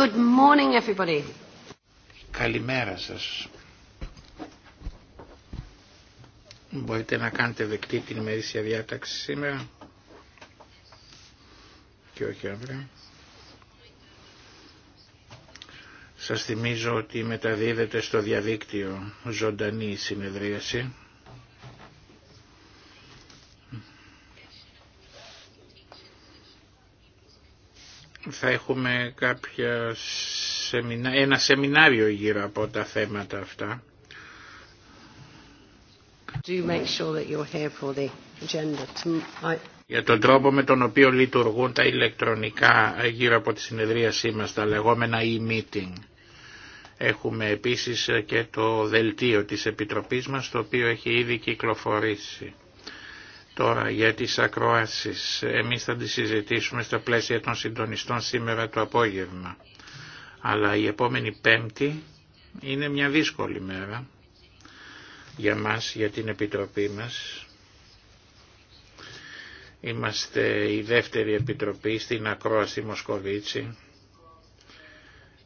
Good morning everybody. Καλημέρα σας. Μπορείτε να κάνετε δεκτή την ημερήσια διάταξη σήμερα και όχι αύριο. Σας θυμίζω ότι μεταδίδεται στο διαδίκτυο ζωντανή συνεδρίαση. θα έχουμε κάποια ένα σεμινάριο γύρω από τα θέματα αυτά. Για τον τρόπο με τον οποίο λειτουργούν τα ηλεκτρονικά γύρω από τη συνεδρίασή μας, τα λεγόμενα e-meeting. Έχουμε επίσης και το δελτίο της Επιτροπής μας, το οποίο έχει ήδη κυκλοφορήσει τώρα για τις ακροάσεις. Εμείς θα τις συζητήσουμε στα πλαίσια των συντονιστών σήμερα το απόγευμα. Αλλά η επόμενη πέμπτη είναι μια δύσκολη μέρα για μας, για την Επιτροπή μας. Είμαστε η δεύτερη Επιτροπή στην Ακρόαση Μοσκοβίτσι.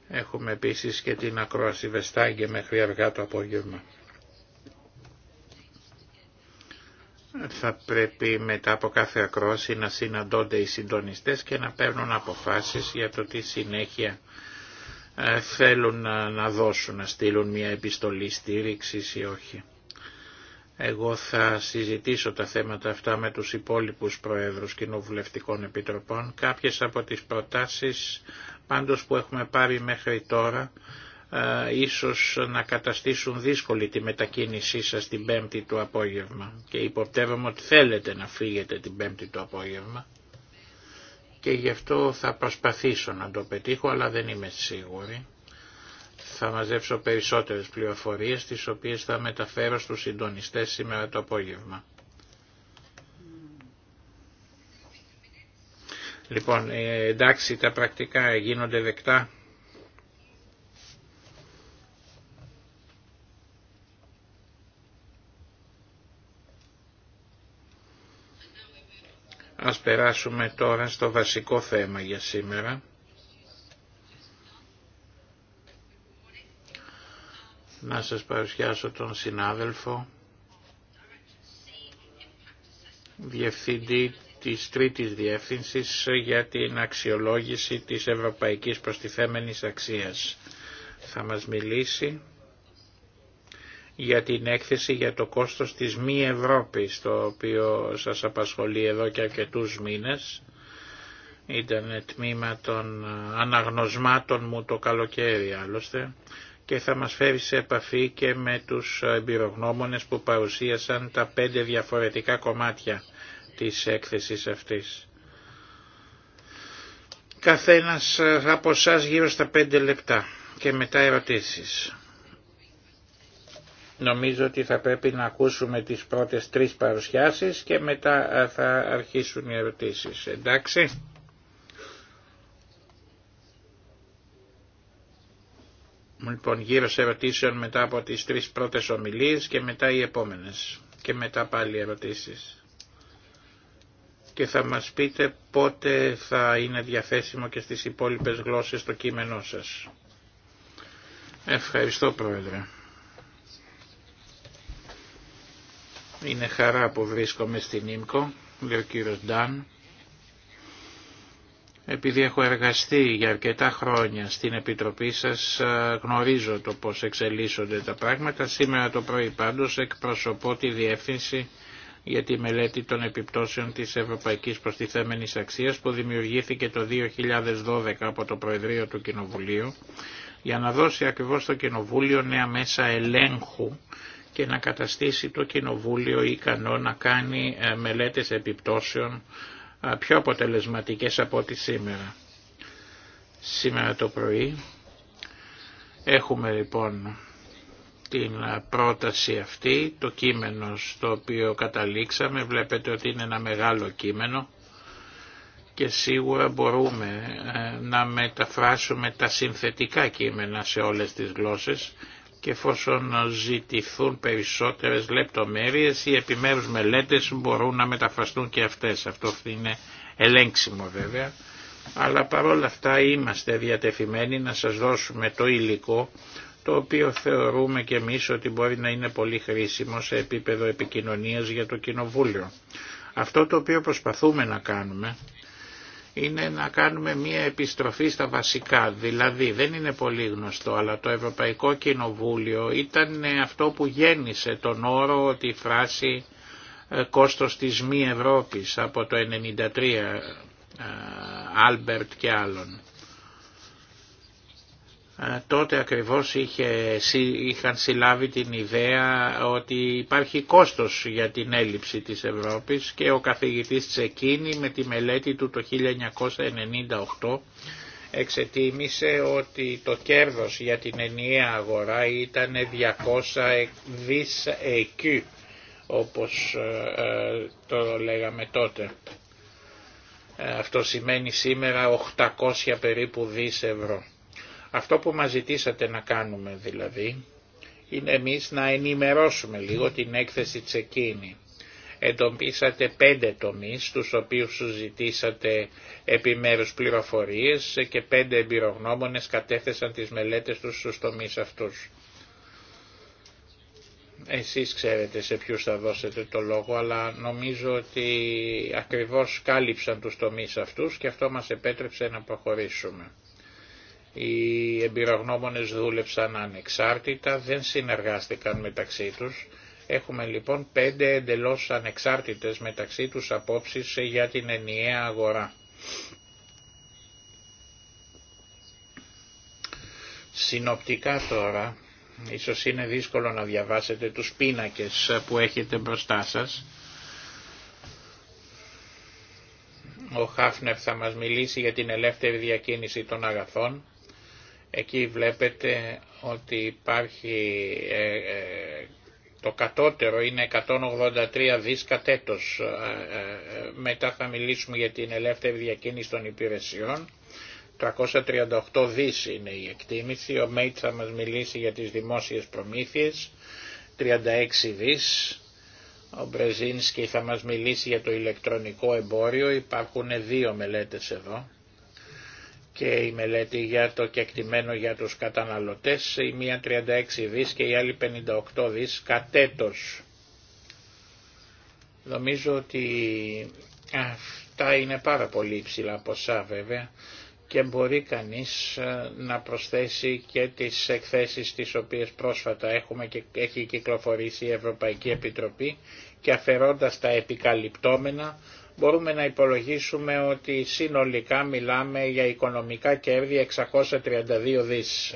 Έχουμε επίσης και την Ακρόαση Βεστάγγε μέχρι αργά το απόγευμα. θα πρέπει μετά από κάθε ακρόαση να συναντώνται οι συντονιστές και να παίρνουν αποφάσεις για το τι συνέχεια ε, θέλουν να δώσουν, να στείλουν μια επιστολή στήριξης ή όχι. Εγώ θα συζητήσω τα θέματα αυτά με τους υπόλοιπους Προέδρους Κοινοβουλευτικών Επιτροπών. Κάποιες από τις προτάσεις πάντως που έχουμε πάρει μέχρι τώρα ίσως να καταστήσουν δύσκολη τη μετακίνησή σας την πέμπτη του απόγευμα και υποπτεύομαι ότι θέλετε να φύγετε την πέμπτη του απόγευμα και γι' αυτό θα προσπαθήσω να το πετύχω αλλά δεν είμαι σίγουρη. Θα μαζέψω περισσότερες πληροφορίες τις οποίες θα μεταφέρω στους συντονιστές σήμερα το απόγευμα. Λοιπόν, ε, εντάξει τα πρακτικά γίνονται δεκτά. Ας περάσουμε τώρα στο βασικό θέμα για σήμερα. Να σας παρουσιάσω τον συνάδελφο, διευθυντή της τρίτης διεύθυνσης για την αξιολόγηση της ευρωπαϊκής προστιθέμενης αξίας. Θα μας μιλήσει για την έκθεση για το κόστος της μη Ευρώπης, το οποίο σας απασχολεί εδώ και αρκετούς μήνες. Ήταν τμήμα των αναγνωσμάτων μου το καλοκαίρι άλλωστε και θα μας φέρει σε επαφή και με τους εμπειρογνώμονες που παρουσίασαν τα πέντε διαφορετικά κομμάτια της έκθεσης αυτής. Καθένας από εσά γύρω στα πέντε λεπτά και μετά ερωτήσεις. Νομίζω ότι θα πρέπει να ακούσουμε τις πρώτες τρεις παρουσιάσεις και μετά θα αρχίσουν οι ερωτήσεις. Εντάξει. Λοιπόν, σε ερωτήσεων μετά από τις τρεις πρώτες ομιλίες και μετά οι επόμενες. Και μετά πάλι ερωτήσεις. Και θα μας πείτε πότε θα είναι διαθέσιμο και στις υπόλοιπες γλώσσες το κείμενό σας. Ευχαριστώ Πρόεδρε. Είναι χαρά που βρίσκομαι στην ΙΜΚΟ, λέει ο κύριος Ντάν. Επειδή έχω εργαστεί για αρκετά χρόνια στην Επιτροπή σας, γνωρίζω το πώς εξελίσσονται τα πράγματα. Σήμερα το πρωί πάντως εκπροσωπώ τη Διεύθυνση για τη μελέτη των επιπτώσεων της Ευρωπαϊκής Προστιθέμενης Αξίας που δημιουργήθηκε το 2012 από το Προεδρείο του Κοινοβουλίου για να δώσει ακριβώς στο Κοινοβούλιο νέα μέσα ελέγχου και να καταστήσει το Κοινοβούλιο ικανό να κάνει ε, μελέτες επιπτώσεων ε, πιο αποτελεσματικές από ό,τι σήμερα. Σήμερα το πρωί έχουμε λοιπόν την ε, πρόταση αυτή, το κείμενο στο οποίο καταλήξαμε, βλέπετε ότι είναι ένα μεγάλο κείμενο και σίγουρα μπορούμε να μεταφράσουμε τα συνθετικά κείμενα σε όλες τις γλώσσες και εφόσον ζητηθούν περισσότερες λεπτομέρειες οι επιμέρους μελέτες μπορούν να μεταφραστούν και αυτές. Αυτό είναι ελέγξιμο βέβαια. Αλλά παρόλα αυτά είμαστε διατεθειμένοι να σας δώσουμε το υλικό το οποίο θεωρούμε και εμείς ότι μπορεί να είναι πολύ χρήσιμο σε επίπεδο επικοινωνίας για το Κοινοβούλιο. Αυτό το οποίο προσπαθούμε να κάνουμε είναι να κάνουμε μία επιστροφή στα βασικά. Δηλαδή δεν είναι πολύ γνωστό, αλλά το Ευρωπαϊκό Κοινοβούλιο ήταν αυτό που γέννησε τον όρο, τη φράση ε, κόστος της μη Ευρώπης από το 1993, ε, Άλμπερτ και άλλων τότε ακριβώς είχε, είχαν συλλάβει την ιδέα ότι υπάρχει κόστος για την έλλειψη της Ευρώπης και ο καθηγητής Τσεκίνη με τη μελέτη του το 1998 εξετίμησε ότι το κέρδος για την ενιαία αγορά ήταν 200 δις εκεί, όπως ε, ε, το λέγαμε τότε. Ε, αυτό σημαίνει σήμερα 800 περίπου δις ευρώ. Αυτό που μας ζητήσατε να κάνουμε δηλαδή είναι εμείς να ενημερώσουμε λίγο την έκθεση τσεκίνη. Εντοπίσατε πέντε τομείς στους οποίους σου ζητήσατε επιμέρους πληροφορίες και πέντε εμπειρογνώμονες κατέθεσαν τις μελέτες τους στους τομείς αυτούς. Εσείς ξέρετε σε ποιους θα δώσετε το λόγο, αλλά νομίζω ότι ακριβώς κάλυψαν τους τομείς αυτούς και αυτό μας επέτρεψε να προχωρήσουμε. Οι εμπειρογνώμονες δούλεψαν ανεξάρτητα, δεν συνεργάστηκαν μεταξύ τους. Έχουμε λοιπόν πέντε εντελώς ανεξάρτητες μεταξύ τους απόψεις για την ενιαία αγορά. Συνοπτικά τώρα, ίσως είναι δύσκολο να διαβάσετε τους πίνακες που έχετε μπροστά σας. Ο Χάφνερ θα μας μιλήσει για την ελεύθερη διακίνηση των αγαθών. Εκεί βλέπετε ότι υπάρχει ε, ε, το κατώτερο είναι 183 δις κατέτος. Ε, μετά θα μιλήσουμε για την ελεύθερη διακίνηση των υπηρεσιών. 338 δις είναι η εκτίμηση. Ο Μέιτ θα μας μιλήσει για τις δημόσιες προμήθειες. 36 δις. Ο Μπρεζίνσκι θα μας μιλήσει για το ηλεκτρονικό εμπόριο. Υπάρχουν δύο μελέτες εδώ και η μελέτη για το κεκτημένο για τους καταναλωτές, η μία 36 δις και η άλλη 58 δις κατέτος. Νομίζω ότι αυτά είναι πάρα πολύ υψηλά ποσά βέβαια και μπορεί κανείς ε, να προσθέσει και τις εκθέσεις τις οποίες πρόσφατα έχουμε και έχει κυκλοφορήσει η Ευρωπαϊκή Επιτροπή και αφαιρώντας τα επικαλυπτόμενα μπορούμε να υπολογίσουμε ότι συνολικά μιλάμε για οικονομικά κέρδη 632 δις.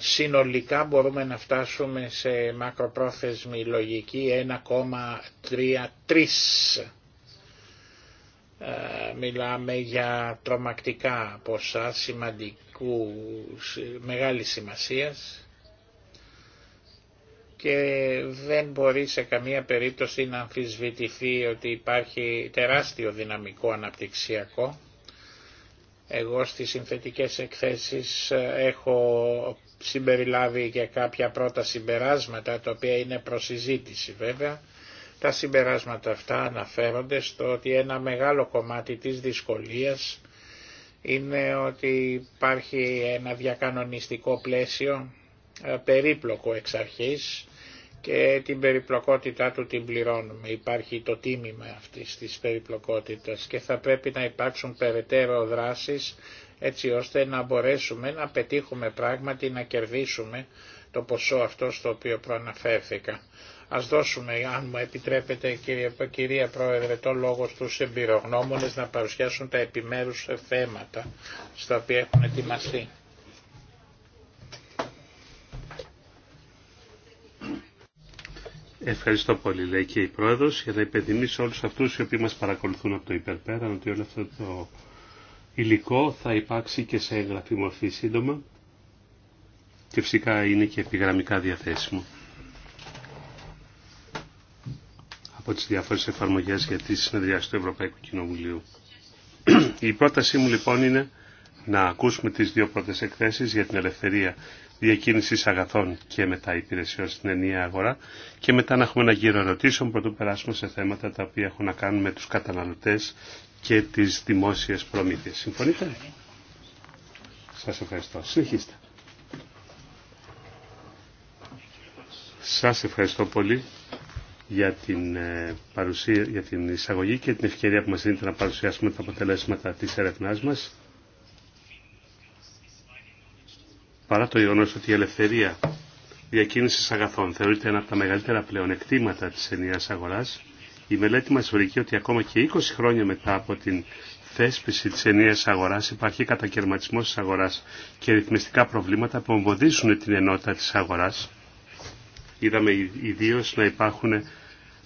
Συνολικά μπορούμε να φτάσουμε σε μακροπρόθεσμη λογική 1,33. Ε, μιλάμε για τρομακτικά ποσά σημαντικού, μεγάλη σημασίας και δεν μπορεί σε καμία περίπτωση να αμφισβητηθεί ότι υπάρχει τεράστιο δυναμικό αναπτυξιακό. Εγώ στις συνθετικές εκθέσεις ε, έχω συμπεριλάβει και κάποια πρώτα συμπεράσματα, τα οποία είναι προσυζήτηση βέβαια. Τα συμπεράσματα αυτά αναφέρονται στο ότι ένα μεγάλο κομμάτι της δυσκολίας είναι ότι υπάρχει ένα διακανονιστικό πλαίσιο ε, περίπλοκο εξ αρχής και την περιπλοκότητά του την πληρώνουμε. Υπάρχει το τίμημα αυτής της περιπλοκότητας και θα πρέπει να υπάρξουν περαιτέρω δράσεις έτσι ώστε να μπορέσουμε να πετύχουμε πράγματι να κερδίσουμε το ποσό αυτό στο οποίο προαναφέρθηκα. Ας δώσουμε, αν μου επιτρέπετε κυρία, κυρία Πρόεδρε, το λόγο στους εμπειρογνώμονες να παρουσιάσουν τα επιμέρους θέματα στα οποία έχουν ετοιμαστεί. Ευχαριστώ πολύ, λέει και η Πρόεδρος, για να υπενθυμίσω όλους αυτούς οι οποίοι μας παρακολουθούν από το υπερπέραν ότι όλο αυτό το υλικό θα υπάρξει και σε εγγραφή μορφή σύντομα και φυσικά είναι και επιγραμμικά διαθέσιμο από τις διάφορες εφαρμογές για τη συνεδριάση του Ευρωπαϊκού Κοινοβουλίου. η πρότασή μου λοιπόν είναι να ακούσουμε τις δύο πρώτες εκθέσεις για την ελευθερία Διακίνηση αγαθών και μετά υπηρεσιών στην ενιαία αγορά και μετά να έχουμε ένα γύρο ερωτήσεων πρωτού περάσουμε σε θέματα τα οποία έχουν να κάνουν με τους καταναλωτές και τις δημόσιες προμήθειες. Συμφωνείτε? Σας ευχαριστώ. Συνεχίστε. Σας ευχαριστώ πολύ για την, ε, παρουσία, για την εισαγωγή και την ευκαιρία που μας δίνετε να παρουσιάσουμε τα αποτελέσματα της έρευνάς μας. παρά το γεγονό ότι η ελευθερία διακίνηση αγαθών θεωρείται ένα από τα μεγαλύτερα πλεονεκτήματα τη ενιαία αγορά, η μελέτη μα βρήκε ότι ακόμα και 20 χρόνια μετά από την θέσπιση τη ενιαία αγορά υπάρχει κατακαιρματισμό τη αγορά και ρυθμιστικά προβλήματα που εμποδίσουν την ενότητα τη αγορά. Είδαμε ιδίω να υπάρχουν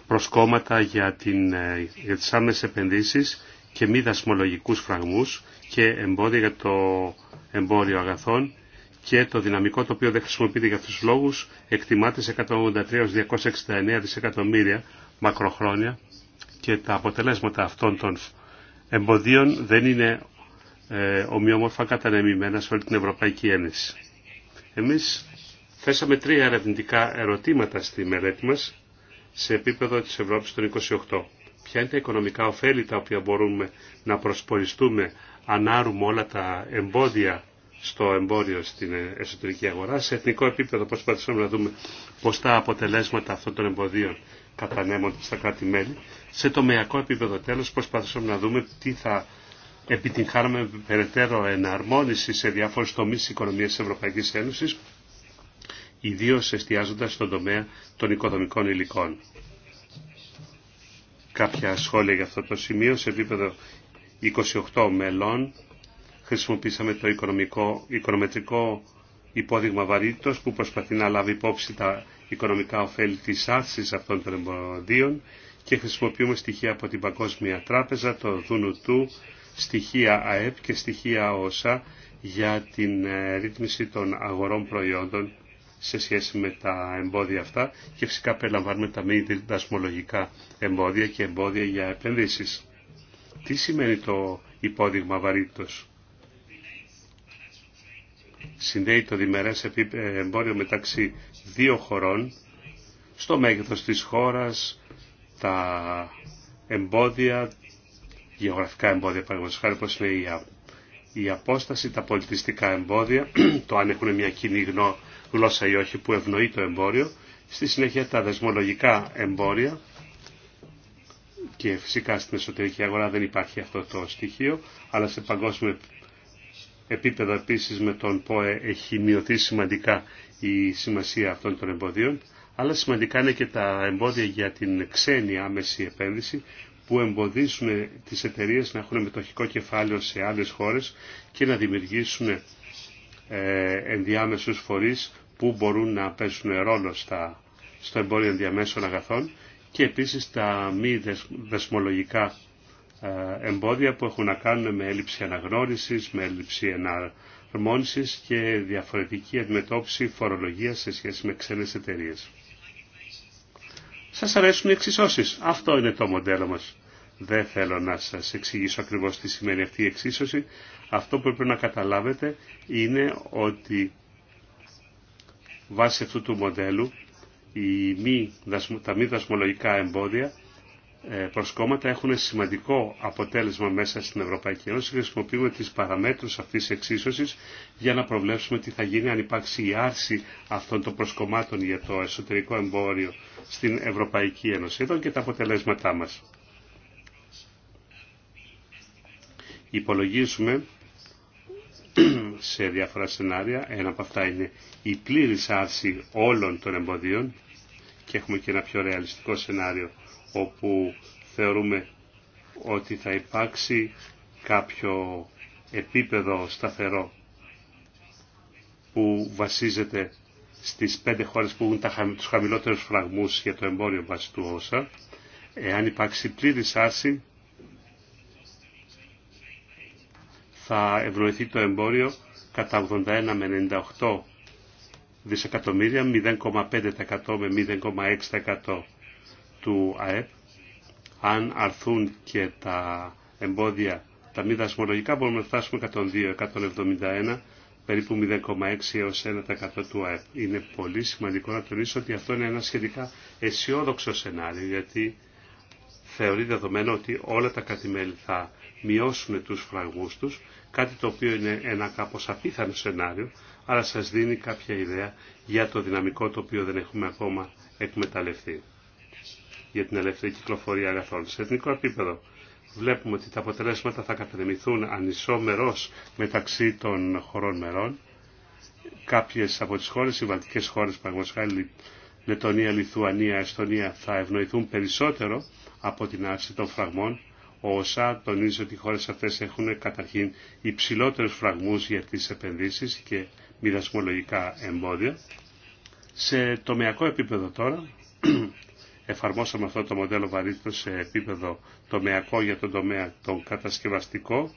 προσκόμματα για, την, ε, για τις άμεσες επενδύσεις και μη δασμολογικούς φραγμούς και εμπόδια για το εμπόριο αγαθών και το δυναμικό το οποίο δεν χρησιμοποιείται για αυτούς τους λόγους εκτιμάται σε 183-269 δισεκατομμύρια μακροχρόνια και τα αποτελέσματα αυτών των εμποδίων δεν είναι ε, ομοιόμορφα κατανεμημένα σε όλη την Ευρωπαϊκή Ένωση. Εμείς θέσαμε τρία ερευνητικά ερωτήματα στη μελέτη μας σε επίπεδο της Ευρώπης των 28. Ποια είναι τα οικονομικά ωφέλη τα οποία μπορούμε να προσποριστούμε ανάρουμε όλα τα εμπόδια στο εμπόριο στην εσωτερική αγορά. Σε εθνικό επίπεδο προσπαθήσαμε να δούμε πώς τα αποτελέσματα αυτών των εμποδίων κατανέμονται στα κράτη-μέλη. Σε τομεακό επίπεδο τέλος προσπαθήσαμε να δούμε τι θα επιτυγχάνουμε περαιτέρω εναρμόνιση σε διάφορους τομείς της οικονομίας της Ευρωπαϊκής Ένωσης, ιδίως εστιάζοντας στον τομέα των οικοδομικών υλικών. Κάποια σχόλια για αυτό το σημείο σε επίπεδο 28 μελών χρησιμοποίησαμε το οικονομικό, οικονομετρικό υπόδειγμα βαρύτητος που προσπαθεί να λάβει υπόψη τα οικονομικά ωφέλη της άρσης αυτών των εμποδίων και χρησιμοποιούμε στοιχεία από την Παγκόσμια Τράπεζα, το ΔΝΤ, στοιχεία ΑΕΠ και στοιχεία ΩΣΑ για την ε, ρύθμιση των αγορών προϊόντων σε σχέση με τα εμπόδια αυτά και φυσικά περιλαμβάνουμε τα μη δασμολογικά εμπόδια και εμπόδια για επενδύσεις. Τι σημαίνει το υπόδειγμα βαρύτητος συνδέει το διμερές ε, εμπόριο μεταξύ δύο χωρών, στο μέγεθος της χώρας, τα εμπόδια, γεωγραφικά εμπόδια παραδείγματος χάρη όπως είναι η, απόσταση, τα πολιτιστικά εμπόδια, το αν έχουν μια κοινή γλώσσα ή όχι που ευνοεί το εμπόριο, στη συνέχεια τα δεσμολογικά εμπόρια και φυσικά στην εσωτερική αγορά δεν υπάρχει αυτό το στοιχείο, αλλά σε παγκόσμιο επίπεδο επίσης με τον ΠΟΕ έχει μειωθεί σημαντικά η σημασία αυτών των εμποδίων, αλλά σημαντικά είναι και τα εμπόδια για την ξένη άμεση επένδυση που εμποδίζουν τις εταιρείες να έχουν μετοχικό κεφάλαιο σε άλλες χώρες και να δημιουργήσουν ε, ενδιάμεσους φορείς που μπορούν να παίζουν ρόλο στα, στο εμπόριο ενδιαμέσων αγαθών και επίσης τα μη δεσμολογικά ε, εμπόδια που έχουν να κάνουν με έλλειψη αναγνώρισης, με έλλειψη εναρμόνισης και διαφορετική αντιμετώπιση φορολογία σε σχέση με ξένες εταιρείε. Σας αρέσουν οι εξισώσεις. Αυτό είναι το μοντέλο μας. Δεν θέλω να σας εξηγήσω ακριβώς τι σημαίνει αυτή η εξίσωση. Αυτό που πρέπει να καταλάβετε είναι ότι βάσει αυτού του μοντέλου μη, τα μη δασμολογικά εμπόδια ε, προσκόμματα έχουν σημαντικό αποτέλεσμα μέσα στην Ευρωπαϊκή Ένωση. Χρησιμοποιούμε τις παραμέτρους αυτής της εξίσωσης για να προβλέψουμε τι θα γίνει αν υπάρξει η άρση αυτών των προσκομμάτων για το εσωτερικό εμπόριο στην Ευρωπαϊκή Ένωση. Εδώ και τα αποτελέσματά μας. Υπολογίζουμε σε διάφορα σενάρια, ένα από αυτά είναι η πλήρης άρση όλων των εμποδίων και έχουμε και ένα πιο ρεαλιστικό σενάριο όπου θεωρούμε ότι θα υπάρξει κάποιο επίπεδο σταθερό που βασίζεται στις πέντε χώρες που έχουν τους χαμηλότερους φραγμούς για το εμπόριο βάσει του ΩΣΑ. Εάν υπάρξει πλήρη άρση, θα ευνοηθεί το εμπόριο κατά 81 με 98 δισεκατομμύρια, 0,5% με 0,6% του ΑΕΠ. Αν αρθούν και τα εμπόδια, τα μη δασμολογικά, μπορούμε να φτάσουμε 102, 171, περίπου 0,6 έως 1% του ΑΕΠ. Είναι πολύ σημαντικό να τονίσω ότι αυτό είναι ένα σχετικά αισιόδοξο σενάριο, γιατί θεωρεί δεδομένο ότι όλα τα κατημέλη θα μειώσουν τους φραγμούς τους, κάτι το οποίο είναι ένα κάπως απίθανο σενάριο, αλλά σας δίνει κάποια ιδέα για το δυναμικό το οποίο δεν έχουμε ακόμα εκμεταλλευτεί για την ελεύθερη κυκλοφορία αγαθών. Σε εθνικό επίπεδο βλέπουμε ότι τα αποτελέσματα θα κατανεμηθούν ανισόμερος μεταξύ των χωρών μερών. Κάποιες από τις χώρες, οι βαλτικέ χώρες, παραγωγικά Λετωνία, Λιθουανία, Εστονία θα ευνοηθούν περισσότερο από την άρση των φραγμών. Ο ΩΣΑ τονίζει ότι οι χώρες αυτές έχουν καταρχήν υψηλότερου φραγμούς για τις επενδύσει και μοιρασμολογικά εμπόδια. Σε τομεακό επίπεδο τώρα, εφαρμόσαμε αυτό το μοντέλο βαρύτητας σε επίπεδο τομεακό για τον τομέα τον κατασκευαστικό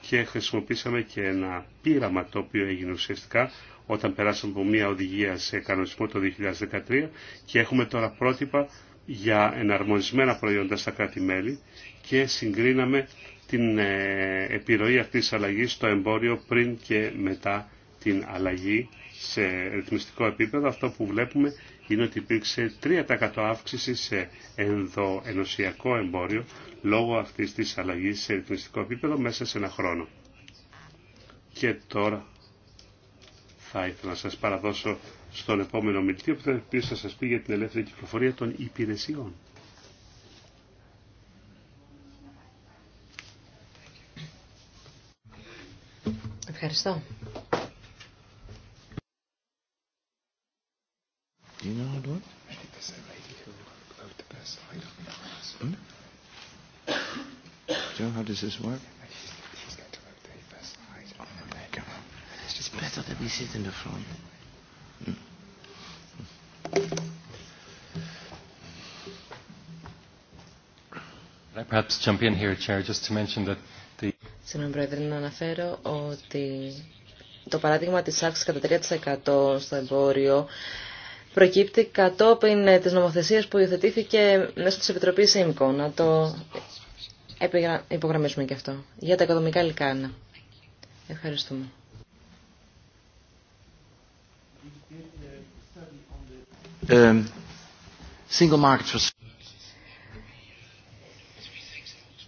και χρησιμοποίησαμε και ένα πείραμα το οποίο έγινε ουσιαστικά όταν περάσαμε από μια οδηγία σε κανονισμό το 2013 και έχουμε τώρα πρότυπα για εναρμονισμένα προϊόντα στα κράτη-μέλη και συγκρίναμε την ε, επιρροή αυτής της αλλαγής στο εμπόριο πριν και μετά την αλλαγή σε ρυθμιστικό επίπεδο, αυτό που βλέπουμε είναι ότι υπήρξε 3% αύξηση σε ενδοενωσιακό εμπόριο λόγω αυτής της αλλαγής σε ρυθμιστικό επίπεδο μέσα σε ένα χρόνο. Και τώρα θα ήθελα να σας παραδώσω στον επόμενο μιλτή που θα σας πει για την ελεύθερη κυκλοφορία των υπηρεσιών. Ευχαριστώ. Do you know how to do it? I think there's a lady who wrote the best. I don't know. Hmm? Joe, how does this work? She's got to wrote the best. I don't know. Come on. It's just better that we sit in the front. Hmm. I perhaps jump in here, Chair, just to mention that the... Συγγνώμη, Πρόεδρε, να αναφέρω ότι το παράδειγμα της άξης κατά 3% στο εμπόριο προκύπτει κατόπιν ε, της νομοθεσίας που υιοθετήθηκε μέσω τη Επιτροπή ΕΜΚΟ. Να το υπογραμμίσουμε και αυτό. Για τα οικοδομικά λικάνα. Ευχαριστούμε. Ε,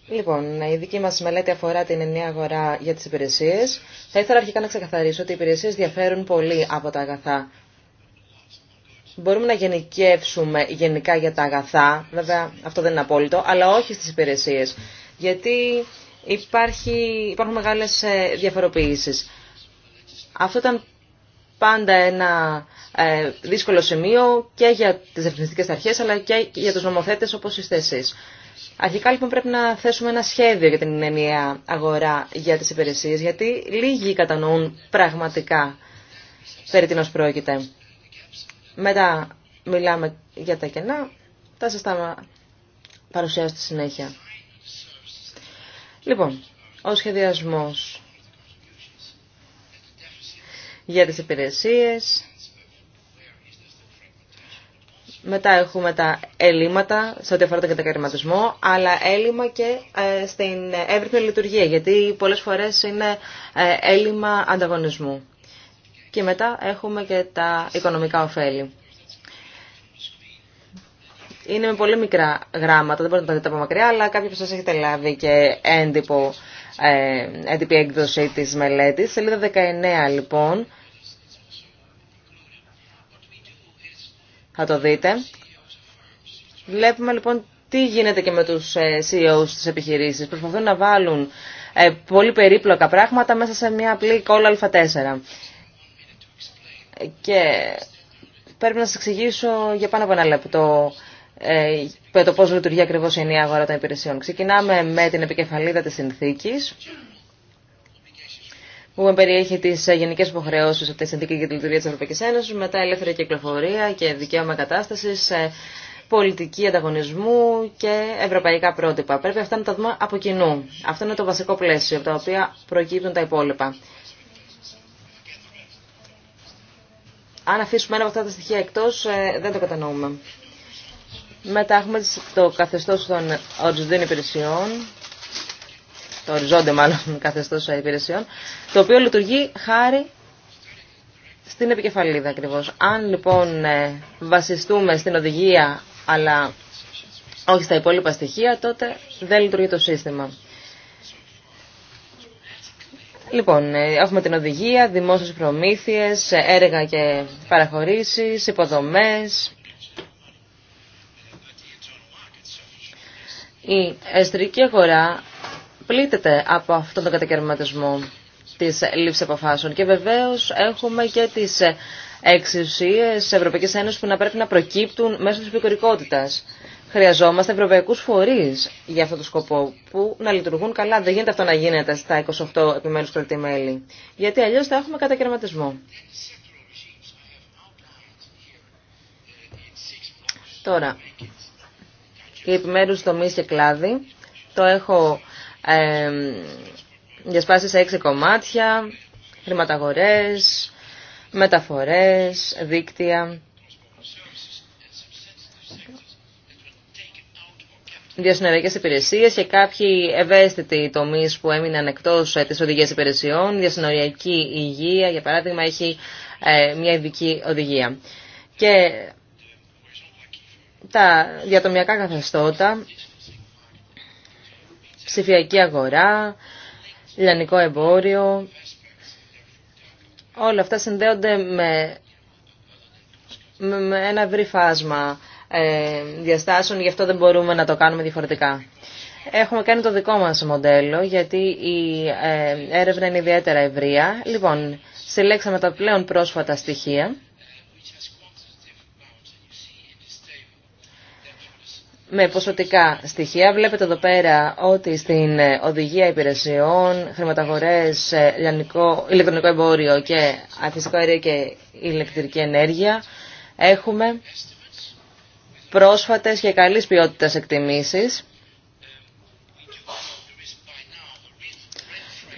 λοιπόν, η δική μας μελέτη αφορά την ενιαία αγορά για τις υπηρεσίες. Θα ήθελα αρχικά να ξεκαθαρίσω ότι οι υπηρεσίες διαφέρουν πολύ από τα αγαθά Μπορούμε να γενικεύσουμε γενικά για τα αγαθά, βέβαια αυτό δεν είναι απόλυτο, αλλά όχι στις υπηρεσίες, γιατί υπάρχει, υπάρχουν μεγάλες ε, διαφοροποιήσεις. Αυτό ήταν πάντα ένα ε, δύσκολο σημείο και για τις ρυθμιστικές αρχές, αλλά και για τους νομοθέτες όπως είστε εσείς. Αρχικά λοιπόν πρέπει να θέσουμε ένα σχέδιο για την ενιαία αγορά για τις υπηρεσίες, γιατί λίγοι κατανοούν πραγματικά περί τίνος πρόκειται. Μετά μιλάμε για τα κενά, θα σας τα παρουσιάσω στη συνέχεια. Λοιπόν, ο σχεδιασμός για τις υπηρεσίες. Μετά έχουμε τα έλλειμματα, σε ό,τι αφορά τον κατακαιρματισμό, αλλά έλλειμμα και ε, στην εύρυθμη λειτουργία, γιατί πολλές φορές είναι ε, έλλειμμα ανταγωνισμού και μετά έχουμε και τα οικονομικά ωφέλη. Είναι με πολύ μικρά γράμματα, δεν μπορείτε να τα δείτε από μακριά, αλλά κάποιοι από σας έχετε λάβει και έντυπο, ε, έντυπη έκδοση της μελέτης. Σελίδα 19 λοιπόν. Θα το δείτε. Βλέπουμε λοιπόν τι γίνεται και με τους ε, CEOs της επιχειρήσης. Προσπαθούν να βάλουν ε, πολύ περίπλοκα πράγματα μέσα σε μια απλή κόλλα α4 και πρέπει να σας εξηγήσω για πάνω από ένα λεπτό ε, το πώς λειτουργεί ακριβώς η ενιαία αγορά των υπηρεσιών. Ξεκινάμε με την επικεφαλίδα της συνθήκης που περιέχει τι γενικέ υποχρεώσει από τη Συνθήκη για τη Λειτουργία τη Ευρωπαϊκή Ένωση, μετά ελεύθερη κυκλοφορία και δικαίωμα κατάσταση, ε, πολιτική ανταγωνισμού και ευρωπαϊκά πρότυπα. Πρέπει αυτά να τα δούμε από κοινού. Αυτό είναι το βασικό πλαίσιο, από τα οποία προκύπτουν τα υπόλοιπα. αν αφήσουμε ένα από αυτά τα στοιχεία εκτός, ε, δεν το κατανοούμε. Μετά έχουμε το καθεστώς των οριζόντιων υπηρεσιών, το οριζόντιο μάλλον καθεστώς υπηρεσιών, το οποίο λειτουργεί χάρη στην επικεφαλίδα ακριβώ. Αν λοιπόν ε, βασιστούμε στην οδηγία αλλά όχι στα υπόλοιπα στοιχεία, τότε δεν λειτουργεί το σύστημα. Λοιπόν, ε, έχουμε την οδηγία, δημόσιες προμήθειες, ε, έργα και παραχωρήσεις, υποδομές. Η εστρική αγορά πλήττεται από αυτόν τον κατακαιρματισμό της λήψης αποφάσεων και βεβαίως έχουμε και τις εξουσίες της Ευρωπαϊκής Ένωσης που να πρέπει να προκύπτουν μέσω της επικορικότητας. Χρειαζόμαστε ευρωπαϊκού φορεί για αυτό το σκοπό που να λειτουργούν καλά. Δεν γίνεται αυτό να γίνεται στα 28 επιμέρου κρατημέλη. Γιατί αλλιώ θα έχουμε κατακαιρματισμό. Τώρα, οι επιμέρους τομεί και κλάδι το έχω διασπάσει σε έξι κομμάτια, χρηματαγορές, μεταφορές, δίκτυα, διασυνοριακές υπηρεσίε και κάποιοι ευαίσθητοι τομεί που έμειναν εκτό ε, τη οδηγία υπηρεσιών. διασυνοριακή υγεία, για παράδειγμα, έχει ε, μια ειδική οδηγία. Και τα διατομιακά καθεστώτα, ψηφιακή αγορά, λιανικό εμπόριο, όλα αυτά συνδέονται με, με ένα ευρύ φάσμα ε, διαστάσεων, γι' αυτό δεν μπορούμε να το κάνουμε διαφορετικά. Έχουμε κάνει το δικό μας μοντέλο, γιατί η ε, έρευνα είναι ιδιαίτερα ευρεία. Λοιπόν, συλλέξαμε τα πλέον πρόσφατα στοιχεία. με ποσοτικά στοιχεία. Βλέπετε εδώ πέρα ότι στην οδηγία υπηρεσιών, χρηματαγορές, ε, λιανικό, ηλεκτρονικό εμπόριο και φυσικό αέριο και ηλεκτρική ενέργεια έχουμε πρόσφατες και καλής ποιότητας εκτιμήσεις.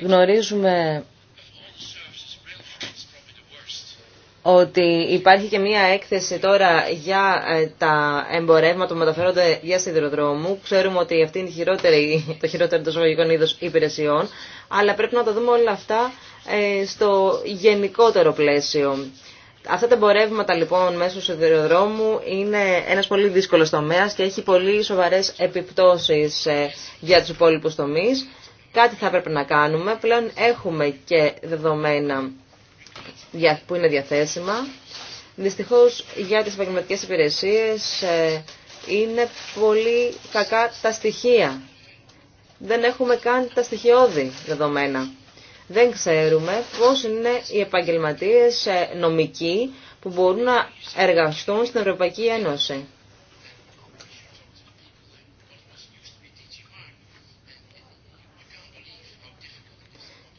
Γνωρίζουμε ότι υπάρχει και μία έκθεση τώρα για ε, τα εμπορεύματα που μεταφέρονται για σιδηροδρόμου. Ξέρουμε ότι αυτή είναι χειρότερη, το χειρότερο των ζωγικών είδος υπηρεσιών, αλλά πρέπει να τα δούμε όλα αυτά ε, στο γενικότερο πλαίσιο Αυτά τα εμπορεύματα λοιπόν μέσω του σιδηροδρόμου είναι ένας πολύ δύσκολος τομέας και έχει πολύ σοβαρές επιπτώσεις ε, για τους υπόλοιπου τομείς. Κάτι θα έπρεπε να κάνουμε. Πλέον έχουμε και δεδομένα που είναι διαθέσιμα. Δυστυχώς για τις επαγγελματικές υπηρεσίες ε, είναι πολύ κακά τα στοιχεία. Δεν έχουμε καν τα στοιχειώδη δεδομένα δεν ξέρουμε πώς είναι οι επαγγελματίες ε, νομικοί που μπορούν να εργαστούν στην Ευρωπαϊκή Ένωση.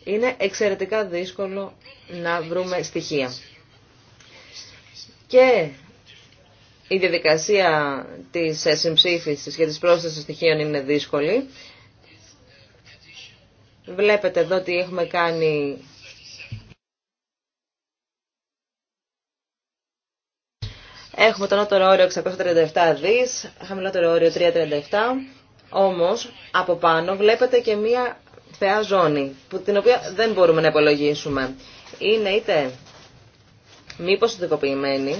Είναι εξαιρετικά δύσκολο να βρούμε στοιχεία. Και η διαδικασία της ε, συμψήφισης και της πρόσθεσης στοιχείων είναι δύσκολη. Βλέπετε εδώ τι έχουμε κάνει Έχουμε το όριο 637 δις, χαμηλότερο όριο 337, όμως από πάνω βλέπετε και μία θεά ζώνη, που, την οποία δεν μπορούμε να υπολογίσουμε. Είναι είτε μήπως ειδικοποιημένη,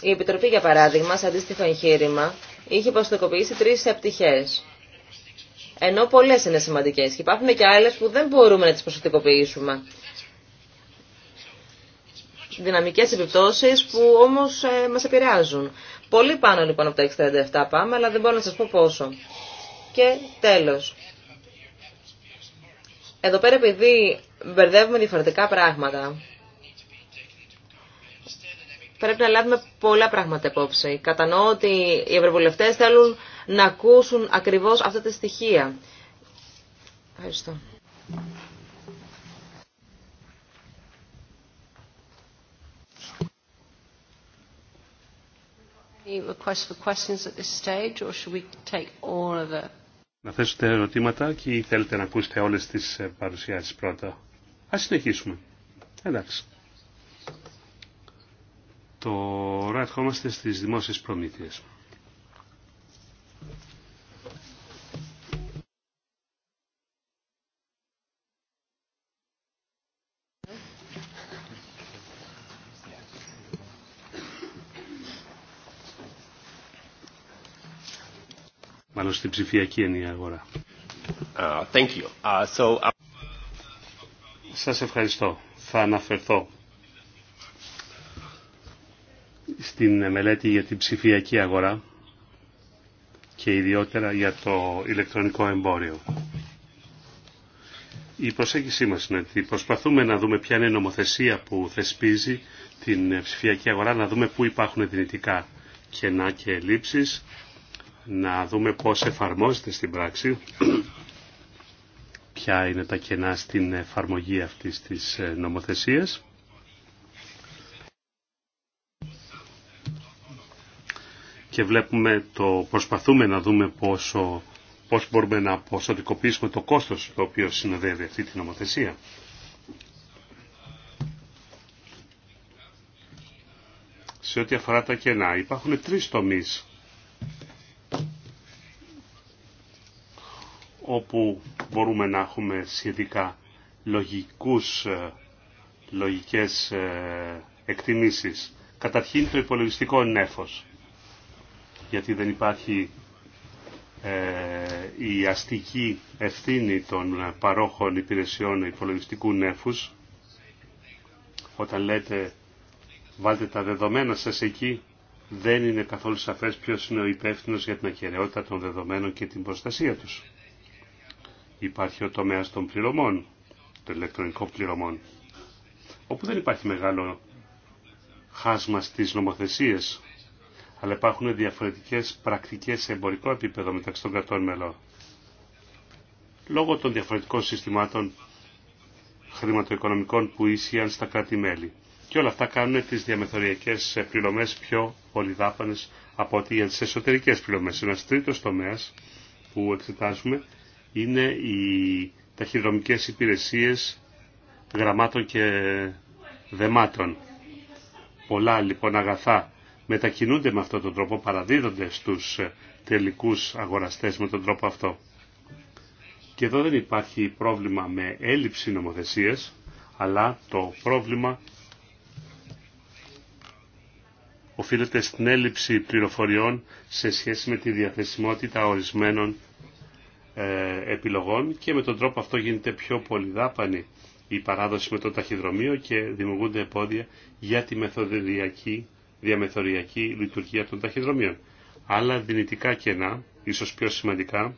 Η Επιτροπή, για παράδειγμα, σε αντίστοιχο εγχείρημα, είχε υποστοκοποιήσει τρει επιτυχίε. Ενώ πολλέ είναι σημαντικέ και υπάρχουν και άλλε που δεν μπορούμε να τι προσωπικοποιήσουμε. Δυναμικέ επιπτώσει που όμω ε, μα επηρεάζουν. Πολύ πάνω λοιπόν από τα 67 πάμε, αλλά δεν μπορώ να σα πω πόσο. Και τέλο. Εδώ πέρα επειδή μπερδεύουμε διαφορετικά πράγματα, πρέπει να λάβουμε πολλά πράγματα υπόψη. Κατανοώ ότι οι Ευρωβουλευτές θέλουν να ακούσουν ακριβώς αυτά τα στοιχεία. Ευχαριστώ. Να θέσετε ερωτήματα και θέλετε να ακούσετε όλες τις ε, παρουσιάσεις πρώτα. Ας συνεχίσουμε. Εντάξει. Τώρα ερχόμαστε στις δημόσιες προμήθειες. Μάλλον στην ψηφιακή η αγορά. Uh, uh, uh, Σας ευχαριστώ. Θα αναφερθώ στην μελέτη για την ψηφιακή αγορά και ιδιότερα για το ηλεκτρονικό εμπόριο. Η προσέγγιση μας είναι ότι προσπαθούμε να δούμε ποια είναι η νομοθεσία που θεσπίζει την ψηφιακή αγορά, να δούμε πού υπάρχουν δυνητικά κενά και ελλείψεις, να δούμε πώς εφαρμόζεται στην πράξη, ποια είναι τα κενά στην εφαρμογή αυτής της νομοθεσίας και βλέπουμε το, προσπαθούμε να δούμε πόσο, πώς μπορούμε να ποσοτικοποιήσουμε το κόστος το οποίο συνοδεύει αυτή την νομοθεσία. Σε ό,τι αφορά τα κενά, υπάρχουν τρεις τομείς όπου μπορούμε να έχουμε σχετικά λογικούς, ε, λογικές ε, εκτιμήσεις. Καταρχήν το υπολογιστικό νέφος γιατί δεν υπάρχει ε, η αστική ευθύνη των παρόχων υπηρεσιών υπολογιστικού νέφους. Όταν λέτε βάλτε τα δεδομένα σας εκεί, δεν είναι καθόλου σαφές ποιος είναι ο υπεύθυνος για την ακαιρεότητα των δεδομένων και την προστασία τους. Υπάρχει ο τομέας των πληρωμών, των ηλεκτρονικών πληρωμών, όπου δεν υπάρχει μεγάλο χάσμα στις νομοθεσίες αλλά υπάρχουν διαφορετικές πρακτικές σε εμπορικό επίπεδο μεταξύ των κρατών μελών. Λόγω των διαφορετικών συστημάτων χρηματοοικονομικών που ίσιαν στα κράτη-μέλη. Και όλα αυτά κάνουν τις διαμεθοριακές πληρωμές πιο πολυδάπανες από ό,τι για τις εσωτερικές πληρωμές. Ένας τρίτος τομέας που εξετάζουμε είναι οι ταχυδρομικές υπηρεσίες γραμμάτων και δεμάτων. Πολλά λοιπόν αγαθά μετακινούνται με αυτόν τον τρόπο, παραδίδονται στους ε, τελικούς αγοραστές με τον τρόπο αυτό. Και εδώ δεν υπάρχει πρόβλημα με έλλειψη νομοθεσίας, αλλά το πρόβλημα οφείλεται στην έλλειψη πληροφοριών σε σχέση με τη διαθεσιμότητα ορισμένων ε, επιλογών και με τον τρόπο αυτό γίνεται πιο πολυδάπανη η παράδοση με το ταχυδρομείο και δημιουργούνται εμπόδια για τη μεθοδιακή διαμεθοριακή λειτουργία των ταχυδρομείων. Άλλα δυνητικά κενά, ίσως πιο σημαντικά,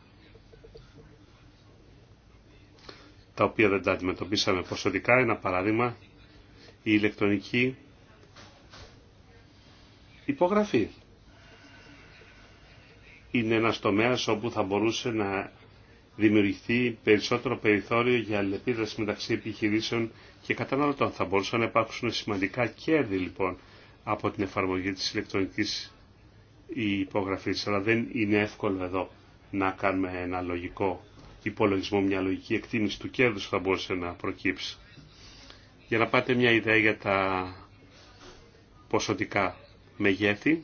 τα οποία δεν τα αντιμετωπίσαμε ποσοτικά. Ένα παράδειγμα, η ηλεκτρονική υπογραφή. Είναι ένας τομέας όπου θα μπορούσε να δημιουργηθεί περισσότερο περιθώριο για αλληλεπίδραση μεταξύ επιχειρήσεων και καταναλωτών. Θα μπορούσαν να υπάρξουν σημαντικά κέρδη λοιπόν από την εφαρμογή της ηλεκτρονικής υπογραφής. Αλλά δεν είναι εύκολο εδώ να κάνουμε ένα λογικό υπολογισμό, μια λογική εκτίμηση του κέρδους που θα μπορούσε να προκύψει. Για να πάτε μια ιδέα για τα ποσοτικά μεγέθη,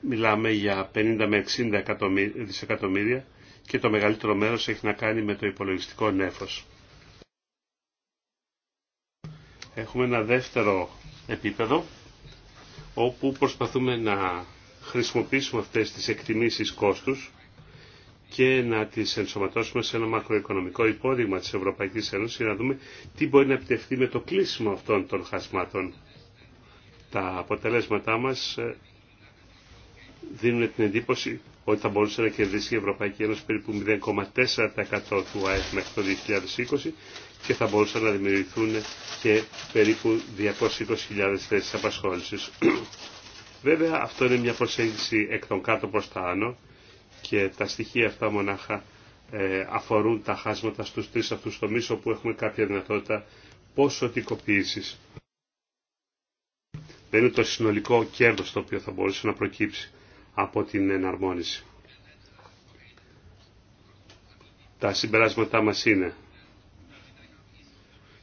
μιλάμε για 50 με 60 δισεκατομμύρια και το μεγαλύτερο μέρος έχει να κάνει με το υπολογιστικό νέφος. Έχουμε ένα δεύτερο επίπεδο όπου προσπαθούμε να χρησιμοποιήσουμε αυτές τις εκτιμήσεις κόστους και να τις ενσωματώσουμε σε ένα μακροοικονομικό υπόδειγμα της Ευρωπαϊκής Ένωσης για να δούμε τι μπορεί να επιτευχθεί με το κλείσιμο αυτών των χασμάτων. Τα αποτελέσματά μας ε, δίνουν την εντύπωση ότι θα μπορούσε να κερδίσει η Ευρωπαϊκή Ένωση περίπου 0,4% του ΑΕΠ μέχρι το 2020 και θα μπορούσαν να δημιουργηθούν και περίπου 220.000 θέσεις απασχόλησης. Βέβαια αυτό είναι μια προσέγγιση εκ των κάτω προς τα άνω και τα στοιχεία αυτά μονάχα ε, αφορούν τα χάσματα στους τρεις αυτούς τομείς όπου έχουμε κάποια δυνατότητα ποσοτικοποίησης. Δεν είναι το συνολικό κέρδος το οποίο θα μπορούσε να προκύψει από την εναρμόνιση. Τα συμπεράσματά μας είναι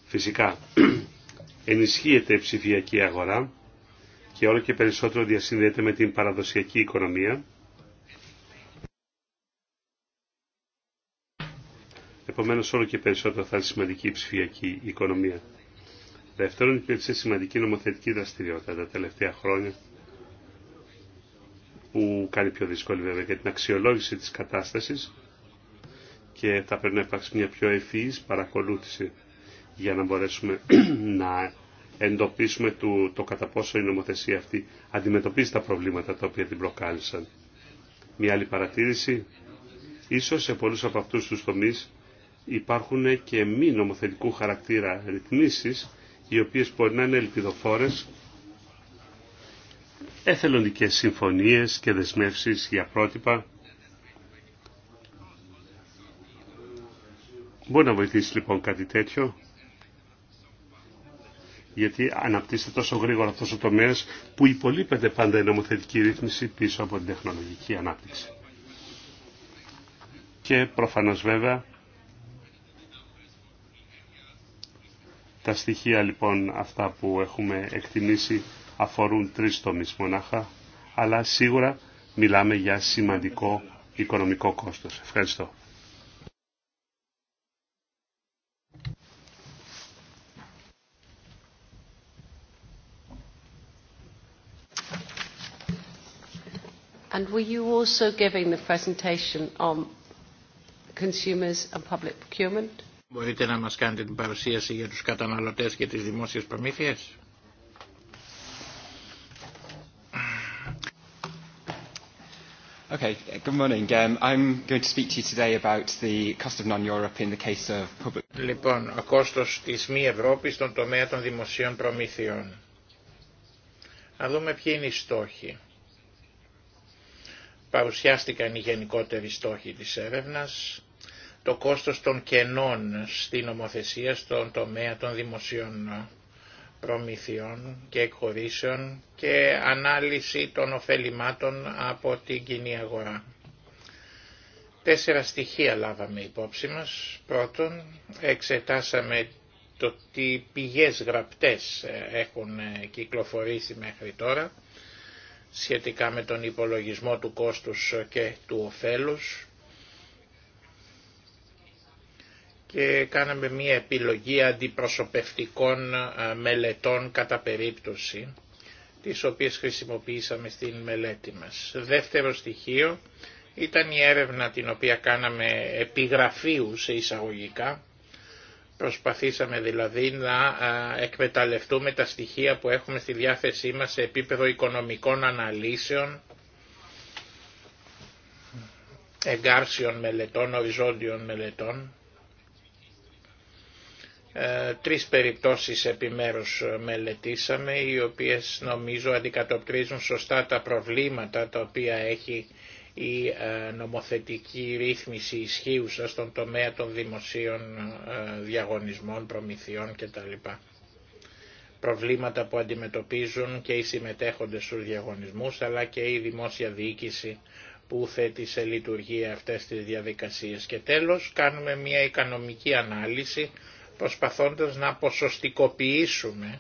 Φυσικά ενισχύεται η ψηφιακή αγορά και όλο και περισσότερο διασυνδέεται με την παραδοσιακή οικονομία. Επομένως όλο και περισσότερο θα είναι σημαντική η ψηφιακή οικονομία. Δεύτερον, υπήρξε σημαντική νομοθετική δραστηριότητα τα τελευταία χρόνια που κάνει πιο δύσκολη βέβαια για την αξιολόγηση της κατάστασης και θα πρέπει να υπάρξει μια πιο ευφυής παρακολούθηση για να μπορέσουμε να εντοπίσουμε το, το κατά πόσο η νομοθεσία αυτή αντιμετωπίζει τα προβλήματα τα οποία την προκάλεσαν. Μια άλλη παρατήρηση, ίσως σε πολλούς από αυτούς τους τομείς υπάρχουν και μη νομοθετικού χαρακτήρα ρυθμίσεις οι οποίες μπορεί να είναι ελπιδοφόρες εθελοντικές συμφωνίες και δεσμεύσεις για πρότυπα. Μπορεί να βοηθήσει λοιπόν κάτι τέτοιο γιατί αναπτύσσεται τόσο γρήγορα αυτό ο τομέα που υπολείπεται πάντα η νομοθετική ρύθμιση πίσω από την τεχνολογική ανάπτυξη. Και προφανώς βέβαια τα στοιχεία λοιπόν αυτά που έχουμε εκτιμήσει αφορούν τρεις τομείς μονάχα, αλλά σίγουρα μιλάμε για σημαντικό οικονομικό κόστος. Ευχαριστώ. And were you also giving the presentation on consumers and public procurement? Μπορείτε να μας κάνετε την παρουσίαση για τους καταναλωτές και τις δημόσιες προμήθειες. Okay, good morning. Um, I'm going to speak to you today about the cost of non-Europe in the case of public... Λοιπόν, ο κόστος της μη Ευρώπης στον τομέα των δημοσίων προμήθειων. Να δούμε ποιοι είναι οι στόχοι παρουσιάστηκαν οι γενικότεροι στόχοι της έρευνας, το κόστος των κενών στην νομοθεσία στον τομέα των δημοσίων προμηθειών και εκχωρήσεων και ανάλυση των ωφελημάτων από την κοινή αγορά. Τέσσερα στοιχεία λάβαμε υπόψη μας. Πρώτον, εξετάσαμε το τι πηγές γραπτές έχουν κυκλοφορήσει μέχρι τώρα σχετικά με τον υπολογισμό του κόστους και του οφέλους και κάναμε μία επιλογή αντιπροσωπευτικών μελετών κατά περίπτωση, τις οποίες χρησιμοποιήσαμε στην μελέτη μας. Δεύτερο στοιχείο ήταν η έρευνα την οποία κάναμε επιγραφείου σε εισαγωγικά, Προσπαθήσαμε δηλαδή να εκμεταλλευτούμε τα στοιχεία που έχουμε στη διάθεσή μας σε επίπεδο οικονομικών αναλύσεων, εγκάρσιων μελετών, οριζόντιων μελετών. Ε, τρεις περιπτώσεις επιμέρους μελετήσαμε, οι οποίες νομίζω αντικατοπτρίζουν σωστά τα προβλήματα τα οποία έχει η ε, νομοθετική ρύθμιση ισχύουσα στον τομέα των δημοσίων ε, διαγωνισμών, προμηθειών κτλ. Προβλήματα που αντιμετωπίζουν και οι συμμετέχοντες στους διαγωνισμούς αλλά και η δημόσια διοίκηση που θέτει σε λειτουργία αυτές τις διαδικασίες. Και τέλος κάνουμε μια οικονομική ανάλυση προσπαθώντας να ποσοστικοποιήσουμε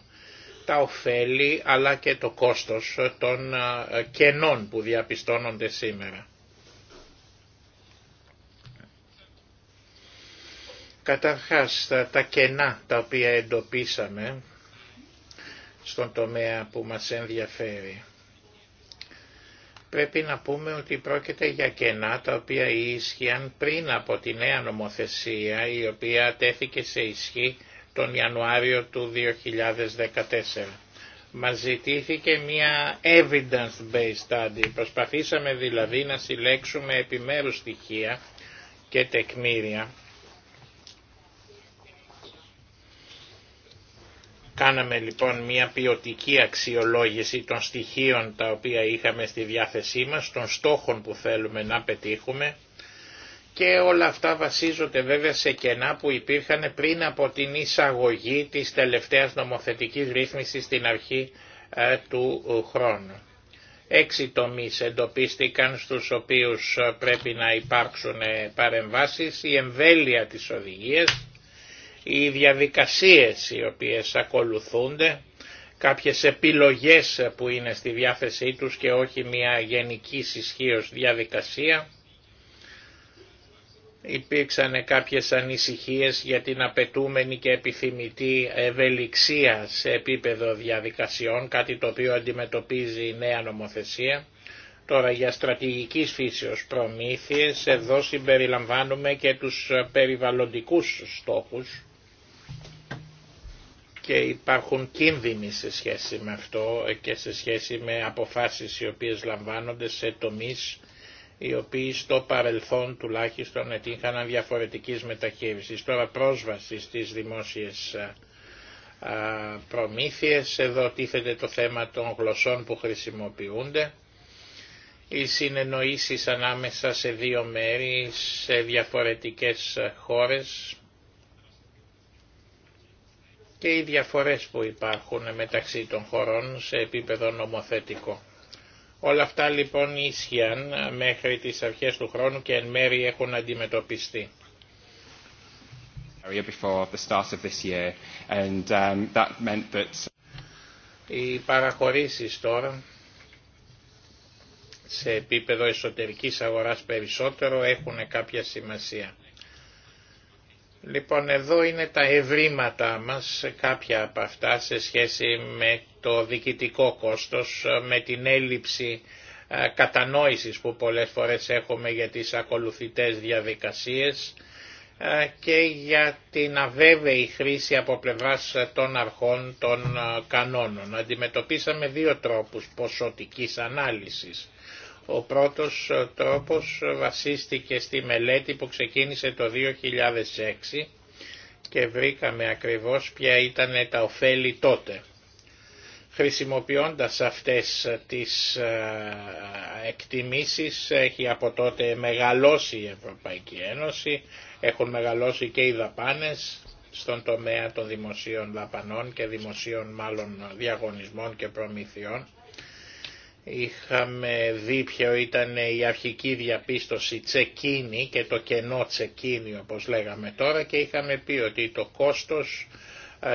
τα ωφέλη αλλά και το κόστος των ε, κενών που διαπιστώνονται σήμερα. Καταρχάς τα κενά τα οποία εντοπίσαμε στον τομέα που μας ενδιαφέρει. Πρέπει να πούμε ότι πρόκειται για κενά τα οποία ίσχυαν πριν από τη νέα νομοθεσία η οποία τέθηκε σε ισχύ τον Ιανουάριο του 2014. Μας ζητήθηκε μια evidence-based study. Προσπαθήσαμε δηλαδή να συλλέξουμε επιμέρους στοιχεία και τεκμήρια. Κάναμε λοιπόν μια ποιοτική αξιολόγηση των στοιχείων τα οποία είχαμε στη διάθεσή μας, των στόχων που θέλουμε να πετύχουμε και όλα αυτά βασίζονται βέβαια σε κενά που υπήρχαν πριν από την εισαγωγή της τελευταίας νομοθετικής ρύθμισης στην αρχή ε, του ε, χρόνου. Έξι τομείς εντοπίστηκαν στους οποίους ε, πρέπει να υπάρξουν παρεμβάσεις, η εμβέλεια της οδηγίας, οι διαδικασίες οι οποίες ακολουθούνται, κάποιες επιλογές που είναι στη διάθεσή τους και όχι μια γενική ισχύω διαδικασία, Υπήρξαν κάποιες ανησυχίες για την απαιτούμενη και επιθυμητή ευελιξία σε επίπεδο διαδικασιών, κάτι το οποίο αντιμετωπίζει η νέα νομοθεσία. Τώρα για στρατηγικής φύσεως προμήθειες, εδώ συμπεριλαμβάνουμε και τους περιβαλλοντικούς στόχους και υπάρχουν κίνδυνοι σε σχέση με αυτό και σε σχέση με αποφάσεις οι οποίες λαμβάνονται σε τομείς οι οποίοι στο παρελθόν τουλάχιστον ετύχαναν διαφορετικής μεταχείρισης. Τώρα πρόσβαση στις δημόσιες προμήθειες, εδώ τίθεται το θέμα των γλωσσών που χρησιμοποιούνται, οι συνεννοήσεις ανάμεσα σε δύο μέρη, σε διαφορετικές χώρες και οι διαφορές που υπάρχουν μεταξύ των χωρών σε επίπεδο νομοθετικό. Όλα αυτά λοιπόν ίσχυαν μέχρι τις αρχές του χρόνου και εν μέρη έχουν αντιμετωπιστεί. Οι παραχωρήσεις τώρα σε επίπεδο εσωτερικής αγοράς περισσότερο έχουν κάποια σημασία. Λοιπόν, εδώ είναι τα ευρήματά μας, κάποια από αυτά σε σχέση με το διοικητικό κόστος, με την έλλειψη κατανόησης που πολλές φορές έχουμε για τις ακολουθητές διαδικασίες και για την αβέβαιη χρήση από πλευράς των αρχών των κανόνων. Αντιμετωπίσαμε δύο τρόπους ποσοτικής ανάλυσης. Ο πρώτος ε, τρόπος βασίστηκε στη μελέτη που ξεκίνησε το 2006 και βρήκαμε ακριβώς ποια ήταν τα ωφέλη τότε. Χρησιμοποιώντας αυτές τις ε, εκτιμήσεις έχει από τότε μεγαλώσει η Ευρωπαϊκή Ένωση, έχουν μεγαλώσει και οι δαπάνες στον τομέα των δημοσίων δαπανών και δημοσίων μάλλον διαγωνισμών και προμηθειών Είχαμε δει ποιο ήταν η αρχική διαπίστωση τσεκίνη και το κενό τσεκίνη όπως λέγαμε τώρα και είχαμε πει ότι το κόστος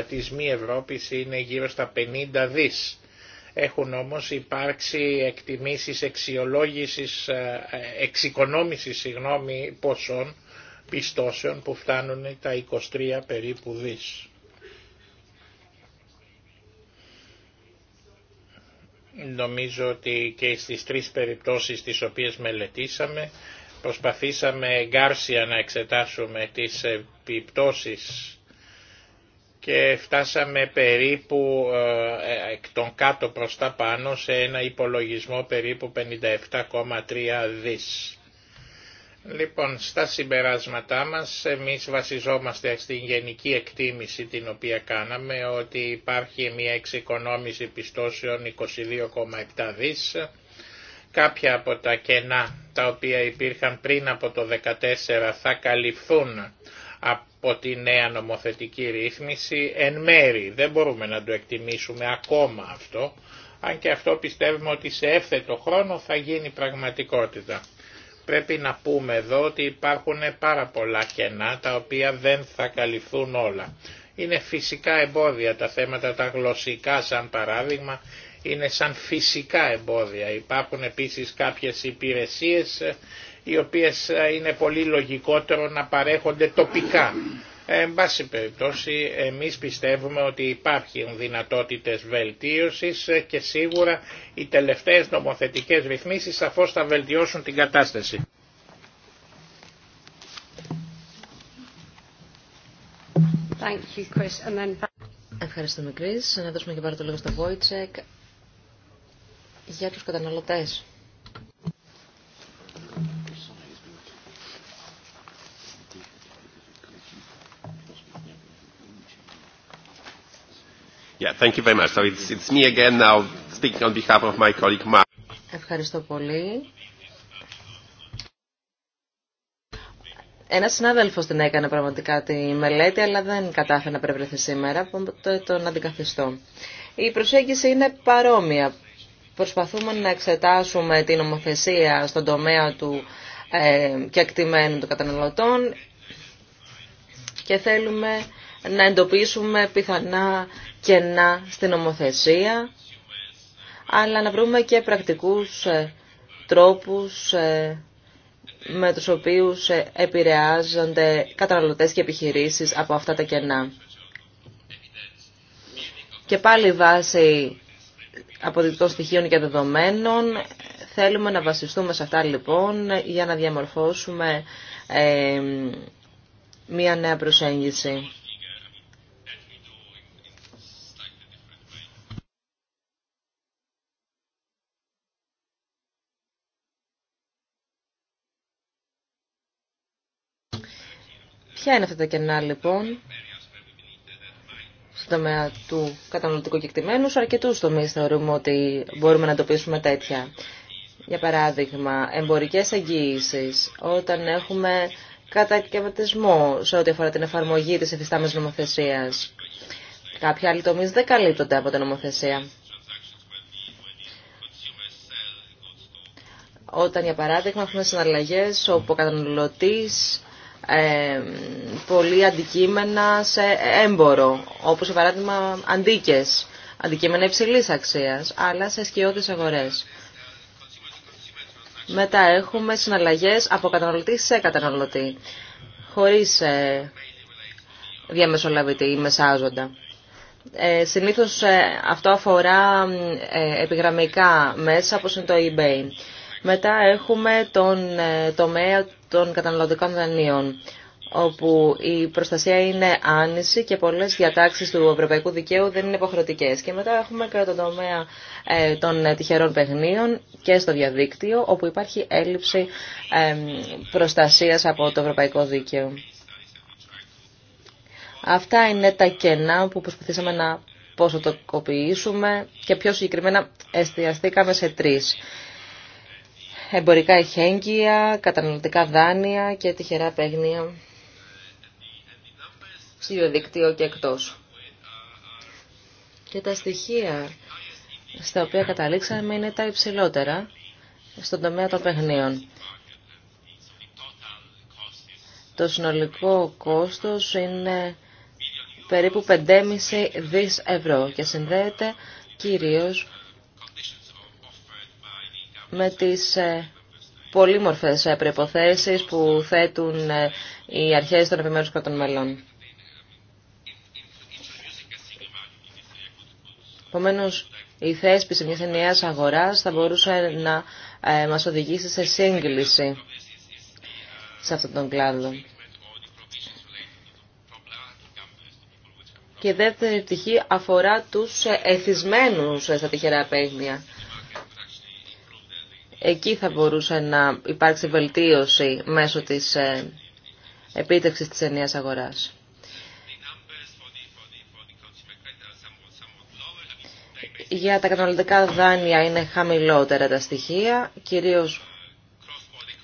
της μη Ευρώπης είναι γύρω στα 50 δις. Έχουν όμως υπάρξει εκτιμήσεις εξιολόγησης, εξοικονόμησης συγγνώμη, ποσών πιστώσεων που φτάνουν τα 23 περίπου δις. Νομίζω ότι και στις τρεις περιπτώσεις τις οποίες μελετήσαμε προσπαθήσαμε εγκάρσια να εξετάσουμε τις επιπτώσεις και φτάσαμε περίπου ε, εκ των κάτω προς τα πάνω σε ένα υπολογισμό περίπου 57,3 δις. Λοιπόν, στα συμπεράσματά μας εμείς βασιζόμαστε στην γενική εκτίμηση την οποία κάναμε ότι υπάρχει μια εξοικονόμηση πιστώσεων 22,7 δις. Κάποια από τα κενά τα οποία υπήρχαν πριν από το 2014 θα καλυφθούν από τη νέα νομοθετική ρύθμιση εν μέρη. Δεν μπορούμε να το εκτιμήσουμε ακόμα αυτό, αν και αυτό πιστεύουμε ότι σε έφθετο χρόνο θα γίνει πραγματικότητα. Πρέπει να πούμε εδώ ότι υπάρχουν πάρα πολλά κενά τα οποία δεν θα καλυφθούν όλα. Είναι φυσικά εμπόδια τα θέματα τα γλωσσικά σαν παράδειγμα, είναι σαν φυσικά εμπόδια. Υπάρχουν επίσης κάποιες υπηρεσίες ε, οι οποίες ε, είναι πολύ λογικότερο να παρέχονται τοπικά. Εν πάση περιπτώσει εμείς πιστεύουμε ότι υπάρχουν δυνατότητες βελτίωσης και σίγουρα οι τελευταίες νομοθετικές ρυθμίσεις σαφώς θα βελτιώσουν την κατάσταση. Thank you, Ευχαριστούμε, Chris. Να δώσουμε και πάρα το λόγο στο Βόιτσεκ για τους καταναλωτές. Ευχαριστώ πολύ. Ένα συνάδελφο την έκανε πραγματικά τη μελέτη, αλλά δεν κατάφερε να παρευρεθεί σήμερα, οπότε τον αντικαθιστώ. Η προσέγγιση είναι παρόμοια. Προσπαθούμε να εξετάσουμε την νομοθεσία στον τομέα του ε, και ακτιμένου των καταναλωτών και θέλουμε να εντοπίσουμε πιθανά κενά στην ομοθέσια, αλλά να βρούμε και πρακτικούς ε, τρόπους ε, με τους οποίους ε, επηρεάζονται καταναλωτές και επιχειρήσεις από αυτά τα κενά. Και πάλι βάσει αποδεικτών στοιχείων και δεδομένων θέλουμε να βασιστούμε σε αυτά λοιπόν για να διαμορφώσουμε μία νέα προσέγγιση. Ποια είναι αυτά τα κενά λοιπόν στον τομέα του καταναλωτικού κεκτημένου, σε αρκετού τομεί θεωρούμε ότι μπορούμε να εντοπίσουμε τέτοια. Για παράδειγμα, εμπορικές εγγύησει, όταν έχουμε κατακαιρματισμό σε ό,τι αφορά την εφαρμογή τη εφιστάμενη νομοθεσία. Κάποιοι άλλοι τομείς δεν καλύπτονται από την νομοθεσία. Όταν, για παράδειγμα, έχουμε συναλλαγέ όπου ο καταναλωτή, ε, πολλοί αντικείμενα σε έμπορο, όπως για παράδειγμα αντίκες, αντικείμενα υψηλής αξίας, αλλά σε σκιώτες αγορές. Μετά έχουμε συναλλαγές από καταναλωτή σε καταναλωτή, χωρίς ε, διαμεσολαβητή ή μεσάζοντα. Ε, συνήθως ε, αυτό αφορά ε, επιγραμμικά μέσα όπως είναι το eBay. Μετά έχουμε τον ε, τομέα των καταναλωτικών δανείων όπου η προστασία είναι άνηση και πολλές διατάξεις του ευρωπαϊκού δικαίου δεν είναι υποχρεωτικές. Και μετά έχουμε και τον τομέα ε, των ε, τυχερών παιχνίων και στο διαδίκτυο, όπου υπάρχει έλλειψη προστασίας από το ευρωπαϊκό δίκαιο. Αυτά είναι τα κενά που προσπαθήσαμε να ποσοτοκοποιήσουμε και πιο συγκεκριμένα εστιαστήκαμε σε τρεις εμπορικά εχέγγυα, καταναλωτικά δάνεια και τυχερά παίγνια στο δίκτυο και εκτός. Και τα στοιχεία στα οποία καταλήξαμε είναι τα υψηλότερα στον τομέα των παιχνίων. Το συνολικό κόστος είναι περίπου 5,5 δις ευρώ και συνδέεται κυρίως με τις ε, πολύμορφες ε, προϋποθέσεις που θέτουν ε, οι αρχές των επιμέρους κρατών μελών. Επομένω, η θέσπιση μιας ενιαίας αγοράς θα μπορούσε να μας οδηγήσει σε σύγκληση σε αυτόν τον κλάδο. Και η δεύτερη πτυχή αφορά τους εθισμένους στα τυχερά παίγνια. Εκεί θα μπορούσε να υπάρξει βελτίωση μέσω της ε, επίτευξης της ενίας αγοράς. Για τα καταναλωτικά δάνεια είναι χαμηλότερα τα στοιχεία, κυρίως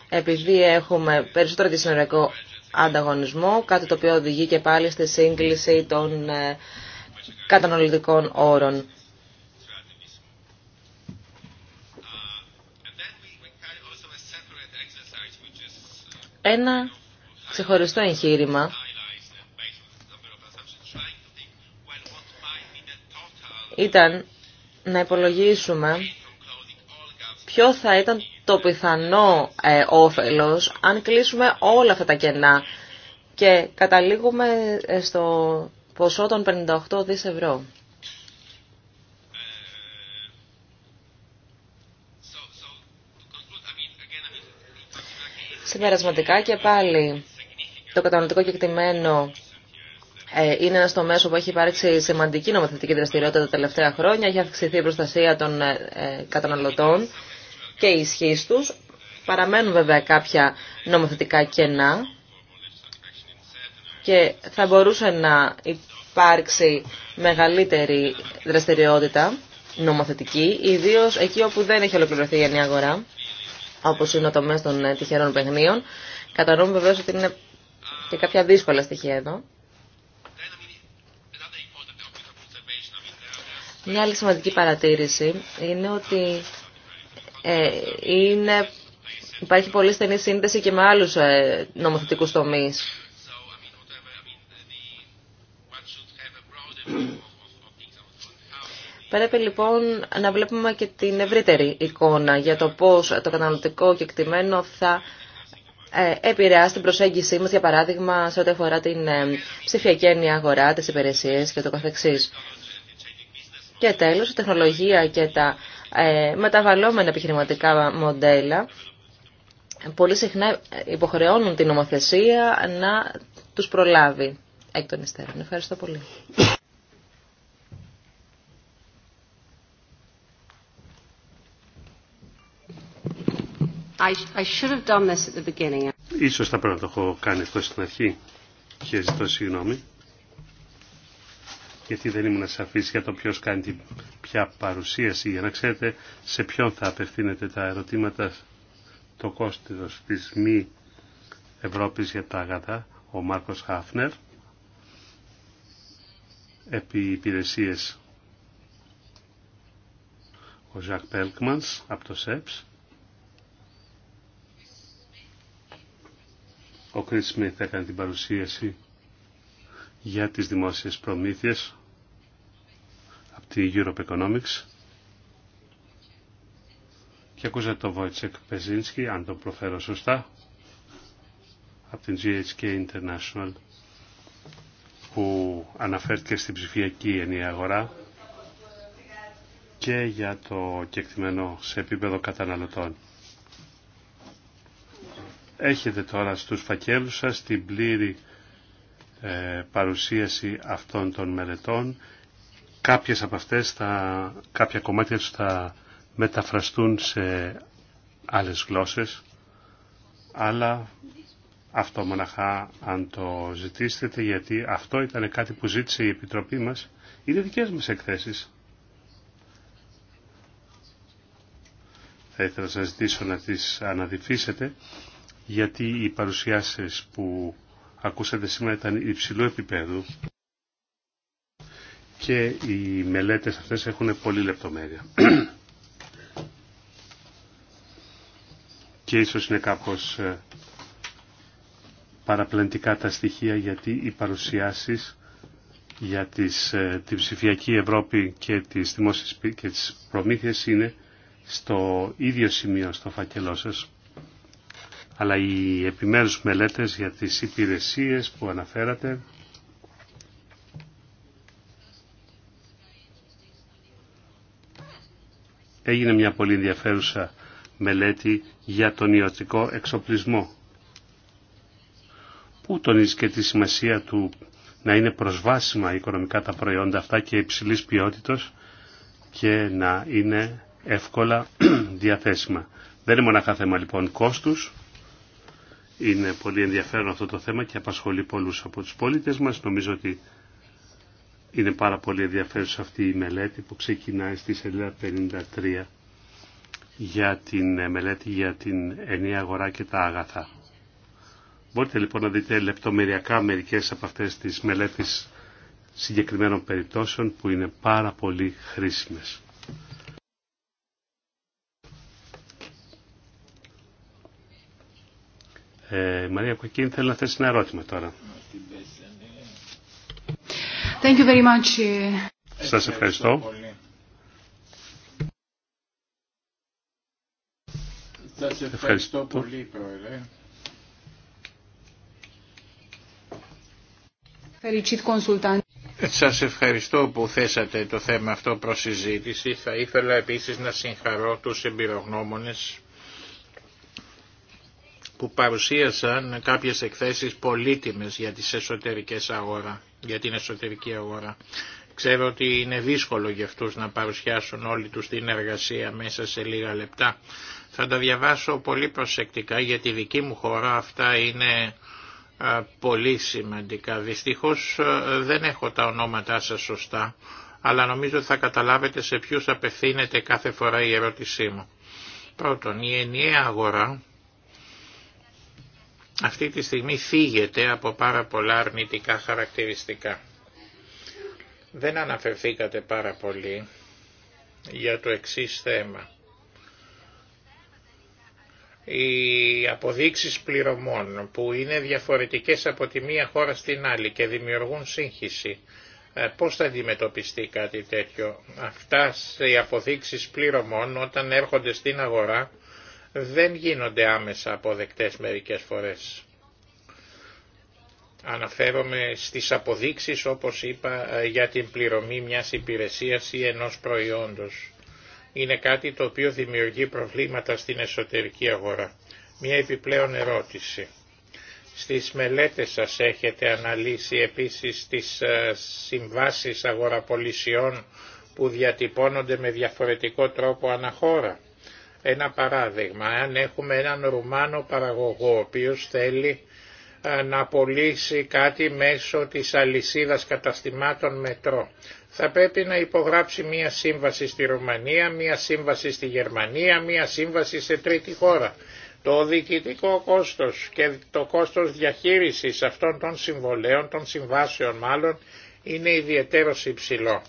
επειδή έχουμε περισσότερο δυσυνοριακό ανταγωνισμό, κάτι το οποίο οδηγεί και πάλι στη σύγκληση των ε, καταναλωτικών όρων. ένα ξεχωριστό εγχείρημα ήταν να υπολογίσουμε ποιο θα ήταν το πιθανό ε, όφελος αν κλείσουμε όλα αυτά τα κενά και καταλήγουμε ε, στο ποσό των 58 δις ευρώ. Συμπερασματικά και πάλι το κατανοητικό κεκτημένο ε, είναι ένα μέσο που έχει υπάρξει σημαντική νομοθετική δραστηριότητα τα τελευταία χρόνια. Έχει αυξηθεί η προστασία των ε, ε, καταναλωτών και η ισχύ του. Παραμένουν βέβαια κάποια νομοθετικά κενά και θα μπορούσε να υπάρξει μεγαλύτερη δραστηριότητα νομοθετική, ιδίω εκεί όπου δεν έχει ολοκληρωθεί η αγορά όπω είναι ο τομέα των ε, τυχερών παιχνίων. Κατανοούμε βεβαίω ότι είναι και κάποια δύσκολα στοιχεία εδώ. Μια άλλη σημαντική παρατήρηση είναι ότι ε, είναι, υπάρχει πολύ στενή σύνδεση και με άλλους ε, νομοθετικούς τομείς. Πρέπει λοιπόν να βλέπουμε και την ευρύτερη εικόνα για το πώς το καταναλωτικό κεκτημένο θα ε, επηρεάσει την προσέγγιση μας, για παράδειγμα, σε ό,τι αφορά την ε, ψηφιακή έννοια αγορά, τις υπηρεσίες και το καθεξής. Και τέλος, η τεχνολογία και τα ε, μεταβαλλόμενα επιχειρηματικά μοντέλα πολύ συχνά υποχρεώνουν την νομοθεσία να τους προλάβει εκ των υστέρων. Ευχαριστώ πολύ. I, Ίσως θα πρέπει να το έχω κάνει αυτό στην αρχή και ζητώ συγγνώμη γιατί δεν ήμουν σαφής για το ποιος κάνει την, ποια παρουσίαση για να ξέρετε σε ποιον θα απευθύνεται τα ερωτήματα το κόστος της μη Ευρώπης για τα αγαθά ο Μάρκος Χάφνερ επί υπηρεσίες ο Ζακ Πέλκμανς από το ΣΕΠΣ Ο Κρίς Σμιθ έκανε την παρουσίαση για τις δημόσιες προμήθειες από τη Europe Economics και ακούσατε τον Βόιτσεκ Πεζίνσκι, αν το προφέρω σωστά, από την GHK International που αναφέρθηκε στην ψηφιακή ενιαία αγορά και για το κεκτημένο σε επίπεδο καταναλωτών. Έχετε τώρα στους φακέλους σας την πλήρη ε, παρουσίαση αυτών των μελετών. Κάποιες από αυτές, θα, κάποια κομμάτια τους θα μεταφραστούν σε άλλες γλώσσες, αλλά αυτό μοναχά αν το ζητήσετε, γιατί αυτό ήταν κάτι που ζήτησε η Επιτροπή μας. Είναι δικές μας εκθέσεις. Θα ήθελα να σας ζητήσω να τις αναδυφίσετε γιατί οι παρουσιάσεις που ακούσατε σήμερα ήταν υψηλού επίπεδου και οι μελέτες αυτές έχουν πολύ λεπτομέρεια. και ίσως είναι κάπως ε, παραπλανητικά τα στοιχεία γιατί οι παρουσιάσεις για τις, ε, την ψηφιακή Ευρώπη και τις, δημόσιες, και τις προμήθειες είναι στο ίδιο σημείο στο φακελό σας αλλά οι επιμέρους μελέτες για τις υπηρεσίες που αναφέρατε έγινε μια πολύ ενδιαφέρουσα μελέτη για τον ιωτικό εξοπλισμό που τονίζει και τη σημασία του να είναι προσβάσιμα οικονομικά τα προϊόντα αυτά και υψηλής ποιότητος και να είναι εύκολα διαθέσιμα. Δεν είναι μοναχά θέμα λοιπόν κόστους, είναι πολύ ενδιαφέρον αυτό το θέμα και απασχολεί πολλούς από τους πολίτες μας. Νομίζω ότι είναι πάρα πολύ ενδιαφέρουσα αυτή η μελέτη που ξεκινάει στη σελίδα 53 για την ε, μελέτη για την ενιαία αγορά και τα άγαθα. Μπορείτε λοιπόν να δείτε λεπτομεριακά μερικές από αυτές τις μελέτες συγκεκριμένων περιπτώσεων που είναι πάρα πολύ χρήσιμες. Ε, Μαρία Κουκίν θέλω να θέσει ένα ερώτημα τώρα. Thank you very much. Σας ευχαριστώ. Σας ευχαριστώ, ευχαριστώ. πολύ πρόεδρε. Σας ευχαριστώ που θέσατε το θέμα αυτό προς συζήτηση. Θα ήθελα επίσης να συγχαρώ τους εμπειρογνώμονες που παρουσίασαν κάποιες εκθέσεις πολύτιμες για, τις εσωτερικές αγορά, για την εσωτερική αγορά. Ξέρω ότι είναι δύσκολο για αυτούς να παρουσιάσουν όλη τους την εργασία μέσα σε λίγα λεπτά. Θα τα διαβάσω πολύ προσεκτικά για τη δική μου χώρα αυτά είναι πολύ σημαντικά. Δυστυχώς δεν έχω τα ονόματά σας σωστά, αλλά νομίζω θα καταλάβετε σε ποιους απευθύνεται κάθε φορά η ερώτησή μου. Πρώτον, η ενιαία αγορά αυτή τη στιγμή φύγεται από πάρα πολλά αρνητικά χαρακτηριστικά. Δεν αναφερθήκατε πάρα πολύ για το εξής θέμα. Οι αποδείξεις πληρωμών που είναι διαφορετικές από τη μία χώρα στην άλλη και δημιουργούν σύγχυση. Ε, πώς θα αντιμετωπιστεί κάτι τέτοιο. Αυτά οι αποδείξεις πληρωμών όταν έρχονται στην αγορά δεν γίνονται άμεσα αποδεκτές μερικές φορές. Αναφέρομαι στις αποδείξεις όπως είπα για την πληρωμή μιας υπηρεσίας ή ενός προϊόντος. Είναι κάτι το οποίο δημιουργεί προβλήματα στην εσωτερική αγορά. Μια επιπλέον ερώτηση. Στις μελέτες σας έχετε αναλύσει επίσης τις ε, συμβάσεις αγοραπολισιών που διατυπώνονται με διαφορετικό τρόπο αναχώρα ένα παράδειγμα, αν έχουμε έναν Ρουμάνο παραγωγό ο οποίος θέλει ε, να πωλήσει κάτι μέσω της αλυσίδας καταστημάτων μετρό. Θα πρέπει να υπογράψει μία σύμβαση στη Ρουμανία, μία σύμβαση στη Γερμανία, μία σύμβαση σε τρίτη χώρα. Το διοικητικό κόστος και το κόστος διαχείρισης αυτών των συμβολέων, των συμβάσεων μάλλον, είναι ιδιαίτερο υψηλό.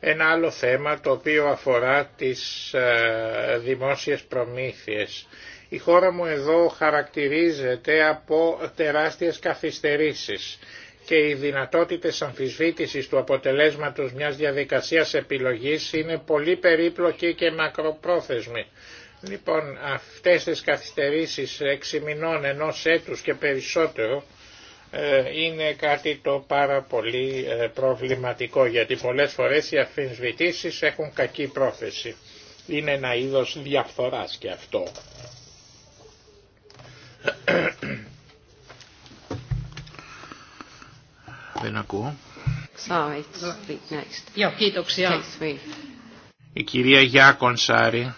Ένα άλλο θέμα το οποίο αφορά τις ε, δημόσιες προμήθειες. Η χώρα μου εδώ χαρακτηρίζεται από τεράστιες καθυστερήσεις και οι δυνατότητες αμφισβήτησης του αποτελέσματος μιας διαδικασίας επιλογής είναι πολύ περίπλοκοι και μακροπρόθεσμοι. Λοιπόν, αυτές τις καθυστερήσεις 6 ενός έτους και περισσότερο ε, είναι κάτι το πάρα πολύ ε, προβληματικό γιατί πολλές φορές οι αφισβητήσεις έχουν κακή πρόθεση. Είναι ένα είδος διαφθοράς και αυτό. Δεν ακούω. Η κυρία Γιάκον Σάρη.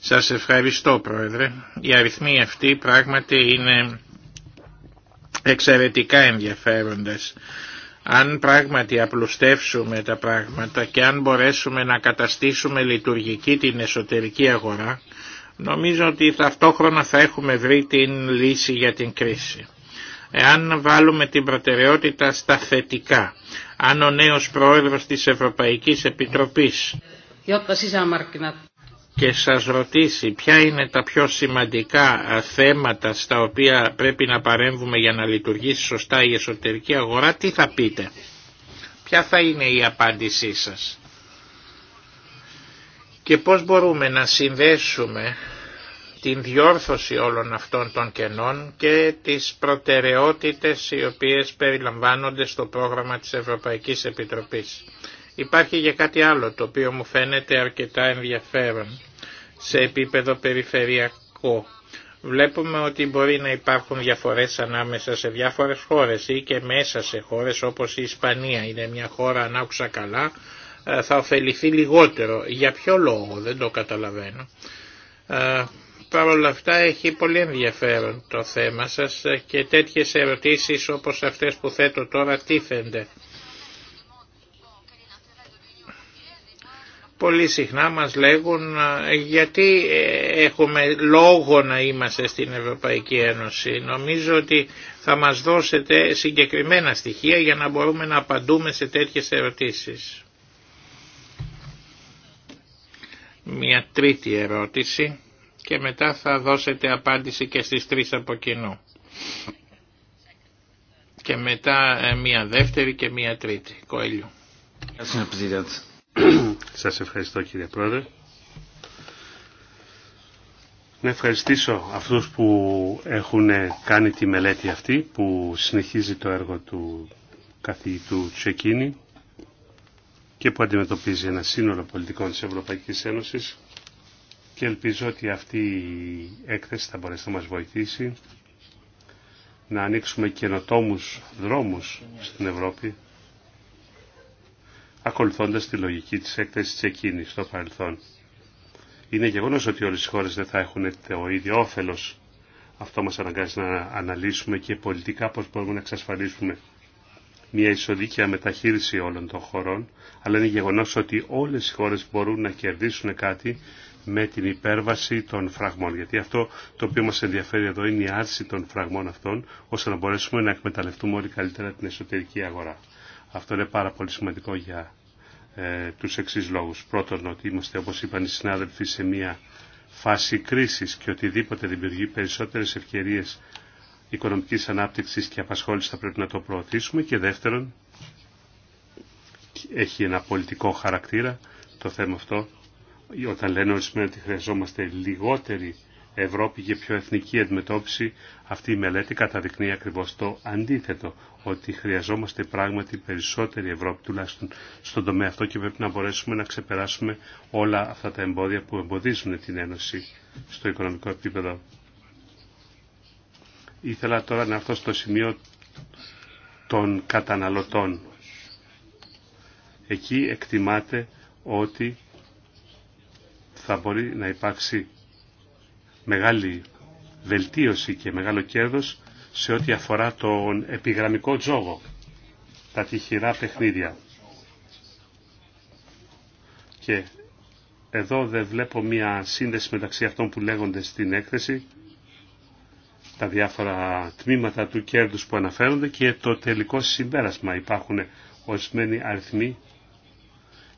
Σας ευχαριστώ πρόεδρε. Η αριθμή αυτή πράγματι είναι εξαιρετικά ενδιαφέροντες. Αν πράγματι απλουστεύσουμε τα πράγματα και αν μπορέσουμε να καταστήσουμε λειτουργική την εσωτερική αγορά, νομίζω ότι ταυτόχρονα θα έχουμε βρει την λύση για την κρίση. Εάν βάλουμε την προτεραιότητα στα θετικά, αν ο νέος πρόεδρος της Ευρωπαϊκής Επιτροπής και σας ρωτήσει ποια είναι τα πιο σημαντικά θέματα στα οποία πρέπει να παρέμβουμε για να λειτουργήσει σωστά η εσωτερική αγορά, τι θα πείτε. Ποια θα είναι η απάντησή σας. Και πώς μπορούμε να συνδέσουμε την διόρθωση όλων αυτών των κενών και τις προτεραιότητες οι οποίες περιλαμβάνονται στο πρόγραμμα της Ευρωπαϊκής Επιτροπής. Υπάρχει για κάτι άλλο το οποίο μου φαίνεται αρκετά ενδιαφέρον σε επίπεδο περιφερειακό. Βλέπουμε ότι μπορεί να υπάρχουν διαφορές ανάμεσα σε διάφορες χώρες ή και μέσα σε χώρες όπως η Ισπανία είναι μια χώρα αν καλά ε, θα ωφεληθεί λιγότερο. Για ποιο λόγο δεν το καταλαβαίνω. Ε, Παρ' όλα αυτά έχει πολύ ενδιαφέρον το θέμα σας και τέτοιες ερωτήσεις όπως αυτές που θέτω τώρα τίθενται. πολύ συχνά μας λέγουν ε, γιατί ε, έχουμε λόγο να είμαστε στην Ευρωπαϊκή Ένωση. Νομίζω ότι θα μας δώσετε συγκεκριμένα στοιχεία για να μπορούμε να απαντούμε σε τέτοιες ερωτήσεις. Μια τρίτη ερώτηση και μετά θα δώσετε απάντηση και στις τρεις από κοινού. Και μετά ε, μια δεύτερη και μια τρίτη. Κοέλιο. Σας ευχαριστώ κύριε Πρόεδρε. Να ευχαριστήσω αυτούς που έχουν κάνει τη μελέτη αυτή, που συνεχίζει το έργο του καθηγητού Τσεκίνη και που αντιμετωπίζει ένα σύνολο πολιτικών της Ευρωπαϊκής Ένωσης και ελπίζω ότι αυτή η έκθεση θα μπορέσει να μας βοηθήσει να ανοίξουμε καινοτόμους δρόμους στην Ευρώπη ακολουθώντας τη λογική της έκθεσης εκείνης στο παρελθόν. Είναι γεγονός ότι όλες οι χώρες δεν θα έχουν το ίδιο όφελος. Αυτό μας αναγκάζει να αναλύσουμε και πολιτικά πώς μπορούμε να εξασφαλίσουμε μια ισοδίκαια μεταχείριση όλων των χωρών, αλλά είναι γεγονός ότι όλες οι χώρες μπορούν να κερδίσουν κάτι με την υπέρβαση των φραγμών. Γιατί αυτό το οποίο μας ενδιαφέρει εδώ είναι η άρση των φραγμών αυτών, ώστε να μπορέσουμε να εκμεταλλευτούμε όλοι καλύτερα την εσωτερική αγορά. Αυτό είναι πάρα πολύ σημαντικό για ε, τους εξής λόγους. Πρώτον, ότι είμαστε, όπως είπαν οι συνάδελφοι, σε μια φάση κρίσης και οτιδήποτε δημιουργεί περισσότερες ευκαιρίες οικονομικής ανάπτυξης και απασχόλησης θα πρέπει να το προωθήσουμε. Και δεύτερον, έχει ένα πολιτικό χαρακτήρα το θέμα αυτό. Όταν λένε ορισμένοι ότι χρειαζόμαστε λιγότερη Ευρώπη για πιο εθνική αντιμετώπιση, αυτή η μελέτη καταδεικνύει ακριβώς το αντίθετο, ότι χρειαζόμαστε πράγματι περισσότερη Ευρώπη, τουλάχιστον στον τομέα αυτό και πρέπει να μπορέσουμε να ξεπεράσουμε όλα αυτά τα εμπόδια που εμποδίζουν την Ένωση στο οικονομικό επίπεδο. Ήθελα τώρα να έρθω στο σημείο των καταναλωτών. Εκεί εκτιμάται ότι θα μπορεί να υπάρξει μεγάλη βελτίωση και μεγάλο κέρδος σε ό,τι αφορά τον επιγραμμικό τζόγο, τα τυχηρά παιχνίδια. Και εδώ δεν βλέπω μία σύνδεση μεταξύ αυτών που λέγονται στην έκθεση, τα διάφορα τμήματα του κέρδους που αναφέρονται και το τελικό συμπέρασμα. Υπάρχουν ορισμένοι αριθμοί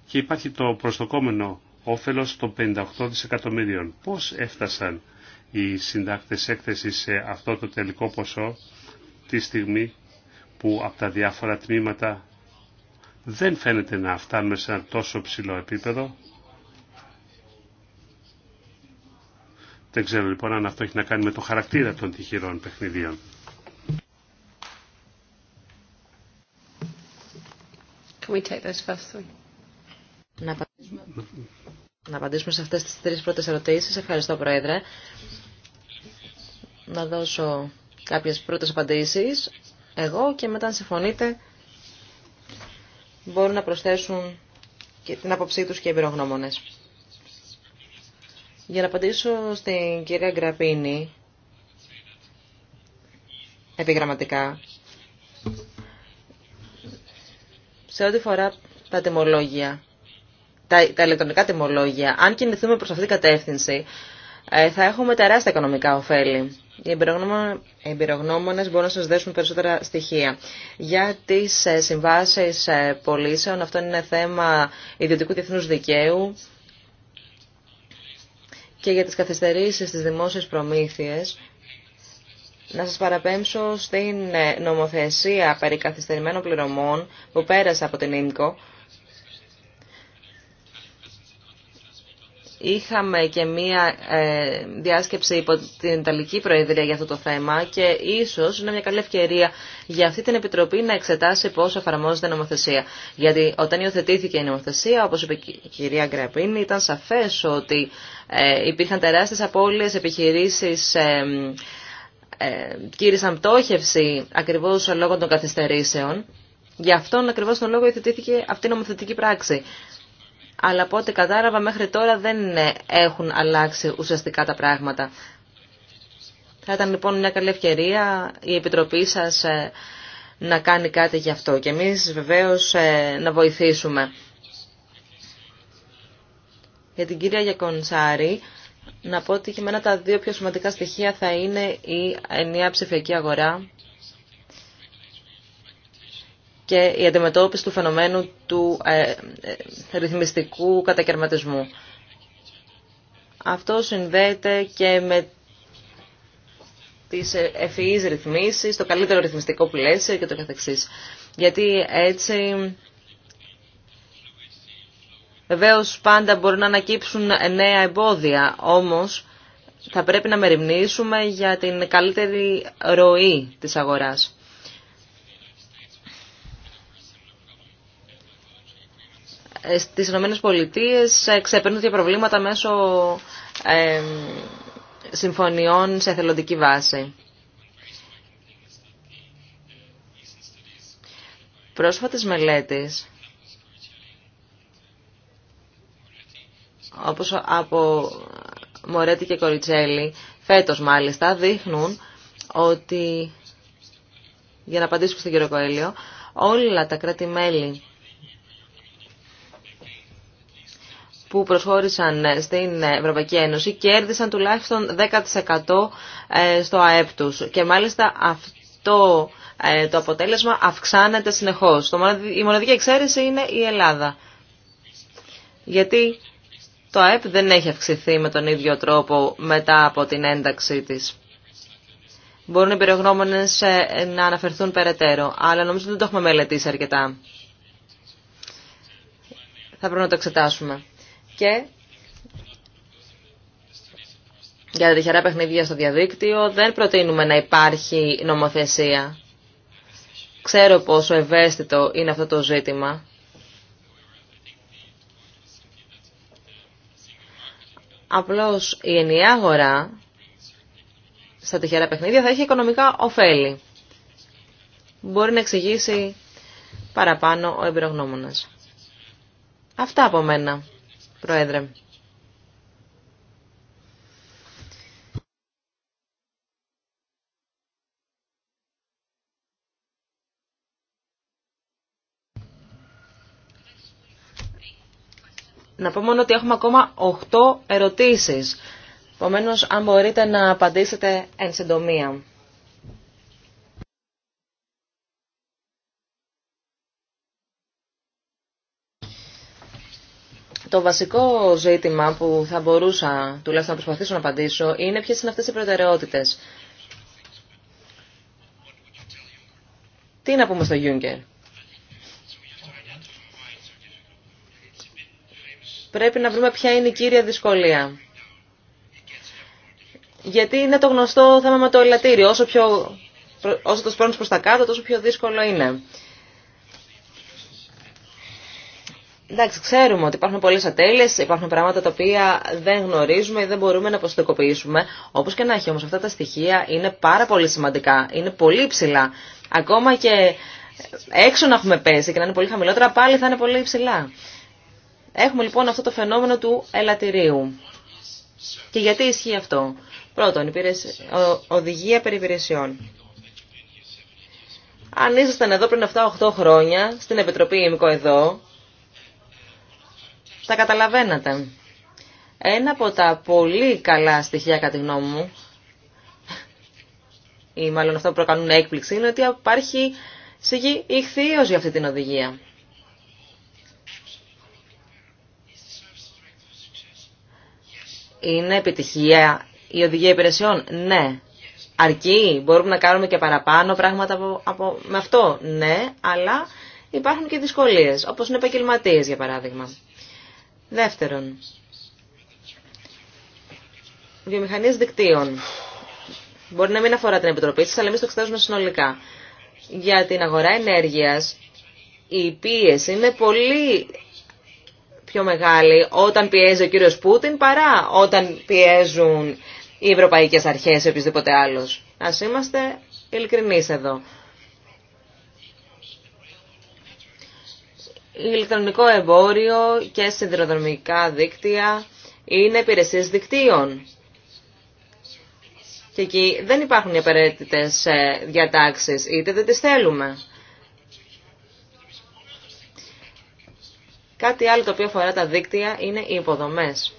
και υπάρχει το προστοκόμενο όφελος των 58 δισεκατομμυρίων. Πώς έφτασαν οι συντάκτες έκθεση σε αυτό το τελικό ποσό τη στιγμή που από τα διάφορα τμήματα δεν φαίνεται να φτάνουμε σε ένα τόσο ψηλό επίπεδο. Δεν ξέρω λοιπόν αν αυτό έχει να κάνει με το χαρακτήρα των τυχερών παιχνιδίων. Can we take those first three? Να απαντήσουμε σε αυτές τις τρεις πρώτες ερωτήσεις. Ευχαριστώ, Πρόεδρε να δώσω κάποιες πρώτες απαντήσεις εγώ και μετά αν συμφωνείτε μπορούν να προσθέσουν και την άποψή τους και οι εμπειρογνώμονες. Για να απαντήσω στην κυρία Γκραπίνη επιγραμματικά σε ό,τι φορά τα τιμολόγια τα, τα ηλεκτρονικά τιμολόγια, αν κινηθούμε προς αυτή την κατεύθυνση, ε, θα έχουμε τεράστια οικονομικά ωφέλη. Οι εμπειρογνώμονες μπορούν να σας δέσουν περισσότερα στοιχεία. Για τις ε, συμβάσεις ε, πωλήσεων, αυτό είναι θέμα ιδιωτικού διεθνού δικαίου και για τις καθυστερήσεις στις δημόσιες προμήθειες. Να σας παραπέμψω στην νομοθεσία περί καθυστερημένων πληρωμών που πέρασε από την ΙΜΚΟ Είχαμε και μία ε, διάσκεψη υπό την Ιταλική Προεδρία για αυτό το θέμα και ίσως είναι μια καλή ευκαιρία για αυτή την Επιτροπή να εξετάσει πώς εφαρμόζεται η νομοθεσία. Γιατί όταν υιοθετήθηκε η νομοθεσία, όπως είπε η κυρία Γκραπίνη, ήταν σαφές ότι ε, υπήρχαν τεράστιες απώλειες επιχειρήσεις ε, κήρυσαν πτώχευση ακριβώς λόγω των καθυστερήσεων. Γι' αυτόν ακριβώς τον λόγο υιοθετήθηκε αυτή η νομοθετική πράξη αλλά από ό,τι κατάλαβα μέχρι τώρα δεν έχουν αλλάξει ουσιαστικά τα πράγματα. Θα ήταν λοιπόν μια καλή ευκαιρία η Επιτροπή σας ε, να κάνει κάτι γι' αυτό και εμείς βεβαίως ε, να βοηθήσουμε. Για την κυρία Γιακονσάρη, να πω ότι και μένα τα δύο πιο σημαντικά στοιχεία θα είναι η ενιαία ψηφιακή αγορά και η αντιμετώπιση του φαινομένου του ε, ε, ρυθμιστικού κατακαιρματισμού. Αυτό συνδέεται και με τις ευφυείς ρυθμίσεις, το καλύτερο ρυθμιστικό πλαίσιο και το καθεξής. Γιατί έτσι βεβαίω πάντα μπορούν να ανακύψουν νέα εμπόδια, όμως θα πρέπει να μεριμνήσουμε για την καλύτερη ροή της αγοράς. Ε, στις Ηνωμένες Πολιτείες ε, ξεπερνούνται προβλήματα μέσω ε, συμφωνιών σε εθελοντική βάση. Πρόσφατες μελέτες, όπως από Μορέτη και Κοριτσέλη, φέτος μάλιστα, δείχνουν ότι, για να απαντήσω στον κύριο Κοέλιο, όλα τα κράτη-μέλη που προσχώρησαν στην Ευρωπαϊκή Ένωση κέρδισαν τουλάχιστον 10% ε, στο ΑΕΠ τους. Και μάλιστα αυτό ε, το αποτέλεσμα αυξάνεται συνεχώς. Η μοναδική εξαίρεση είναι η Ελλάδα. Γιατί το ΑΕΠ δεν έχει αυξηθεί με τον ίδιο τρόπο μετά από την ένταξή της. Μπορούν οι περιογνώμονες ε, να αναφερθούν περαιτέρω, αλλά νομίζω ότι δεν το έχουμε μελετήσει αρκετά. Θα πρέπει να το εξετάσουμε και για τα τυχερά παιχνίδια στο διαδίκτυο δεν προτείνουμε να υπάρχει νομοθεσία. Ξέρω πόσο ευαίσθητο είναι αυτό το ζήτημα. Απλώς η ενιαία αγορά στα τυχερά παιχνίδια θα έχει οικονομικά ωφέλη. Μπορεί να εξηγήσει παραπάνω ο εμπειρογνώμονας. Αυτά από μένα. Πρόεδρε. Να πω μόνο ότι έχουμε ακόμα 8 ερωτήσεις. Επομένω, αν μπορείτε να απαντήσετε εν συντομία. Το βασικό ζήτημα που θα μπορούσα τουλάχιστον να προσπαθήσω να απαντήσω είναι ποιες είναι αυτές οι προτεραιότητες. Τι να πούμε στο Γιούγκερ. Πρέπει να βρούμε ποια είναι η κύρια δυσκολία. Γιατί είναι το γνωστό θέμα με το ελαττήριο. Όσο, πιο, όσο το σπρώνεις προς τα κάτω, τόσο πιο δύσκολο είναι. Εντάξει, ξέρουμε ότι υπάρχουν πολλέ ατέλειε, υπάρχουν πράγματα τα οποία δεν γνωρίζουμε ή δεν μπορούμε να αποστοκοποιήσουμε. Όπω και να έχει όμω, αυτά τα στοιχεία είναι πάρα πολύ σημαντικά, είναι πολύ ψηλά. Ακόμα και έξω να έχουμε πέσει και να είναι πολύ χαμηλότερα, πάλι θα είναι πολύ ψηλά. Έχουμε λοιπόν αυτό το φαινόμενο του ελατηρίου. Και γιατί ισχύει αυτό. Πρώτον, οδηγία περιπηρεσιών. Αν ήσασταν εδώ πριν 7-8 χρόνια, στην Επιτροπή Ημικό εδώ, τα καταλαβαίνατε. Ένα από τα πολύ καλά στοιχεία κατά τη γνώμη μου, ή μάλλον αυτό που προκαλούν έκπληξη, είναι ότι υπάρχει σιγή ηχθείως για αυτή την οδηγία. Είναι επιτυχία η οδηγία υπηρεσιών, ναι. Αρκεί, μπορούμε να κάνουμε και παραπάνω πράγματα από, από, με αυτό, ναι, αλλά υπάρχουν και δυσκολίες, όπως είναι επαγγελματίε, για αυτη την οδηγια ειναι επιτυχια η οδηγια υπηρεσιων ναι αρκει μπορουμε να κανουμε και παραπανω πραγματα απο με αυτο ναι αλλα υπαρχουν και δυσκολιες οπως ειναι επαγγελματιε για παραδειγμα Δεύτερον, βιομηχανίες δικτύων. Μπορεί να μην αφορά την Επιτροπή σας, αλλά εμείς το εξετάζουμε συνολικά. Για την αγορά ενέργειας, η πίεση είναι πολύ πιο μεγάλη όταν πιέζει ο κύριος Πούτιν παρά όταν πιέζουν οι ευρωπαϊκές αρχές ή οποιοδήποτε άλλος. Ας είμαστε ειλικρινείς εδώ. ηλεκτρονικό εμπόριο και σιδηροδρομικά δίκτυα είναι υπηρεσίες δικτύων. Και εκεί δεν υπάρχουν οι απαραίτητες ε, διατάξεις, είτε δεν τις θέλουμε. Κάτι άλλο το οποίο αφορά τα δίκτυα είναι οι υποδομές.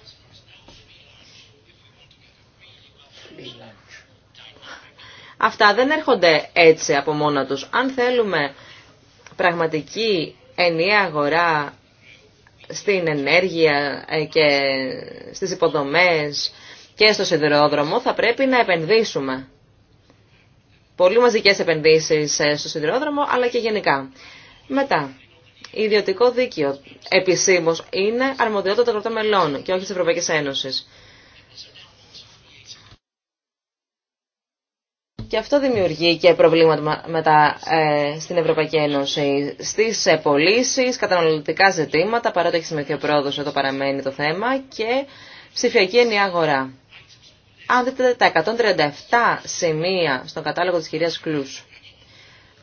Αυτά δεν έρχονται έτσι από μόνα τους. Αν θέλουμε πραγματική ενιαία αγορά στην ενέργεια ε, και στις υποδομές και στο σιδηρόδρομο θα πρέπει να επενδύσουμε. Πολύ μαζικές επενδύσεις ε, στο σιδηρόδρομο αλλά και γενικά. Μετά, ιδιωτικό δίκαιο επισήμως είναι αρμοδιότητα των κρατών μελών και όχι της Ευρωπαϊκής Ένωσης. Και αυτό δημιουργεί και προβλήματα μετά ε, στην Ευρωπαϊκή Ένωση. Στι ε, πωλήσει, καταναλωτικά ζητήματα, παρότι έχει σημειωθεί ο πρόοδο, εδώ παραμένει το θέμα, και ψηφιακή ενιαία αγορά. Αν δείτε τα 137 σημεία στον κατάλογο τη κυρία Κλού,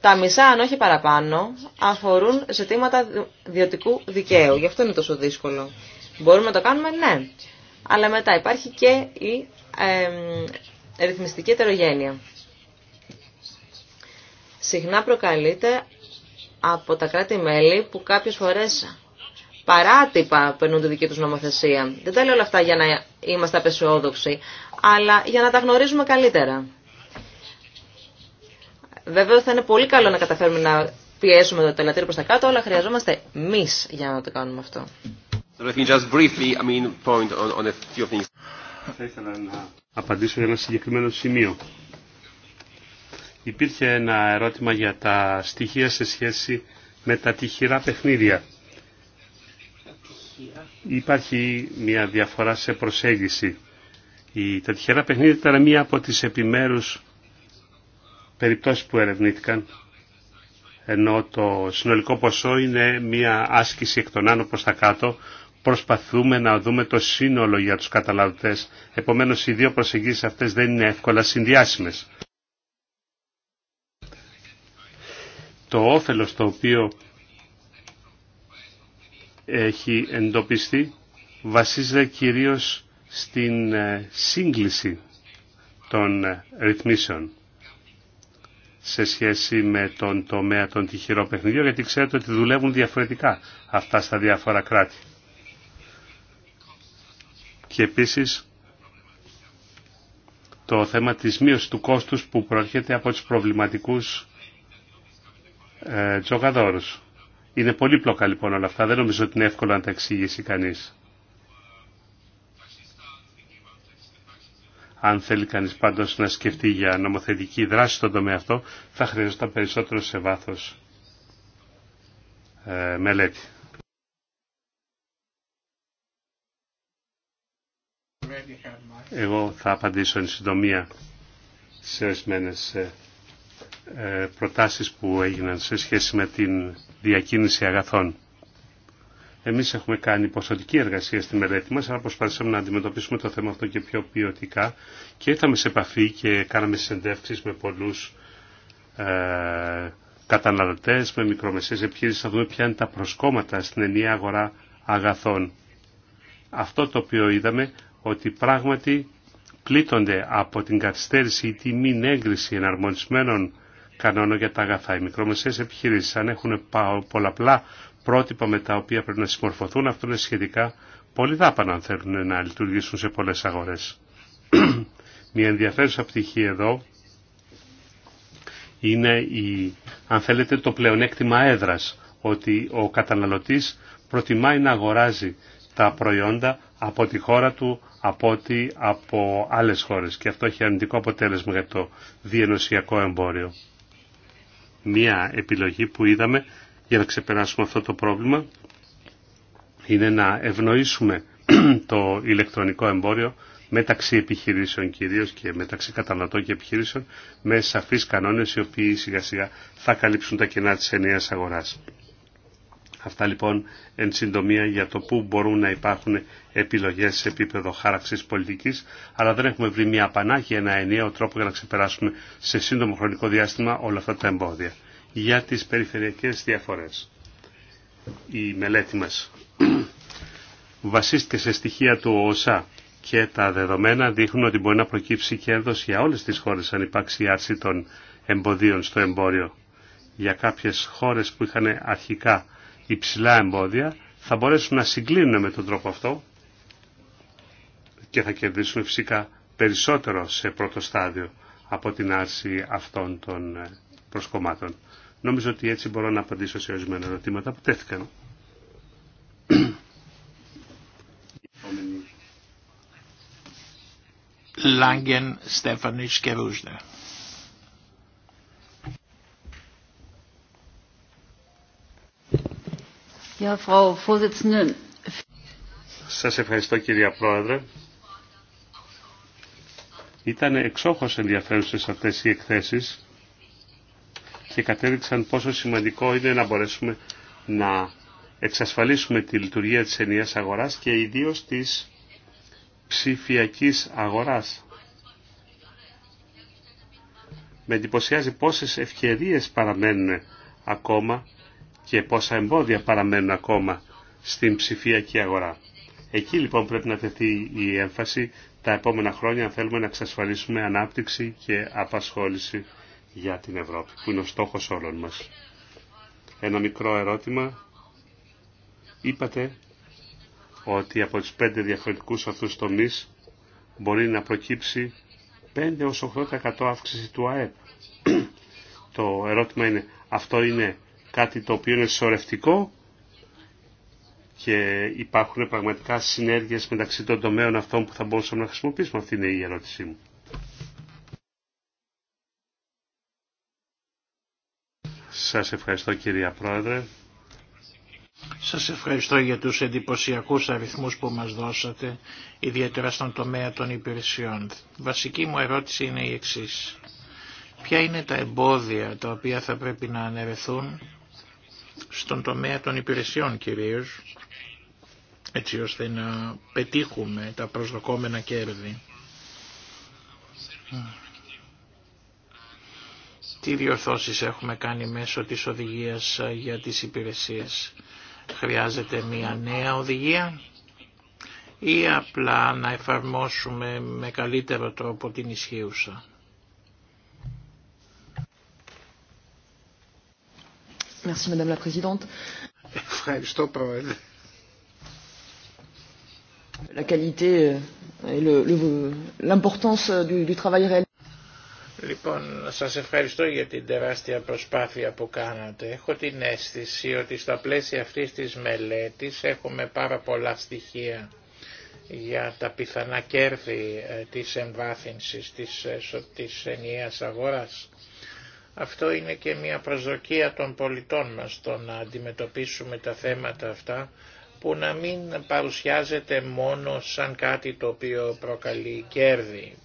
τα μισά, αν όχι παραπάνω, αφορούν ζητήματα ιδιωτικού δικαίου. Γι' αυτό είναι τόσο δύσκολο. Μπορούμε να το κάνουμε, ναι. Αλλά μετά υπάρχει και η ε, ρυθμιστική ετερογένεια συχνά προκαλείται από τα κράτη-μέλη που κάποιες φορές παράτυπα περνούν τη δική τους νομοθεσία. Δεν τα λέω όλα αυτά για να είμαστε απεσιόδοξοι, αλλά για να τα γνωρίζουμε καλύτερα. Βέβαια θα είναι πολύ καλό να καταφέρουμε να πιέσουμε το τελατήριο προς τα κάτω, αλλά χρειαζόμαστε εμεί για να το κάνουμε αυτό. Θα ήθελα να απαντήσω για ένα συγκεκριμένο σημείο υπήρχε ένα ερώτημα για τα στοιχεία σε σχέση με τα τυχερά παιχνίδια. Υπάρχει μια διαφορά σε προσέγγιση. τα τυχερά παιχνίδια ήταν μία από τις επιμέρους περιπτώσεις που ερευνήθηκαν ενώ το συνολικό ποσό είναι μία άσκηση εκ των άνω προς τα κάτω προσπαθούμε να δούμε το σύνολο για τους καταλαβητές. Επομένως οι δύο προσεγγίσεις αυτές δεν είναι εύκολα συνδυάσιμες. το όφελος το οποίο έχει εντοπιστεί βασίζεται κυρίως στην ε, σύγκληση των ε, ρυθμίσεων σε σχέση με τον τομέα των τυχερών παιχνιδιών, γιατί ξέρετε ότι δουλεύουν διαφορετικά αυτά στα διάφορα κράτη. Και επίσης το θέμα της μείωσης του κόστους που προέρχεται από τους προβληματικούς ε, τζογαδόρους. Είναι πολύπλοκα λοιπόν όλα αυτά, δεν νομίζω ότι είναι εύκολο να τα εξηγήσει κανείς. Αν θέλει κανείς πάντως να σκεφτεί για νομοθετική δράση στον τομέα αυτό, θα χρειαζόταν περισσότερο σε βάθος ε, μελέτη. Εγώ θα απαντήσω εν συντομία σε ορισμένε ε, ε, προτάσεις που έγιναν σε σχέση με την διακίνηση αγαθών. Εμείς έχουμε κάνει ποσοτική εργασία στη μελέτη μας, αλλά προσπαθήσαμε να αντιμετωπίσουμε το θέμα αυτό και πιο ποιοτικά και ήρθαμε σε επαφή και κάναμε συνεντεύξεις με πολλούς ε, καταναλωτές, με μικρομεσαίες επιχείρησεις, να δούμε ποια είναι τα προσκόμματα στην ενιαία αγορά αγαθών. Αυτό το οποίο είδαμε ότι πράγματι πλήττονται από την καθυστέρηση ή τη μην έγκριση εναρμονισμένων κανόνα για τα αγαθά. Οι μικρομεσαίες επιχειρήσεις αν έχουν πολλαπλά πρότυπα με τα οποία πρέπει να συμμορφωθούν, αυτό είναι σχετικά πολύ δάπανα αν θέλουν να λειτουργήσουν σε πολλές αγορές. Μια ενδιαφέρουσα πτυχή εδώ είναι η, αν θέλετε, το πλεονέκτημα έδρας, ότι ο καταναλωτής προτιμάει να αγοράζει τα προϊόντα από τη χώρα του, από ότι από άλλες χώρες και αυτό έχει αρνητικό αποτέλεσμα για το διενοσιακό εμπόριο. Μία επιλογή που είδαμε για να ξεπεράσουμε αυτό το πρόβλημα είναι να ευνοήσουμε το ηλεκτρονικό εμπόριο μεταξύ επιχειρήσεων κυρίως και μεταξύ καταναλωτών και επιχειρήσεων με σαφείς κανόνες οι οποίοι σιγά σιγά θα καλύψουν τα κενά της ενιαίας αγοράς. Αυτά λοιπόν εν συντομία για το πού μπορούν να υπάρχουν επιλογές σε επίπεδο χάραξης πολιτικής, αλλά δεν έχουμε βρει μια πανάκια, ένα ενιαίο τρόπο για να ξεπεράσουμε σε σύντομο χρονικό διάστημα όλα αυτά τα εμπόδια. Για τις περιφερειακές διαφορές. Η μελέτη μας βασίστηκε σε στοιχεία του ΟΣΑ και τα δεδομένα δείχνουν ότι μπορεί να προκύψει κέρδος για όλες τις χώρες αν υπάρξει άρση των εμποδίων στο εμπόριο. Για κάποιες χώρες που είχαν αρχικά υψηλά εμπόδια θα μπορέσουν να συγκλίνουν με τον τρόπο αυτό και θα κερδίσουν φυσικά περισσότερο σε πρώτο στάδιο από την άρση αυτών των ε, προσκομμάτων. Νομίζω ότι έτσι μπορώ να απαντήσω σε ορισμένα ερωτήματα που τέθηκαν. Λάγκεν, Στέφανης Σας ευχαριστώ κυρία Πρόεδρε. Ήταν εξόχως ενδιαφέρουσες αυτές οι εκθέσεις και κατέληξαν πόσο σημαντικό είναι να μπορέσουμε να εξασφαλίσουμε τη λειτουργία της ενιαίας αγοράς και ιδίως της ψηφιακής αγοράς. Με εντυπωσιάζει πόσες ευκαιρίες παραμένουν ακόμα και πόσα εμπόδια παραμένουν ακόμα στην ψηφιακή αγορά. Εκεί λοιπόν πρέπει να τεθεί η έμφαση τα επόμενα χρόνια αν θέλουμε να εξασφαλίσουμε ανάπτυξη και απασχόληση για την Ευρώπη, που είναι ο στόχος όλων μας. Ένα μικρό ερώτημα. Είπατε ότι από τις πέντε διαφορετικούς αυτούς τομείς μπορεί να προκύψει 5 8% αύξηση του ΑΕΠ. Το ερώτημα είναι, αυτό είναι κάτι το οποίο είναι σωρευτικό και υπάρχουν πραγματικά συνέργειες μεταξύ των τομέων αυτών που θα μπορούσαμε να χρησιμοποιήσουμε. Αυτή είναι η ερώτησή μου. Σας ευχαριστώ κυρία Πρόεδρε. Σας ευχαριστώ για τους εντυπωσιακούς αριθμούς που μας δώσατε, ιδιαίτερα στον τομέα των υπηρεσιών. Βασική μου ερώτηση είναι η εξής. Ποια είναι τα εμπόδια τα οποία θα πρέπει να αναιρεθούν στον τομέα των υπηρεσιών κυρίως, έτσι ώστε να πετύχουμε τα προσδοκόμενα κέρδη. Τι διορθώσεις έχουμε κάνει μέσω της οδηγίας για τις υπηρεσίες. Χρειάζεται μια νέα οδηγία ή απλά να εφαρμόσουμε με καλύτερο τρόπο την ισχύουσα. Merci, Madame Ευχαριστώ, euh, l'importance euh, du, du travail Λοιπόν, σας ευχαριστώ για την τεράστια προσπάθεια που κάνατε. Έχω την αίσθηση ότι στα πλαίσια αυτής της μελέτης έχουμε πάρα πολλά στοιχεία για τα πιθανά κέρδη ε, της εμβάθυνσης της, ε, της ενιαίας αγοράς. Αυτό είναι και μια προσδοκία των πολιτών μας το να αντιμετωπίσουμε τα θέματα αυτά που να μην παρουσιάζεται μόνο σαν κάτι το οποίο προκαλεί κέρδη.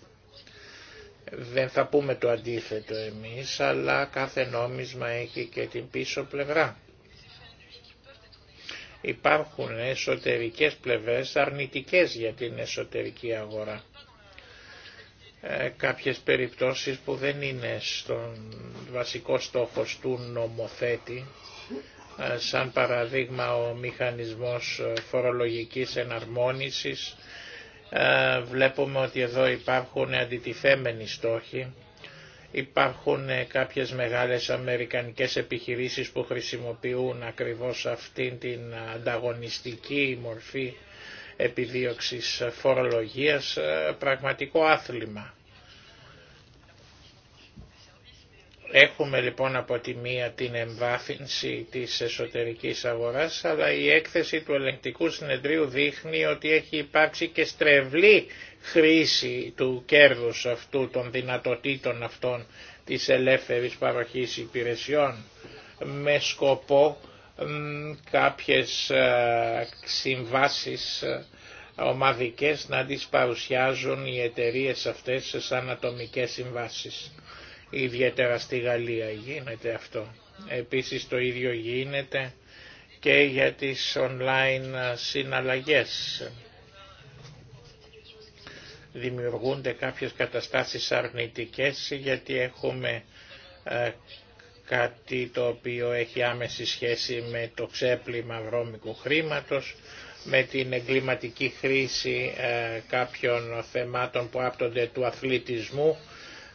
Δεν θα πούμε το αντίθετο εμείς, αλλά κάθε νόμισμα έχει και την πίσω πλευρά. Υπάρχουν εσωτερικές πλευρές αρνητικές για την εσωτερική αγορά ε, κάποιες περιπτώσεις που δεν είναι στον βασικό στόχος του νομοθέτη, ε, σαν παραδείγμα ο μηχανισμός ε, φορολογικής εναρμόνισης. Βλέπουμε ότι εδώ υπάρχουν αντιτιθέμενοι στόχοι. Υπάρχουν κάποιες μεγάλες αμερικανικές επιχειρήσεις που χρησιμοποιούν ακριβώς αυτήν την ανταγωνιστική μορφή επιδίωξης φορολογίας, πραγματικό άθλημα. Έχουμε λοιπόν από τη μία την εμβάθυνση της εσωτερικής αγοράς, αλλά η έκθεση του ελεγκτικού συνεδρίου δείχνει ότι έχει υπάρξει και στρεβλή χρήση του κέρδους αυτού, των δυνατοτήτων αυτών της ελεύθερης παροχής υπηρεσιών, με σκοπό μ, κάποιες ε, συμβάσεις ε, ομαδικές να τις παρουσιάζουν οι εταιρείες αυτές σαν ατομικές συμβάσεις ιδιαίτερα στη Γαλλία γίνεται αυτό. Επίσης το ίδιο γίνεται και για τις online συναλλαγές. Δημιουργούνται κάποιες καταστάσεις αρνητικές γιατί έχουμε ε, κάτι το οποίο έχει άμεση σχέση με το ξέπλυμα βρώμικου χρήματος, με την εγκληματική χρήση ε, κάποιων θεμάτων που άπτονται του αθλητισμού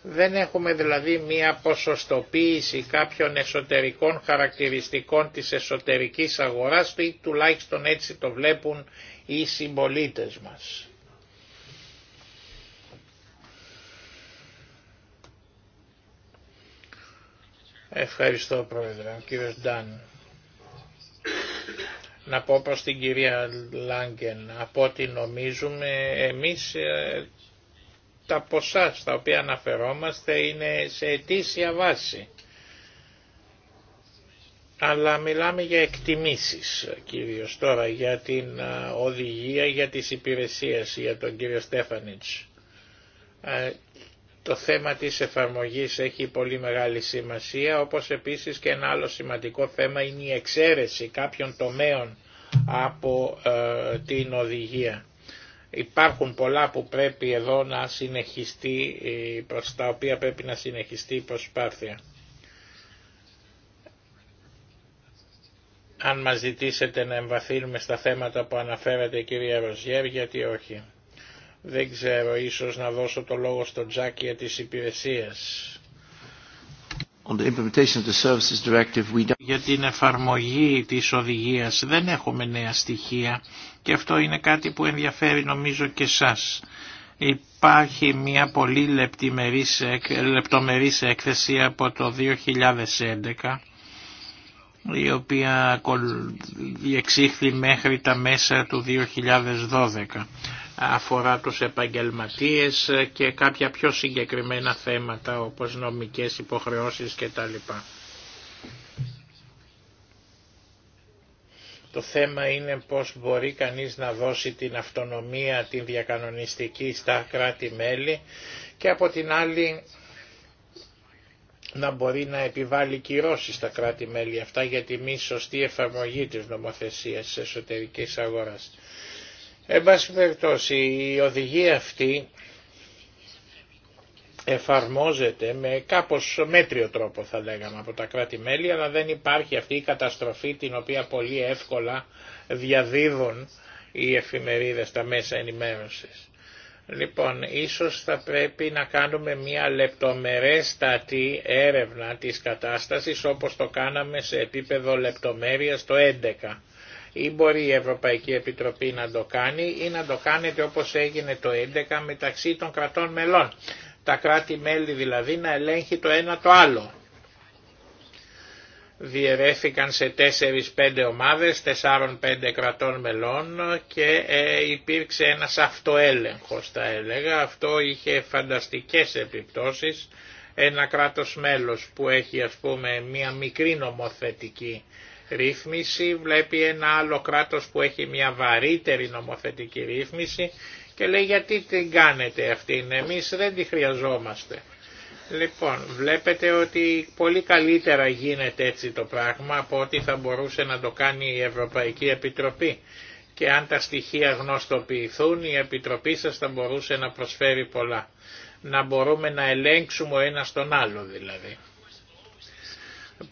δεν έχουμε δηλαδή μία ποσοστοποίηση κάποιων εσωτερικών χαρακτηριστικών της εσωτερικής αγοράς ή τουλάχιστον έτσι το βλέπουν οι συμπολίτες μας. Ευχαριστώ πρόεδρε, ο κύριος Ντάν. Να πω προς την κυρία Λάγκεν, από ό,τι νομίζουμε εμείς ε, τα ποσά στα οποία αναφερόμαστε είναι σε αιτήσια βάση. Αλλά μιλάμε για εκτιμήσεις κυρίως τώρα για την οδηγία για τις υπηρεσίες για τον κύριο Στέφανιτς. Ε, το θέμα της εφαρμογής έχει πολύ μεγάλη σημασία, όπως επίσης και ένα άλλο σημαντικό θέμα είναι η εξαίρεση κάποιων τομέων από ε, την οδηγία. Υπάρχουν πολλά που πρέπει εδώ να συνεχιστεί, ε, προς τα οποία πρέπει να συνεχιστεί η προσπάθεια. Αν μας ζητήσετε να εμβαθύνουμε στα θέματα που αναφέρατε κυρία Ροζιέρ, γιατί όχι. Δεν ξέρω, ίσως να δώσω το λόγο στον Τζάκι για τις για την εφαρμογή της οδηγίας δεν έχουμε νέα στοιχεία και αυτό είναι κάτι που ενδιαφέρει νομίζω και σας. Υπάρχει μια πολύ λεπτομερής, έκθεση από το 2011 η οποία διεξήχθη μέχρι τα μέσα του 2012 αφορά τους επαγγελματίες και κάποια πιο συγκεκριμένα θέματα όπως νομικές υποχρεώσεις κτλ. Το θέμα είναι πώς μπορεί κανείς να δώσει την αυτονομία, την διακανονιστική στα κράτη-μέλη και από την άλλη να μπορεί να επιβάλλει κυρώσεις στα κράτη-μέλη αυτά για τη μη σωστή εφαρμογή της νομοθεσίας της εσωτερικής αγοράς. Εν πάση περιπτώσει η οδηγία αυτή εφαρμόζεται με κάπως μέτριο τρόπο θα λέγαμε από τα κράτη-μέλη αλλά δεν υπάρχει αυτή η καταστροφή την οποία πολύ εύκολα διαδίδουν οι εφημερίδες, τα μέσα ενημέρωσης. Λοιπόν, ίσως θα πρέπει να κάνουμε μια λεπτομερέστατη έρευνα της κατάστασης όπως το κάναμε σε επίπεδο λεπτομέρειας το 11 ή μπορεί η Ευρωπαϊκή Επιτροπή να το κάνει ή να το κάνετε όπως έγινε το 2011 μεταξύ των κρατών μελών. Τα κράτη-μέλη δηλαδή να ελέγχει το ένα το άλλο. Διερέθηκαν σε 4-5 ομάδες 4-5 κρατών μελών και ε, υπήρξε ένας αυτοέλεγχος θα έλεγα. Αυτό είχε φανταστικές επιπτώσεις. Ένα κράτος μέλος που έχει ας πούμε μια μικρή νομοθετική ρύθμιση, βλέπει ένα άλλο κράτος που έχει μια βαρύτερη νομοθετική ρύθμιση και λέει γιατί την κάνετε αυτήν, εμείς δεν τη χρειαζόμαστε. Λοιπόν, βλέπετε ότι πολύ καλύτερα γίνεται έτσι το πράγμα από ότι θα μπορούσε να το κάνει η Ευρωπαϊκή Επιτροπή. Και αν τα στοιχεία γνωστοποιηθούν, η Επιτροπή σας θα μπορούσε να προσφέρει πολλά. Να μπορούμε να ελέγξουμε ο ένας τον άλλο δηλαδή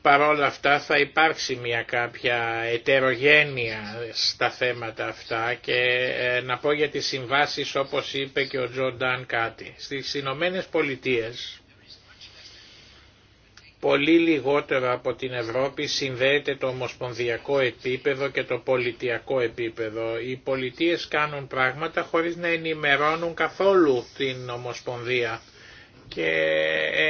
παρόλα αυτά θα υπάρξει μια κάποια ετερογένεια στα θέματα αυτά και ε, να πω για τις συμβάσεις όπως είπε και ο Τζον Ντάν κάτι. Στις Ηνωμένε Πολιτείες πολύ λιγότερο από την Ευρώπη συνδέεται το ομοσπονδιακό επίπεδο και το πολιτιακό επίπεδο. Οι πολιτείες κάνουν πράγματα χωρίς να ενημερώνουν καθόλου την ομοσπονδία και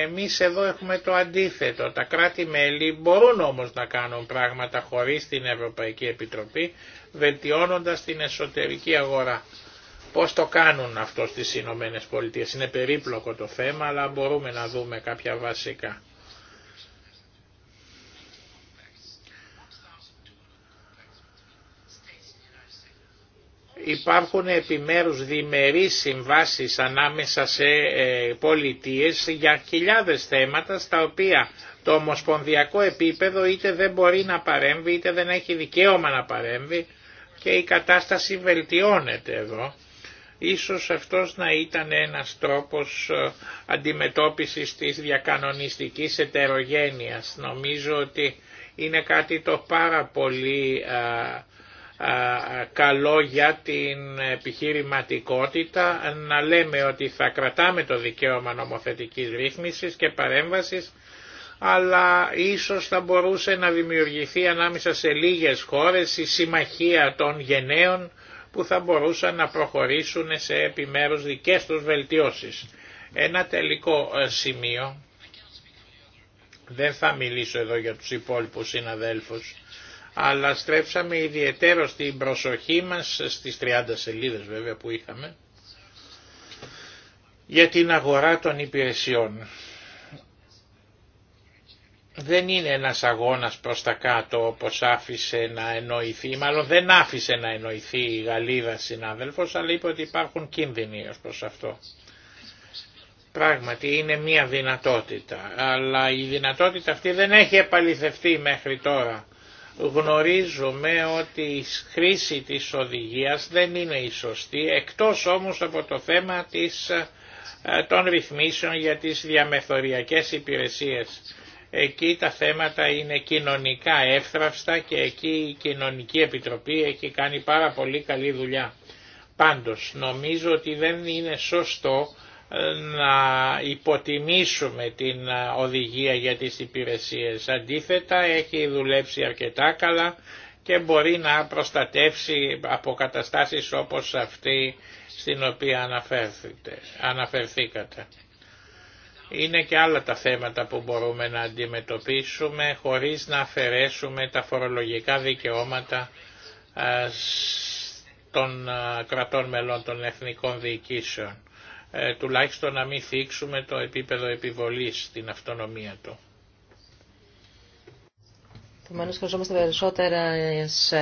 εμείς εδώ έχουμε το αντίθετο. Τα κράτη-μέλη μπορούν όμως να κάνουν πράγματα χωρίς την Ευρωπαϊκή Επιτροπή, βελτιώνοντας την εσωτερική αγορά. Πώς το κάνουν αυτό στις Ηνωμένες Είναι περίπλοκο το θέμα, αλλά μπορούμε να δούμε κάποια βασικά. υπάρχουν επιμέρους διμερείς συμβάσεις ανάμεσα σε ε, πολιτείες για χιλιάδες θέματα στα οποία το ομοσπονδιακό επίπεδο είτε δεν μπορεί να παρέμβει είτε δεν έχει δικαίωμα να παρέμβει και η κατάσταση βελτιώνεται εδώ. Ίσως αυτός να ήταν ένας τρόπος ε, αντιμετώπισης της διακανονιστικής ετερογένειας. Νομίζω ότι είναι κάτι το πάρα πολύ ε, καλό για την επιχειρηματικότητα να λέμε ότι θα κρατάμε το δικαίωμα νομοθετικής ρύθμισης και παρέμβασης αλλά ίσως θα μπορούσε να δημιουργηθεί ανάμεσα σε λίγες χώρες η συμμαχία των γενναίων που θα μπορούσαν να προχωρήσουν σε επιμέρους δικές τους βελτιώσεις. Ένα τελικό ε, σημείο, δεν θα μιλήσω εδώ για τους υπόλοιπους συναδέλφους, αλλά στρέψαμε ιδιαίτερο στην προσοχή μας στις 30 σελίδες βέβαια που είχαμε για την αγορά των υπηρεσιών. Δεν είναι ένας αγώνας προς τα κάτω όπως άφησε να εννοηθεί, μάλλον δεν άφησε να εννοηθεί η Γαλλίδα συνάδελφος, αλλά είπε ότι υπάρχουν κίνδυνοι ως προς αυτό. Πράγματι είναι μία δυνατότητα, αλλά η δυνατότητα αυτή δεν έχει επαληθευτεί μέχρι τώρα γνωρίζουμε ότι η χρήση της οδηγίας δεν είναι η σωστή, εκτός όμως από το θέμα της, ε, των ρυθμίσεων για τις διαμεθοριακές υπηρεσίες. Εκεί τα θέματα είναι κοινωνικά εύθραυστα και εκεί η Κοινωνική Επιτροπή έχει κάνει πάρα πολύ καλή δουλειά. Πάντως νομίζω ότι δεν είναι σωστό να υποτιμήσουμε την ε, οδηγία για τις υπηρεσίες. Αντίθετα έχει δουλέψει αρκετά καλά και μπορεί να προστατεύσει από καταστάσεις όπως αυτή στην οποία αναφερθήκατε. Είναι και άλλα τα θέματα που μπορούμε να αντιμετωπίσουμε χωρίς να αφαιρέσουμε τα φορολογικά δικαιώματα ε, των ε, κρατών μελών των εθνικών διοικήσεων ε, τουλάχιστον να μην θίξουμε το επίπεδο επιβολής στην αυτονομία του. Επομένως χρειαζόμαστε περισσότερα σε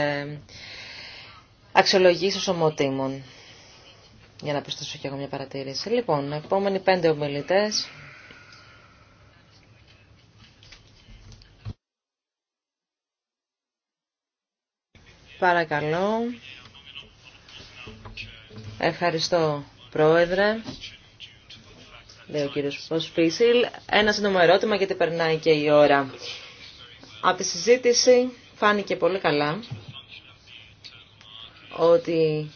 αξιολογήσεις ομοτήμων. Για να προσθέσω και εγώ μια παρατήρηση. Λοιπόν, επόμενοι πέντε ομιλητές. Παρακαλώ. Ευχαριστώ. Πρόεδρε. Λέει ο κύριος Ποσφίσιλ. Ένα σύντομο ερώτημα γιατί περνάει και η ώρα. Από τη συζήτηση φάνηκε πολύ καλά ότι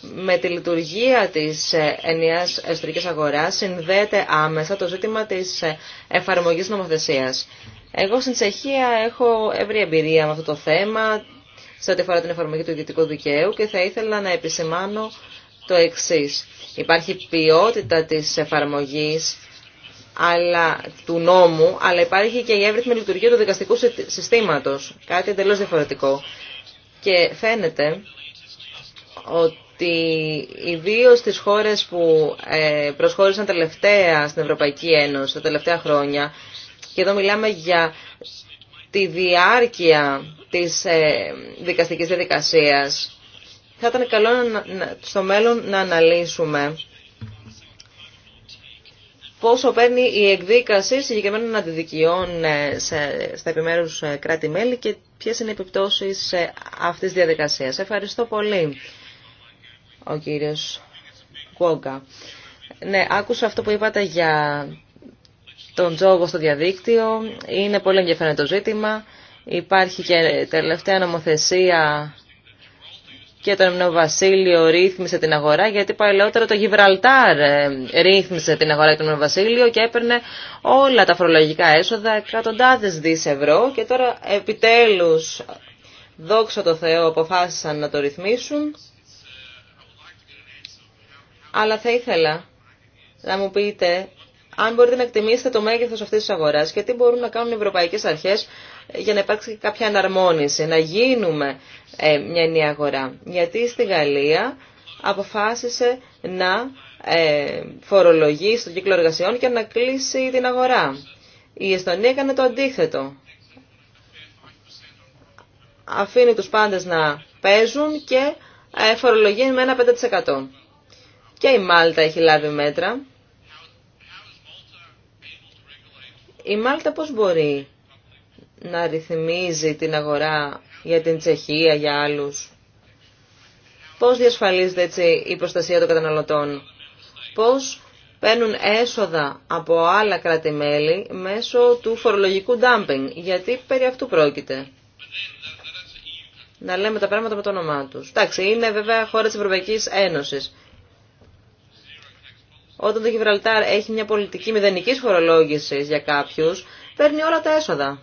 με τη λειτουργία της ενιαίας εσωτερικής αγοράς συνδέεται άμεσα το ζήτημα της εφαρμογής νομοθεσίας. Εγώ στην Τσεχία έχω ευρή εμπειρία με αυτό το θέμα σε ό,τι αφορά την εφαρμογή του ιδιωτικού δικαίου και θα ήθελα να επισημάνω το εξής. Υπάρχει ποιότητα της εφαρμογής αλλά, του νόμου, αλλά υπάρχει και η εύρυθμη λειτουργία του δικαστικού συστήματος. Κάτι εντελώς διαφορετικό. Και φαίνεται ότι ιδίω στις χώρες που ε, προσχώρησαν τελευταία στην Ευρωπαϊκή Ένωση τα τελευταία χρόνια, και εδώ μιλάμε για τη διάρκεια της ε, δικαστικής διαδικασίας, θα ήταν καλό στο μέλλον να αναλύσουμε πόσο παίρνει η εκδίκαση συγκεκριμένων αντιδικιών ε, στα επιμέρους ε, κράτη-μέλη και ποιες είναι οι επιπτώσεις ε, αυτής της διαδικασίας. Ευχαριστώ πολύ, ο κύριος Κουόγκα. Ναι, άκουσα αυτό που είπατε για τον τζόγο στο διαδίκτυο. Είναι πολύ ενδιαφέρον το ζήτημα. Υπάρχει και τελευταία νομοθεσία και το Εμνοβασίλειο Βασίλειο ρύθμισε την αγορά, γιατί παλαιότερα το Γιβραλτάρ ε, ρύθμισε την αγορά του το και έπαιρνε όλα τα φορολογικά έσοδα, εκατοντάδε δι ευρώ και τώρα επιτέλου. Δόξα τω Θεώ αποφάσισαν να το ρυθμίσουν. Αλλά θα ήθελα να μου πείτε αν μπορείτε να εκτιμήσετε το μέγεθος αυτής της αγοράς και τι μπορούν να κάνουν οι ευρωπαϊκές αρχές για να υπάρξει κάποια αναρμόνιση, να γίνουμε ε, μια νέα αγορά. Γιατί στη Γαλλία αποφάσισε να ε, φορολογήσει στον κύκλο εργασιών και να κλείσει την αγορά. Η Εστονία έκανε το αντίθετο. Αφήνει τους πάντες να παίζουν και ε, φορολογεί με ένα 5%. Και η Μάλτα έχει λάβει μέτρα. Η Μάλτα πώς μπορεί να ρυθμίζει την αγορά για την Τσεχία, για άλλους. Πώς διασφαλίζεται έτσι η προστασία των καταναλωτών. Πώς παίρνουν έσοδα από άλλα κράτη-μέλη μέσω του φορολογικού dumping, γιατί περί αυτού πρόκειται. Να λέμε τα πράγματα με το όνομά τους. Εντάξει, είναι βέβαια χώρα της Ευρωπαϊκής Ένωσης. Όταν το Γιβραλτάρ έχει μια πολιτική μηδενική φορολόγηση για κάποιου, παίρνει όλα τα έσοδα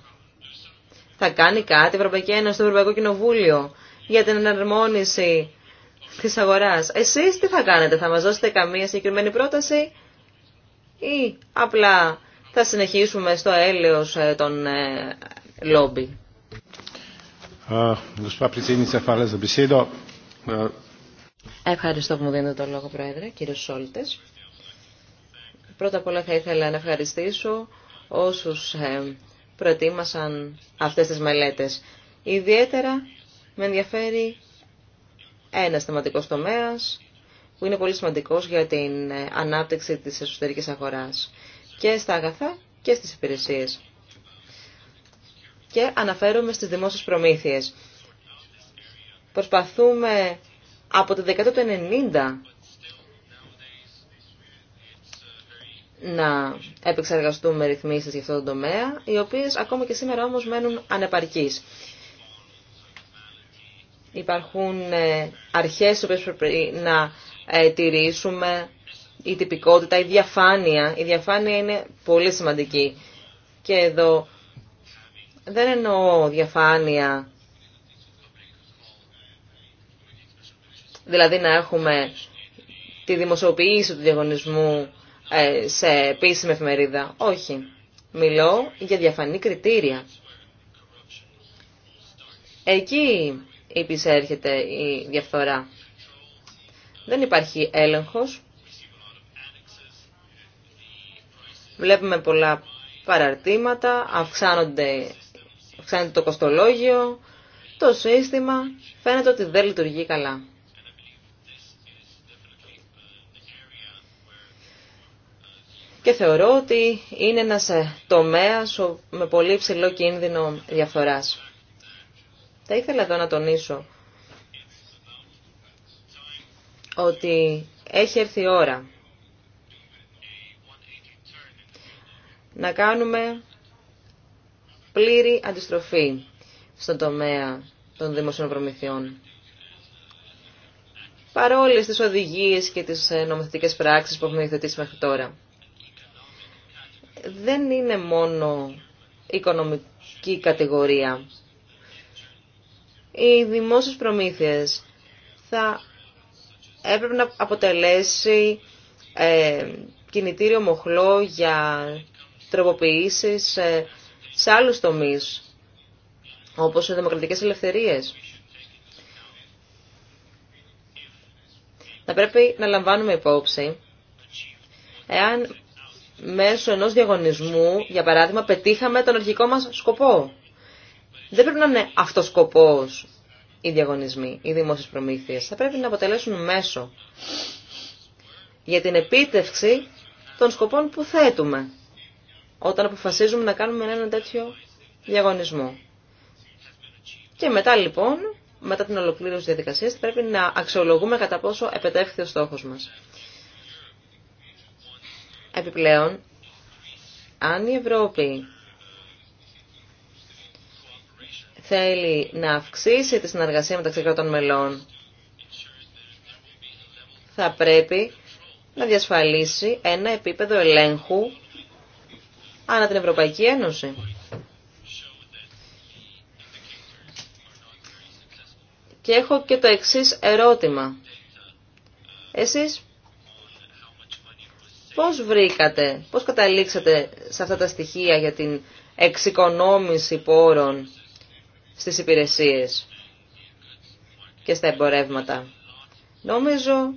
θα κάνει κάτι η Ευρωπαϊκή Ένωση, το Ευρωπαϊκό Κοινοβούλιο για την εναρμόνιση τη αγορά. Εσεί τι θα κάνετε, θα μα δώσετε καμία συγκεκριμένη πρόταση ή απλά θα συνεχίσουμε στο έλεος ε, των ε, λόμπι. Ευχαριστώ που μου δίνετε τον λόγο, Πρόεδρε, κύριο Σόλτες. Πρώτα απ' όλα θα ήθελα να ευχαριστήσω όσους ε, προετοίμασαν αυτές τις μελέτες. Ιδιαίτερα με ενδιαφέρει ένα θεματικό τομέα που είναι πολύ σημαντικός για την ανάπτυξη της εσωτερικής αγοράς και στα αγαθά και στις υπηρεσίες. Και αναφέρομαι στις δημόσιες προμήθειες. Προσπαθούμε από το 1990 να επεξεργαστούμε ρυθμίσεις για αυτό το τομέα, οι οποίες ακόμα και σήμερα όμως μένουν ανεπαρκείς. Υπάρχουν ε, αρχές τι πρέπει να ε, τηρήσουμε, η τυπικότητα, η διαφάνεια. Η διαφάνεια είναι πολύ σημαντική. Και εδώ δεν εννοώ διαφάνεια, δηλαδή να έχουμε τη δημοσιοποίηση του διαγωνισμού ε, σε επίσημη εφημερίδα. Όχι. Μιλώ για διαφανή κριτήρια. Εκεί επισέρχεται η διαφθορά. Δεν υπάρχει έλεγχος. Βλέπουμε πολλά παραρτήματα, αυξάνονται, αυξάνεται το κοστολόγιο, το σύστημα φαίνεται ότι δεν λειτουργεί καλά. και θεωρώ ότι είναι ένας ε, τομέας με πολύ ψηλό κίνδυνο διαφθοράς. Θα ήθελα εδώ να τονίσω ότι έχει έρθει η ώρα να κάνουμε πλήρη αντιστροφή στον τομέα των δημοσίων προμηθειών. Παρόλες τις οδηγίες και τις ε, νομοθετικές πράξεις που έχουμε υιοθετήσει μέχρι τώρα δεν είναι μόνο οικονομική κατηγορία. Οι δημόσιες προμήθειες θα έπρεπε να αποτελέσει ε, κινητήριο μοχλό για τροποποιήσεις σε άλλους τομείς, όπως οι δημοκρατικές ελευθερίες. Θα πρέπει να λαμβάνουμε υπόψη εάν μέσω ενός διαγωνισμού, για παράδειγμα, πετύχαμε τον αρχικό μας σκοπό. Δεν πρέπει να είναι αυτός σκοπός οι διαγωνισμοί, οι δημόσιες προμήθειες. Θα πρέπει να αποτελέσουν μέσο για την επίτευξη των σκοπών που θέτουμε όταν αποφασίζουμε να κάνουμε έναν τέτοιο διαγωνισμό. Και μετά λοιπόν, μετά την ολοκλήρωση της διαδικασίας, πρέπει να αξιολογούμε κατά πόσο επετεύχθη ο στόχος μας. Επιπλέον, αν η Ευρώπη θέλει να αυξήσει τη συνεργασία μεταξύ κρατών μελών, θα πρέπει να διασφαλίσει ένα επίπεδο ελέγχου ανά την Ευρωπαϊκή Ένωση. Και έχω και το εξής ερώτημα. Εσείς Πώς βρήκατε, πώς καταλήξατε σε αυτά τα στοιχεία για την εξοικονόμηση πόρων στις υπηρεσίες και στα εμπορεύματα. Νομίζω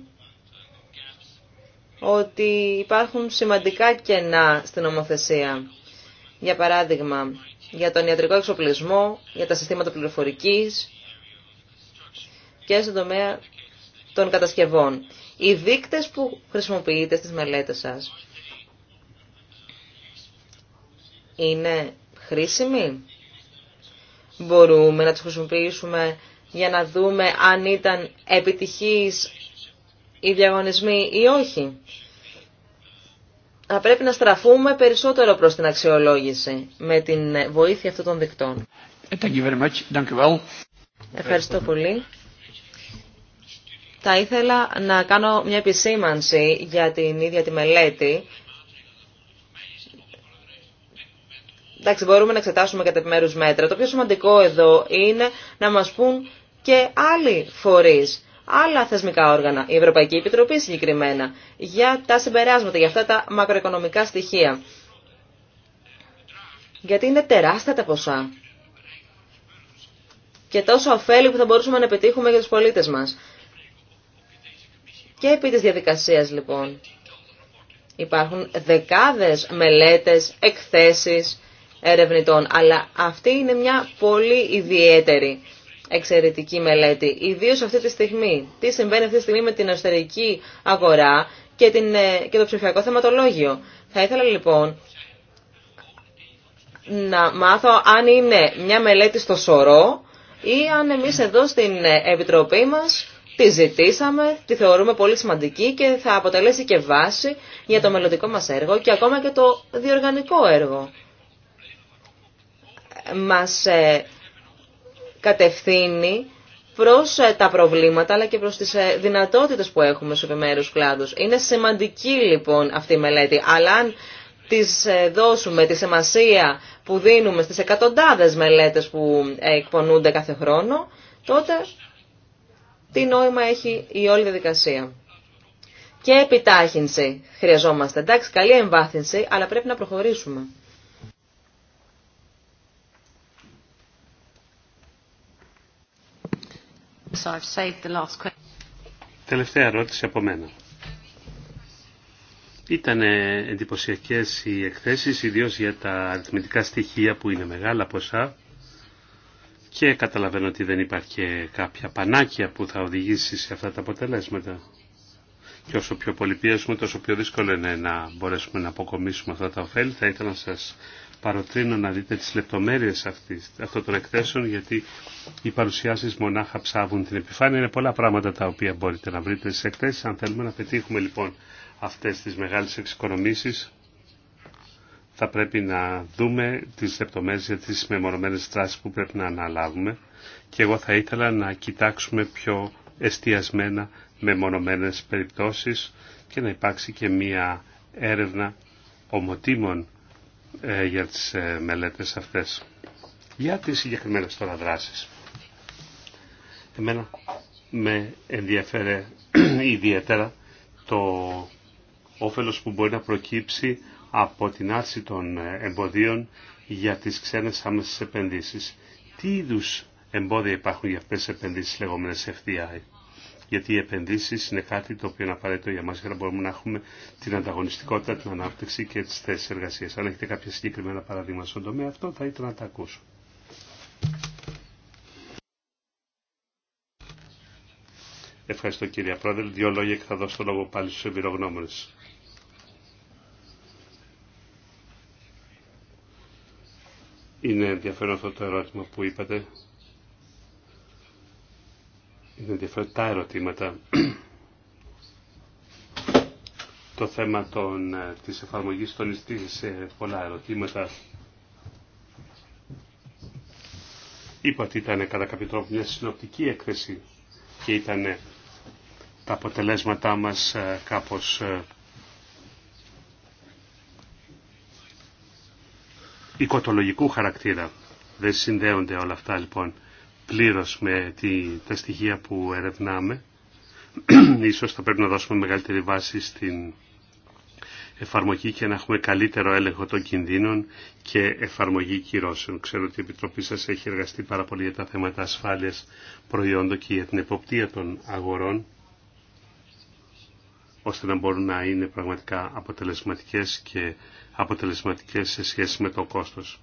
ότι υπάρχουν σημαντικά κενά στην νομοθεσία. Για παράδειγμα, για τον ιατρικό εξοπλισμό, για τα συστήματα πληροφορικής και στον τομέα των κατασκευών οι δείκτες που χρησιμοποιείτε στις μελέτες σας είναι χρήσιμοι. Μπορούμε να τους χρησιμοποιήσουμε για να δούμε αν ήταν επιτυχής οι διαγωνισμοί ή όχι. Θα πρέπει να στραφούμε περισσότερο προς την αξιολόγηση με την βοήθεια αυτών των δικτών. Ευχαριστώ πολύ. Θα ήθελα να κάνω μια επισήμανση για την ίδια τη μελέτη. Εντάξει, μπορούμε να εξετάσουμε κατά επιμέρους μέτρα. Το πιο σημαντικό εδώ είναι να μας πούν και άλλοι φορείς, άλλα θεσμικά όργανα, η Ευρωπαϊκή Επιτροπή συγκεκριμένα, για τα συμπεράσματα, για αυτά τα μακροοικονομικά στοιχεία. Γιατί είναι τεράστια τα ποσά. Και τόσο ωφέλη που θα μπορούσαμε να επιτύχουμε για τους πολίτες μας. Και επί της διαδικασίας λοιπόν υπάρχουν δεκάδες μελέτες, εκθέσεις ερευνητών, αλλά αυτή είναι μια πολύ ιδιαίτερη εξαιρετική μελέτη, ιδίω αυτή τη στιγμή. Τι συμβαίνει αυτή τη στιγμή με την εσωτερική αγορά και, την, ε, και το ψηφιακό θεματολόγιο. Θα ήθελα λοιπόν να μάθω αν είναι μια μελέτη στο σωρό ή αν εμείς εδώ στην Επιτροπή μας Τη ζητήσαμε, τη θεωρούμε πολύ σημαντική και θα αποτελέσει και βάση για το μελλοντικό μας έργο και ακόμα και το διοργανικό έργο. Μας ε, κατευθύνει προς ε, τα προβλήματα αλλά και προς τις ε, δυνατότητες που έχουμε στους επιμέρους κλάδους. Είναι σημαντική λοιπόν αυτή η μελέτη, αλλά αν τις δώσουμε τη σημασία που δίνουμε στις εκατοντάδες μελέτες που εκπονούνται κάθε χρόνο, τότε τι νόημα έχει η όλη διαδικασία. Και επιτάχυνση χρειαζόμαστε. Εντάξει, καλή εμβάθυνση, αλλά πρέπει να προχωρήσουμε. So I've saved the last question. Τελευταία ερώτηση από μένα. Ήταν εντυπωσιακέ οι εκθέσεις, ιδίω για τα αριθμητικά στοιχεία που είναι μεγάλα ποσά και καταλαβαίνω ότι δεν υπάρχει κάποια πανάκια που θα οδηγήσει σε αυτά τα αποτελέσματα. Και όσο πιο πολύ πιέζουμε, τόσο πιο δύσκολο είναι να μπορέσουμε να αποκομίσουμε αυτά τα ωφέλη. Θα ήθελα να σας παροτρύνω να δείτε τις λεπτομέρειες αυτών των εκθέσεων, γιατί οι παρουσιάσεις μονάχα ψάβουν την επιφάνεια. Είναι πολλά πράγματα τα οποία μπορείτε να βρείτε στις εκθέσεις. Αν θέλουμε να πετύχουμε λοιπόν αυτές τις μεγάλες εξοικονομήσεις, θα πρέπει να δούμε τις λεπτομέρειες για τις μεμονωμένες δράσεις που πρέπει να αναλάβουμε και εγώ θα ήθελα να κοιτάξουμε πιο εστιασμένα μεμονωμένες περιπτώσεις και να υπάρξει και μία έρευνα ομοτήμων ε, για τις ε, μελέτες αυτές. Για τις συγκεκριμένες τώρα δράσεις. Εμένα με ενδιαφέρε ιδιαίτερα το όφελος που μπορεί να προκύψει από την άρση των εμποδίων για τις ξένες άμεσες επενδύσεις. Τι είδου εμπόδια υπάρχουν για αυτές τις επενδύσεις λεγόμενες FDI. Γιατί οι επενδύσεις είναι κάτι το οποίο είναι απαραίτητο για μας για να μπορούμε να έχουμε την ανταγωνιστικότητα, την ανάπτυξη και τις θέσεις εργασίας. Αν έχετε κάποια συγκεκριμένα παραδείγματα στον τομέα αυτό θα ήθελα να τα ακούσω. Ευχαριστώ κύριε Πρόεδρε. Δύο λόγια και θα δώσω το λόγο πάλι στους εμπειρογνώμονες. Είναι ενδιαφέρον αυτό το ερώτημα που είπατε. Είναι ενδιαφέρον τα ερωτήματα. το θέμα των, ε, της εφαρμογής τονιστεί σε πολλά ερωτήματα. Είπα ότι ήταν κατά κάποιο τρόπο μια συνοπτική έκθεση και ήταν τα αποτελέσματά μας ε, κάπως ε, οικοτολογικού χαρακτήρα. Δεν συνδέονται όλα αυτά λοιπόν πλήρως με τη, τα στοιχεία που ερευνάμε. Ίσως θα πρέπει να δώσουμε μεγαλύτερη βάση στην εφαρμογή και να έχουμε καλύτερο έλεγχο των κινδύνων και εφαρμογή κυρώσεων. Ξέρω ότι η Επιτροπή σας έχει εργαστεί πάρα πολύ για τα θέματα ασφάλειας προϊόντων και για την εποπτεία των αγορών ώστε να μπορούν να είναι πραγματικά αποτελεσματικές και αποτελεσματικές σε σχέση με το κόστος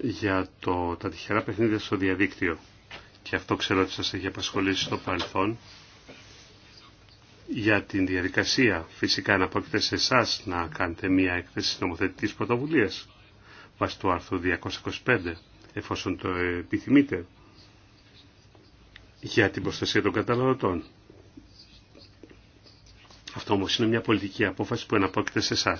για το, τα τυχερά παιχνίδια στο διαδίκτυο και αυτό ξέρω ότι σας έχει απασχολήσει στο παρελθόν για την διαδικασία φυσικά να πρόκειται σε εσά να κάνετε μια έκθεση νομοθετική πρωτοβουλίας βάσει του άρθρου 225 εφόσον το επιθυμείτε για την προστασία των καταναλωτών αυτό όμως είναι μια πολιτική απόφαση που εναπόκειται σε εσά.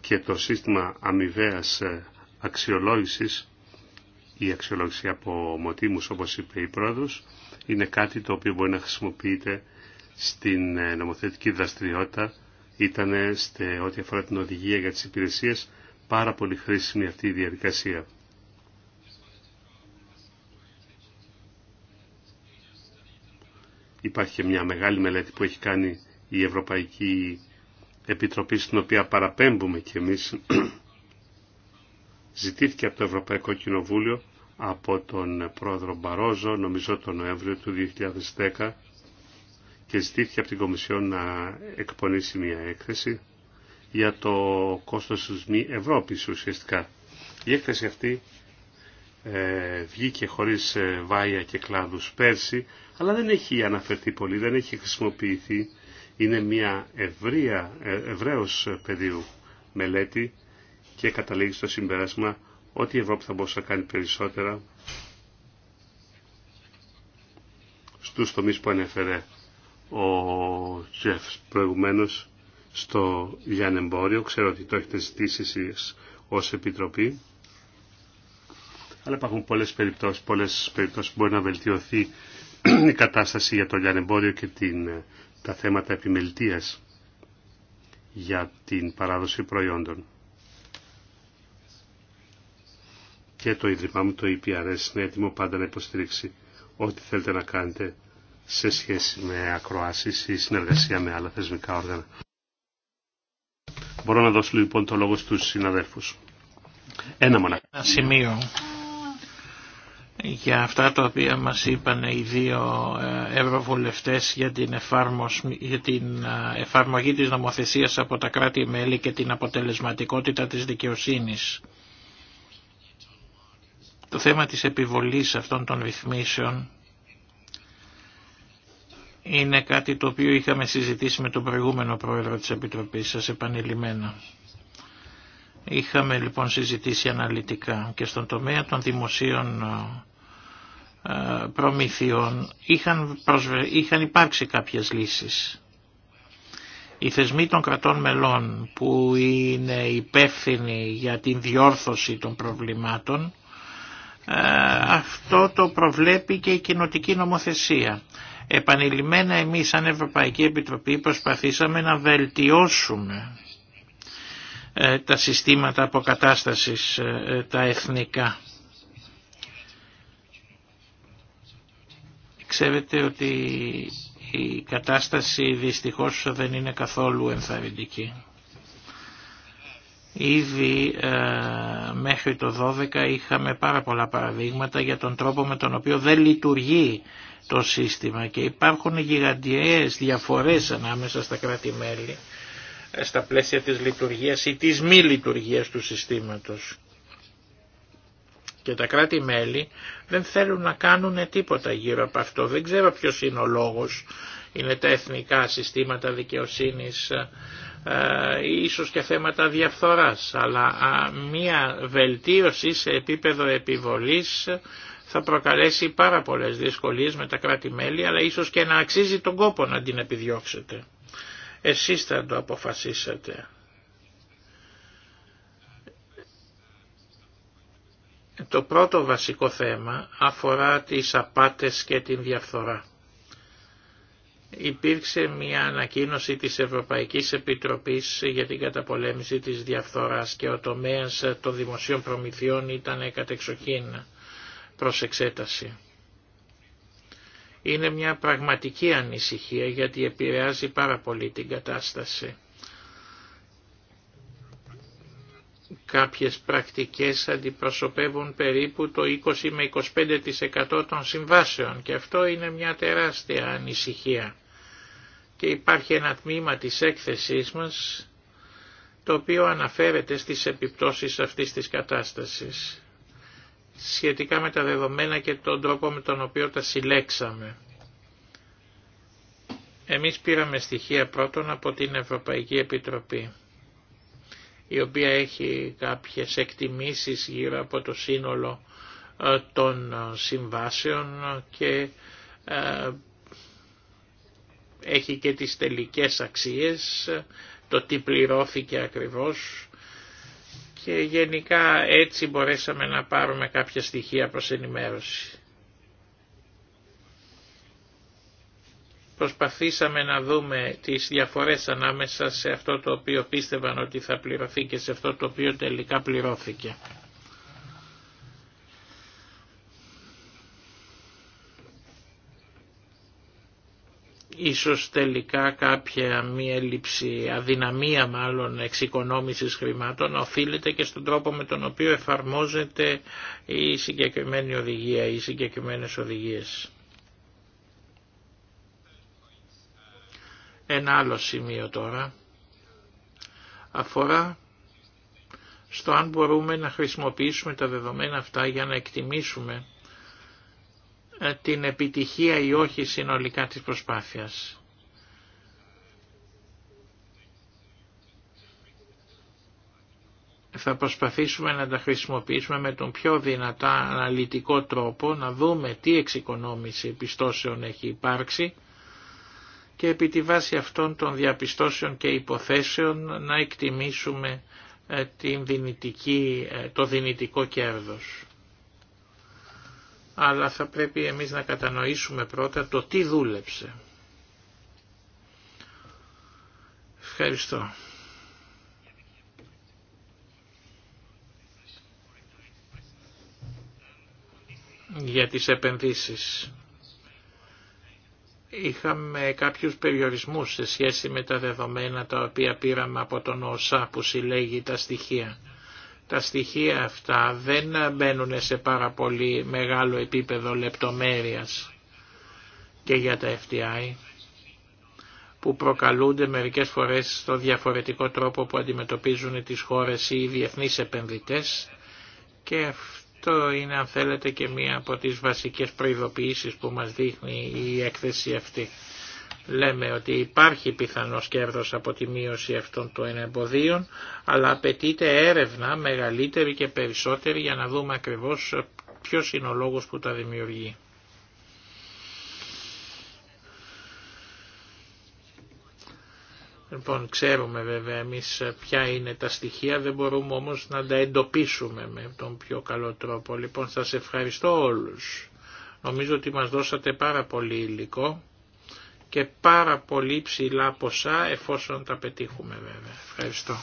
Και το σύστημα αμοιβαίας ε, αξιολόγησης, η αξιολόγηση από μοτίμους όπως είπε η πρόεδρος, είναι κάτι το οποίο μπορεί να χρησιμοποιείται στην ε, νομοθετική δραστηριότητα. Ήταν ό,τι αφορά την οδηγία για τις υπηρεσίες πάρα πολύ χρήσιμη αυτή η διαδικασία. Υπάρχει και μια μεγάλη μελέτη που έχει κάνει η Ευρωπαϊκή Επιτροπή στην οποία παραπέμπουμε κι εμείς. Ζητήθηκε από το Ευρωπαϊκό Κοινοβούλιο από τον πρόεδρο Μπαρόζο, νομίζω τον Νοέμβριο του 2010, και ζητήθηκε από την Κομισιόν να εκπονήσει μια έκθεση για το κόστος της μη Ευρώπης ουσιαστικά. Η έκθεση αυτή ε, βγήκε χωρίς ε, βάια και κλάδους πέρσι, αλλά δεν έχει αναφερθεί πολύ, δεν έχει χρησιμοποιηθεί. Είναι μια ευρεία, ε, ευρέως πεδίου μελέτη και καταλήγει στο συμπέρασμα ότι η Ευρώπη θα μπορούσε να κάνει περισσότερα στους τομείς που ανέφερε ο Τζεφ προηγουμένως στο λιανεμπόριο. Ξέρω ότι το έχετε ζητήσει εσείς ως Επιτροπή αλλά υπάρχουν πολλές περιπτώσεις, πολλές περιπτώσεις που μπορεί να βελτιωθεί η κατάσταση για το λιανεμπόριο και την, ε, τα θέματα επιμελητίας για την παράδοση προϊόντων. Και το Ίδρυμά μου, το EPRS, είναι έτοιμο πάντα να υποστηρίξει ό,τι θέλετε να κάνετε σε σχέση με ακροάσεις ή συνεργασία με άλλα θεσμικά όργανα. Μπορώ να δώσω λοιπόν το λόγο στους συναδέλφους. Ένα μοναχά. σημείο για αυτά τα οποία μας είπαν οι δύο ε, ευρωβουλευτές για την, την ε, εφαρμογή της νομοθεσίας από τα κράτη-μέλη και την αποτελεσματικότητα της δικαιοσύνης. Το θέμα της επιβολής αυτών των ρυθμίσεων είναι κάτι το οποίο είχαμε συζητήσει με τον προηγούμενο πρόεδρο της Επιτροπής σας επανειλημμένα. Είχαμε λοιπόν συζητήσει αναλυτικά και στον τομέα των δημοσίων ε, ε, προμηθειών είχαν, είχαν υπάρξει κάποιες λύσεις. Οι θεσμοί των κρατών μελών που είναι υπεύθυνοι για την διόρθωση των προβλημάτων ε, αυτό το προβλέπει και η κοινοτική νομοθεσία. Επανειλημμένα εμείς σαν Ευρωπαϊκή Επιτροπή προσπαθήσαμε να βελτιώσουμε ε, τα συστήματα αποκατάστασης τα εθνικά Ξέρετε ότι η κατάσταση δυστυχώς δεν είναι καθόλου ενθαρρυντική. Ήδη ε, μέχρι το 12 είχαμε πάρα πολλά παραδείγματα για τον τρόπο με τον οποίο δεν λειτουργεί το σύστημα και υπάρχουν γιγαντιαίες διαφορές ανάμεσα στα κράτη-μέλη ε, στα πλαίσια της λειτουργίας ή της μη λειτουργίας του συστήματος και τα κράτη-μέλη δεν θέλουν να κάνουν τίποτα γύρω από αυτό. Δεν ξέρω ποιος είναι ο λόγος. Είναι τα εθνικά συστήματα δικαιοσύνης, ε, ε, ίσως και θέματα διαφθοράς, αλλά μία βελτίωση σε επίπεδο επιβολής θα προκαλέσει πάρα πολλές δυσκολίες με τα κράτη-μέλη, αλλά ίσως και να αξίζει τον κόπο να την επιδιώξετε. Εσείς θα το αποφασίσετε. Το πρώτο βασικό θέμα αφορά τις απάτες και την διαφθορά. Υπήρξε μια ανακοίνωση της Ευρωπαϊκής Επιτροπής για την καταπολέμηση της διαφθοράς και ο τομέας των δημοσίων προμηθειών ήταν κατεξοχήν προς εξέταση. Είναι μια πραγματική ανησυχία γιατί επηρεάζει πάρα πολύ την κατάσταση. Κάποιες πρακτικές αντιπροσωπεύουν περίπου το 20 με 25% των συμβάσεων και αυτό είναι μια τεράστια ανησυχία. Και υπάρχει ένα τμήμα της έκθεσής μας το οποίο αναφέρεται στις επιπτώσεις αυτής της κατάστασης σχετικά με τα δεδομένα και τον τρόπο με τον οποίο τα συλλέξαμε. Εμείς πήραμε στοιχεία πρώτον από την Ευρωπαϊκή Επιτροπή η οποία έχει κάποιες εκτιμήσεις γύρω από το σύνολο ε, των ε, συμβάσεων και ε, έχει και τις τελικές αξίες, το τι πληρώθηκε ακριβώς και γενικά έτσι μπορέσαμε να πάρουμε κάποια στοιχεία προς ενημέρωση. προσπαθήσαμε να δούμε τις διαφορές ανάμεσα σε αυτό το οποίο πίστευαν ότι θα πληρωθεί και σε αυτό το οποίο τελικά πληρώθηκε. Ίσως τελικά κάποια μία έλλειψη, αδυναμία μάλλον εξοικονόμησης χρημάτων οφείλεται και στον τρόπο με τον οποίο εφαρμόζεται η συγκεκριμένη οδηγία, οι συγκεκριμένες οδηγίες. Ένα άλλο σημείο τώρα αφορά στο αν μπορούμε να χρησιμοποιήσουμε τα δεδομένα αυτά για να εκτιμήσουμε ε, την επιτυχία ή όχι συνολικά της προσπάθειας. θα προσπαθήσουμε να τα χρησιμοποιήσουμε με τον πιο δυνατά αναλυτικό τρόπο, να δούμε τι εξοικονόμηση πιστώσεων έχει υπάρξει και επί τη βάση αυτών των διαπιστώσεων και υποθέσεων να εκτιμήσουμε ε, την δυνητική, ε, το δυνητικό κέρδος. Αλλά θα πρέπει εμείς να κατανοήσουμε πρώτα το τι δούλεψε. Ευχαριστώ. για τις επενδύσεις είχαμε κάποιους περιορισμούς σε σχέση με τα δεδομένα τα οποία πήραμε από τον ΩΣΑ που συλλέγει τα στοιχεία. Τα στοιχεία αυτά δεν μπαίνουν σε πάρα πολύ μεγάλο επίπεδο λεπτομέρειας και για τα FTI που προκαλούνται μερικές φορές στο διαφορετικό τρόπο που αντιμετωπίζουν τις χώρες ή οι διεθνείς επενδυτές και αυτό είναι αν θέλετε και μία από τις βασικές προειδοποιήσεις που μας δείχνει η έκθεση αυτή. Λέμε ότι υπάρχει πιθανό κέρδος από τη μείωση αυτών των εμποδίων, αλλά απαιτείται έρευνα μεγαλύτερη και περισσότερη για να δούμε ακριβώς ποιος είναι ο λόγος που τα δημιουργεί. Λοιπόν, ξέρουμε βέβαια εμείς ποια είναι τα στοιχεία, δεν μπορούμε όμως να τα εντοπίσουμε με τον πιο καλό τρόπο. Λοιπόν, σας ευχαριστώ όλους. Νομίζω ότι μας δώσατε πάρα πολύ υλικό και πάρα πολύ ψηλά ποσά εφόσον τα πετύχουμε βέβαια. Ευχαριστώ.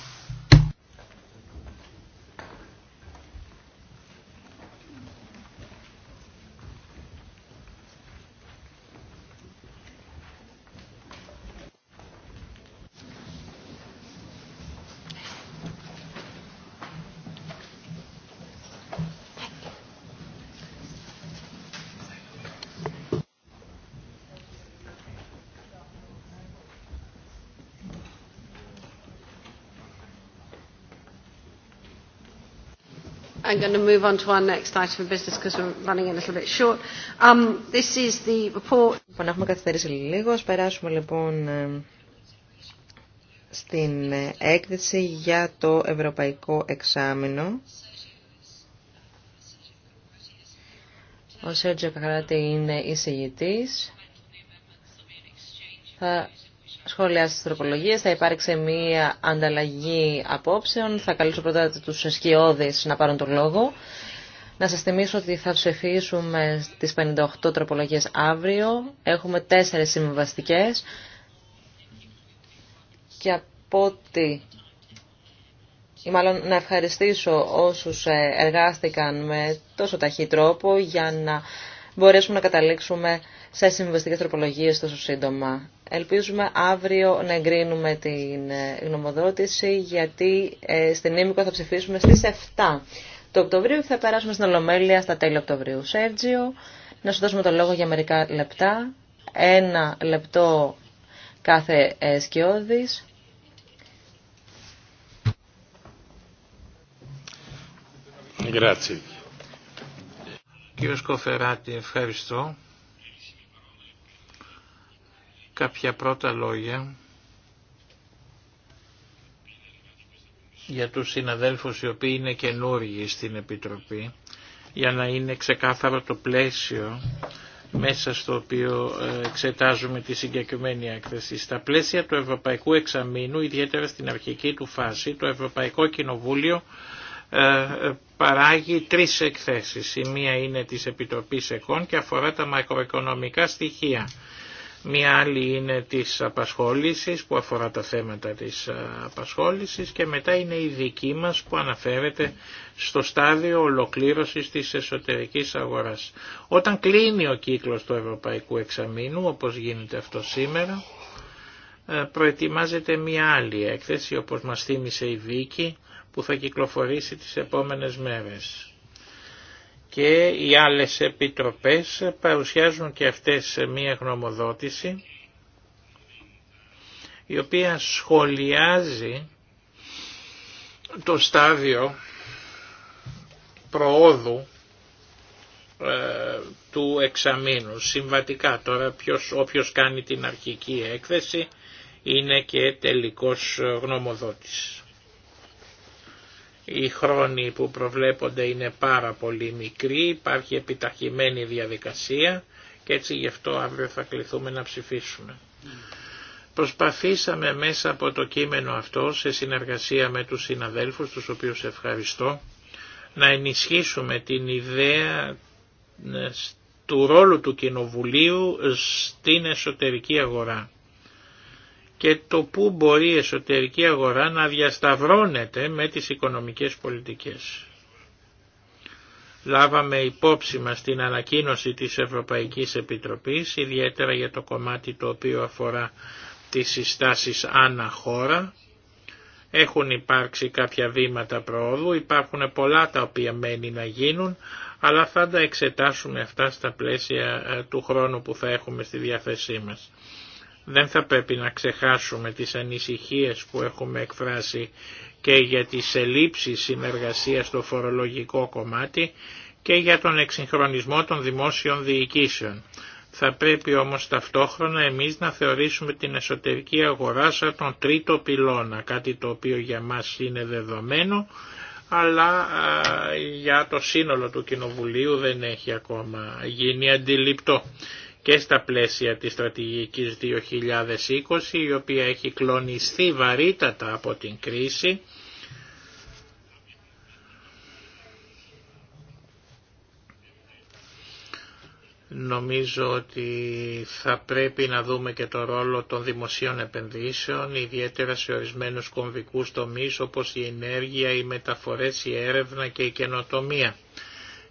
then going to move on to our next item of business because we're running a little bit short. Um, this is the report. Λοιπόν, έχουμε καθυστερήσει λίγο. Ας περάσουμε λοιπόν ε, στην ε, έκθεση για το Ευρωπαϊκό Εξάμεινο. Ο Σέρτζο Καχαράτη είναι εισηγητής. Θα σχόλια στις τροπολογίες. Θα υπάρξει μία ανταλλαγή απόψεων. Θα καλήσω πρώτα τους σκιώδεις να πάρουν τον λόγο. Να σας θυμίσω ότι θα ψηφίσουμε τις 58 τροπολογίες αύριο. Έχουμε τέσσερις συμβαστικές Και από ό,τι... Ή μάλλον να ευχαριστήσω όσους ε, εργάστηκαν με τόσο ταχύ τρόπο για να μπορέσουμε να καταλήξουμε σε συμβιβαστικέ τροπολογίε τόσο σύντομα. Ελπίζουμε αύριο να εγκρίνουμε την ε, γνωμοδότηση γιατί ε, στην Ήμικο θα ψηφίσουμε στις 7 Το Οκτωβρίου και θα περάσουμε στην Ολομέλεια στα τέλη Οκτωβρίου. Σέργιο, να σου δώσουμε το λόγο για μερικά λεπτά. Ένα λεπτό κάθε ε, σκιώδης. Grazie. Κύριο Σκοφεράτη, ευχαριστώ κάποια πρώτα λόγια για τους συναδέλφους οι οποίοι είναι καινούργοι στην Επιτροπή για να είναι ξεκάθαρο το πλαίσιο μέσα στο οποίο ε, εξετάζουμε τη συγκεκριμένη έκθεση. Στα πλαίσια του Ευρωπαϊκού Εξαμήνου, ιδιαίτερα στην αρχική του φάση, το Ευρωπαϊκό Κοινοβούλιο ε, παράγει τρεις εκθέσεις. Η μία είναι της Επιτροπής ΕΚΟΝ και αφορά τα μακροοικονομικά στοιχεία Μία άλλη είναι της απασχόλησης που αφορά τα θέματα της απασχόλησης και μετά είναι η δική μας που αναφέρεται στο στάδιο ολοκλήρωσης της εσωτερικής αγοράς. Όταν κλείνει ο κύκλος του Ευρωπαϊκού Εξαμήνου, όπως γίνεται αυτό σήμερα, ε, προετοιμάζεται μία άλλη έκθεση, όπως μας θύμισε η Βίκη, που θα κυκλοφορήσει τις επόμενες μέρες και οι άλλες επιτροπές παρουσιάζουν και αυτές μία γνωμοδότηση η οποία σχολιάζει το στάδιο προόδου ε, του εξαμήνου. Συμβατικά τώρα ποιος, όποιος κάνει την αρχική έκθεση είναι και τελικός γνωμοδότης. Οι χρόνοι που προβλέπονται είναι πάρα πολύ μικροί, υπάρχει επιταχυμένη διαδικασία και έτσι γι' αυτό αύριο θα κληθούμε να ψηφίσουμε. Προσπαθήσαμε μέσα από το κείμενο αυτό, σε συνεργασία με τους συναδέλφους, τους οποίους ευχαριστώ, να ενισχύσουμε την ιδέα ε, του ρόλου του Κοινοβουλίου στην εσωτερική αγορά και το πού μπορεί η εσωτερική αγορά να διασταυρώνεται με τις οικονομικές πολιτικές. Λάβαμε υπόψη μας την ανακοίνωση της Ευρωπαϊκής Επιτροπής, ιδιαίτερα για το κομμάτι το οποίο αφορά τις συστάσεις ανά χώρα. Έχουν υπάρξει κάποια βήματα προόδου, υπάρχουν πολλά τα οποία μένει να γίνουν, αλλά θα τα εξετάσουμε αυτά στα πλαίσια ε, του χρόνου που θα έχουμε στη διάθεσή μας. Δεν θα πρέπει να ξεχάσουμε τις ανησυχίες που έχουμε εκφράσει και για τις ελλείψεις συνεργασίας στο φορολογικό κομμάτι και για τον εξυγχρονισμό των δημόσιων διοικήσεων. Θα πρέπει όμως ταυτόχρονα εμείς να θεωρήσουμε την εσωτερική αγορά σαν τον τρίτο πυλώνα, κάτι το οποίο για μας είναι δεδομένο, αλλά για το σύνολο του Κοινοβουλίου δεν έχει ακόμα γίνει αντιληπτό και στα πλαίσια της στρατηγικής 2020 η οποία έχει κλονιστεί βαρύτατα από την κρίση Νομίζω ότι θα πρέπει να δούμε και το ρόλο των δημοσίων επενδύσεων, ιδιαίτερα σε ορισμένους κομβικούς τομείς όπως η ενέργεια, οι μεταφορές, η έρευνα και η καινοτομία.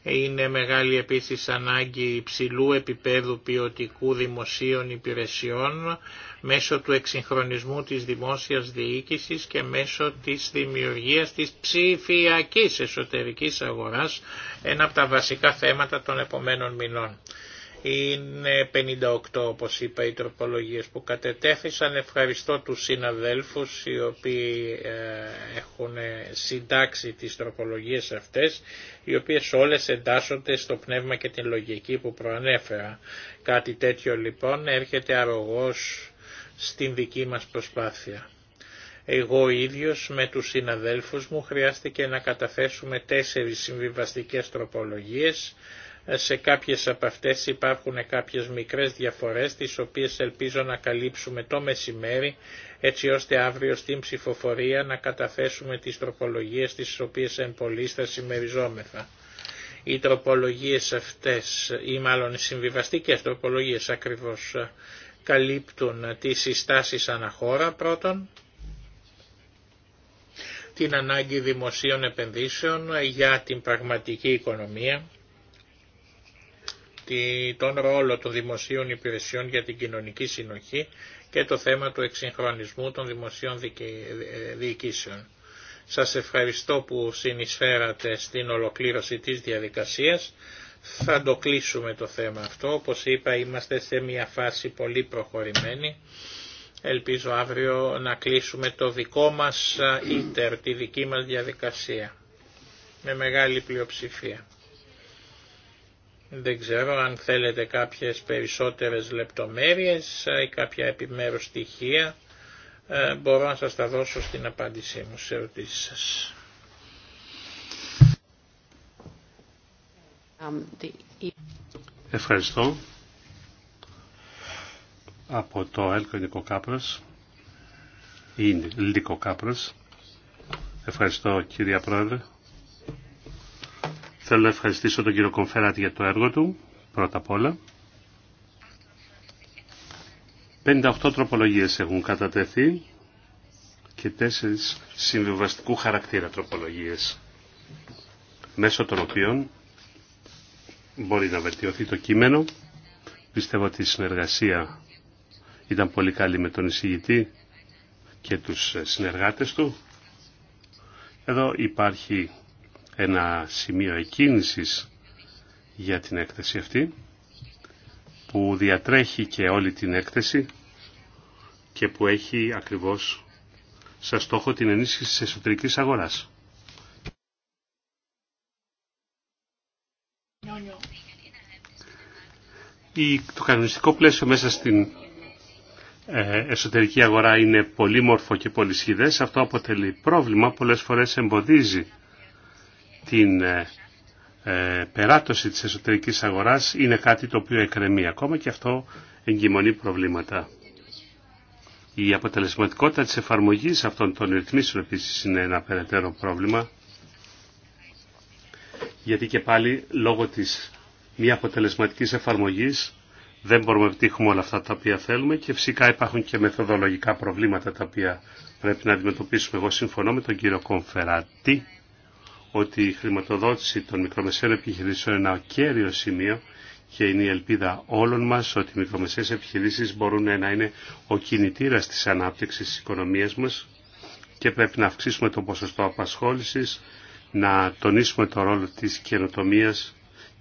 Είναι μεγάλη επίσης ανάγκη υψηλού επίπεδου ποιοτικού δημοσίων υπηρεσιών μέσω του εξυγχρονισμού της δημόσιας διοίκησης και μέσω της δημιουργίας της ψηφιακής εσωτερικής αγοράς, ένα από τα βασικά θέματα των επομένων μηνών. Είναι 58 όπως είπα οι τροπολογίες που κατετέθησαν. Ευχαριστώ τους συναδέλφους οι οποίοι ε, έχουν συντάξει τις τροπολογίες αυτές οι οποίες όλες εντάσσονται στο πνεύμα και την λογική που προανέφερα. Κάτι τέτοιο λοιπόν έρχεται αρρωγός στην δική μας προσπάθεια. Εγώ ίδιος με τους συναδέλφους μου χρειάστηκε να καταθέσουμε τέσσερις συμβιβαστικές τροπολογίες σε κάποιες από αυτές υπάρχουν κάποιες μικρές διαφορές τις οποίες ελπίζω να καλύψουμε το μεσημέρι έτσι ώστε αύριο στην ψηφοφορία να καταθέσουμε τις τροπολογίες τις οποίες εν πολλής θα συμμεριζόμεθα. Οι τροπολογίες αυτές ή μάλλον οι συμβιβαστικές τροπολογίες ακριβώς καλύπτουν τις συστάσεις αναχώρα πρώτον, την ανάγκη δημοσίων επενδύσεων για την πραγματική οικονομία, τον ρόλο των δημοσίων υπηρεσιών για την κοινωνική συνοχή και το θέμα του εξυγχρονισμού των δημοσίων ε, διοικήσεων. Σας ευχαριστώ που συνεισφέρατε στην ολοκλήρωση της διαδικασίας. Θα το κλείσουμε το θέμα αυτό. Όπως είπα είμαστε σε μια φάση πολύ προχωρημένη. Ελπίζω αύριο να κλείσουμε το δικό μας ίτερ, τη δική μας διαδικασία. Με μεγάλη πλειοψηφία. Δεν ξέρω αν θέλετε κάποιες περισσότερες λεπτομέρειες ή κάποια επιμέρους στοιχεία. Ε, μπορώ να σας τα δώσω στην απάντησή μου σε ερωτήσεις σας. Um, e- Ευχαριστώ. Από το Έλκο Κάπρος, ή Λίκο Κάπρος. Ευχαριστώ κυρία Πρόεδρε. Θέλω να ευχαριστήσω τον κύριο Κομφέρατη για το έργο του, πρώτα απ' όλα. 58 τροπολογίες έχουν κατατεθεί και 4 συμβιβαστικού χαρακτήρα τροπολογίες, μέσω των οποίων μπορεί να βελτιωθεί το κείμενο. Πιστεύω ότι η συνεργασία ήταν πολύ καλή με τον εισηγητή και τους συνεργάτες του. Εδώ υπάρχει ένα σημείο εκκίνησης για την έκθεση αυτή που διατρέχει και όλη την έκθεση και που έχει ακριβώς σαν στόχο την ενίσχυση της εσωτερικής αγοράς. Η, το κανονιστικό πλαίσιο μέσα στην ε, εσωτερική αγορά είναι πολύμορφο και πολυσχηδές. Αυτό αποτελεί πρόβλημα, πολλές φορές εμποδίζει την ε, ε, περάτωση της εσωτερικής αγοράς είναι κάτι το οποίο εκρεμεί ακόμα και αυτό εγκυμονεί προβλήματα. Η αποτελεσματικότητα της εφαρμογής αυτών των ρυθμίσεων επίσης είναι ένα περαιτέρω πρόβλημα γιατί και πάλι λόγω της μη αποτελεσματικής εφαρμογής δεν μπορούμε να επιτύχουμε όλα αυτά τα οποία θέλουμε και φυσικά υπάρχουν και μεθοδολογικά προβλήματα τα οποία πρέπει να αντιμετωπίσουμε. Εγώ συμφωνώ με τον κύριο Κομφεράτη ότι η χρηματοδότηση των μικρομεσαίων επιχειρήσεων είναι ένα κέριο σημείο και είναι η ελπίδα όλων μας ότι οι μικρομεσαίες επιχειρήσεις μπορούν να είναι ο κινητήρας της ανάπτυξης της οικονομίας μας και πρέπει να αυξήσουμε το ποσοστό απασχόλησης, να τονίσουμε το ρόλο της καινοτομία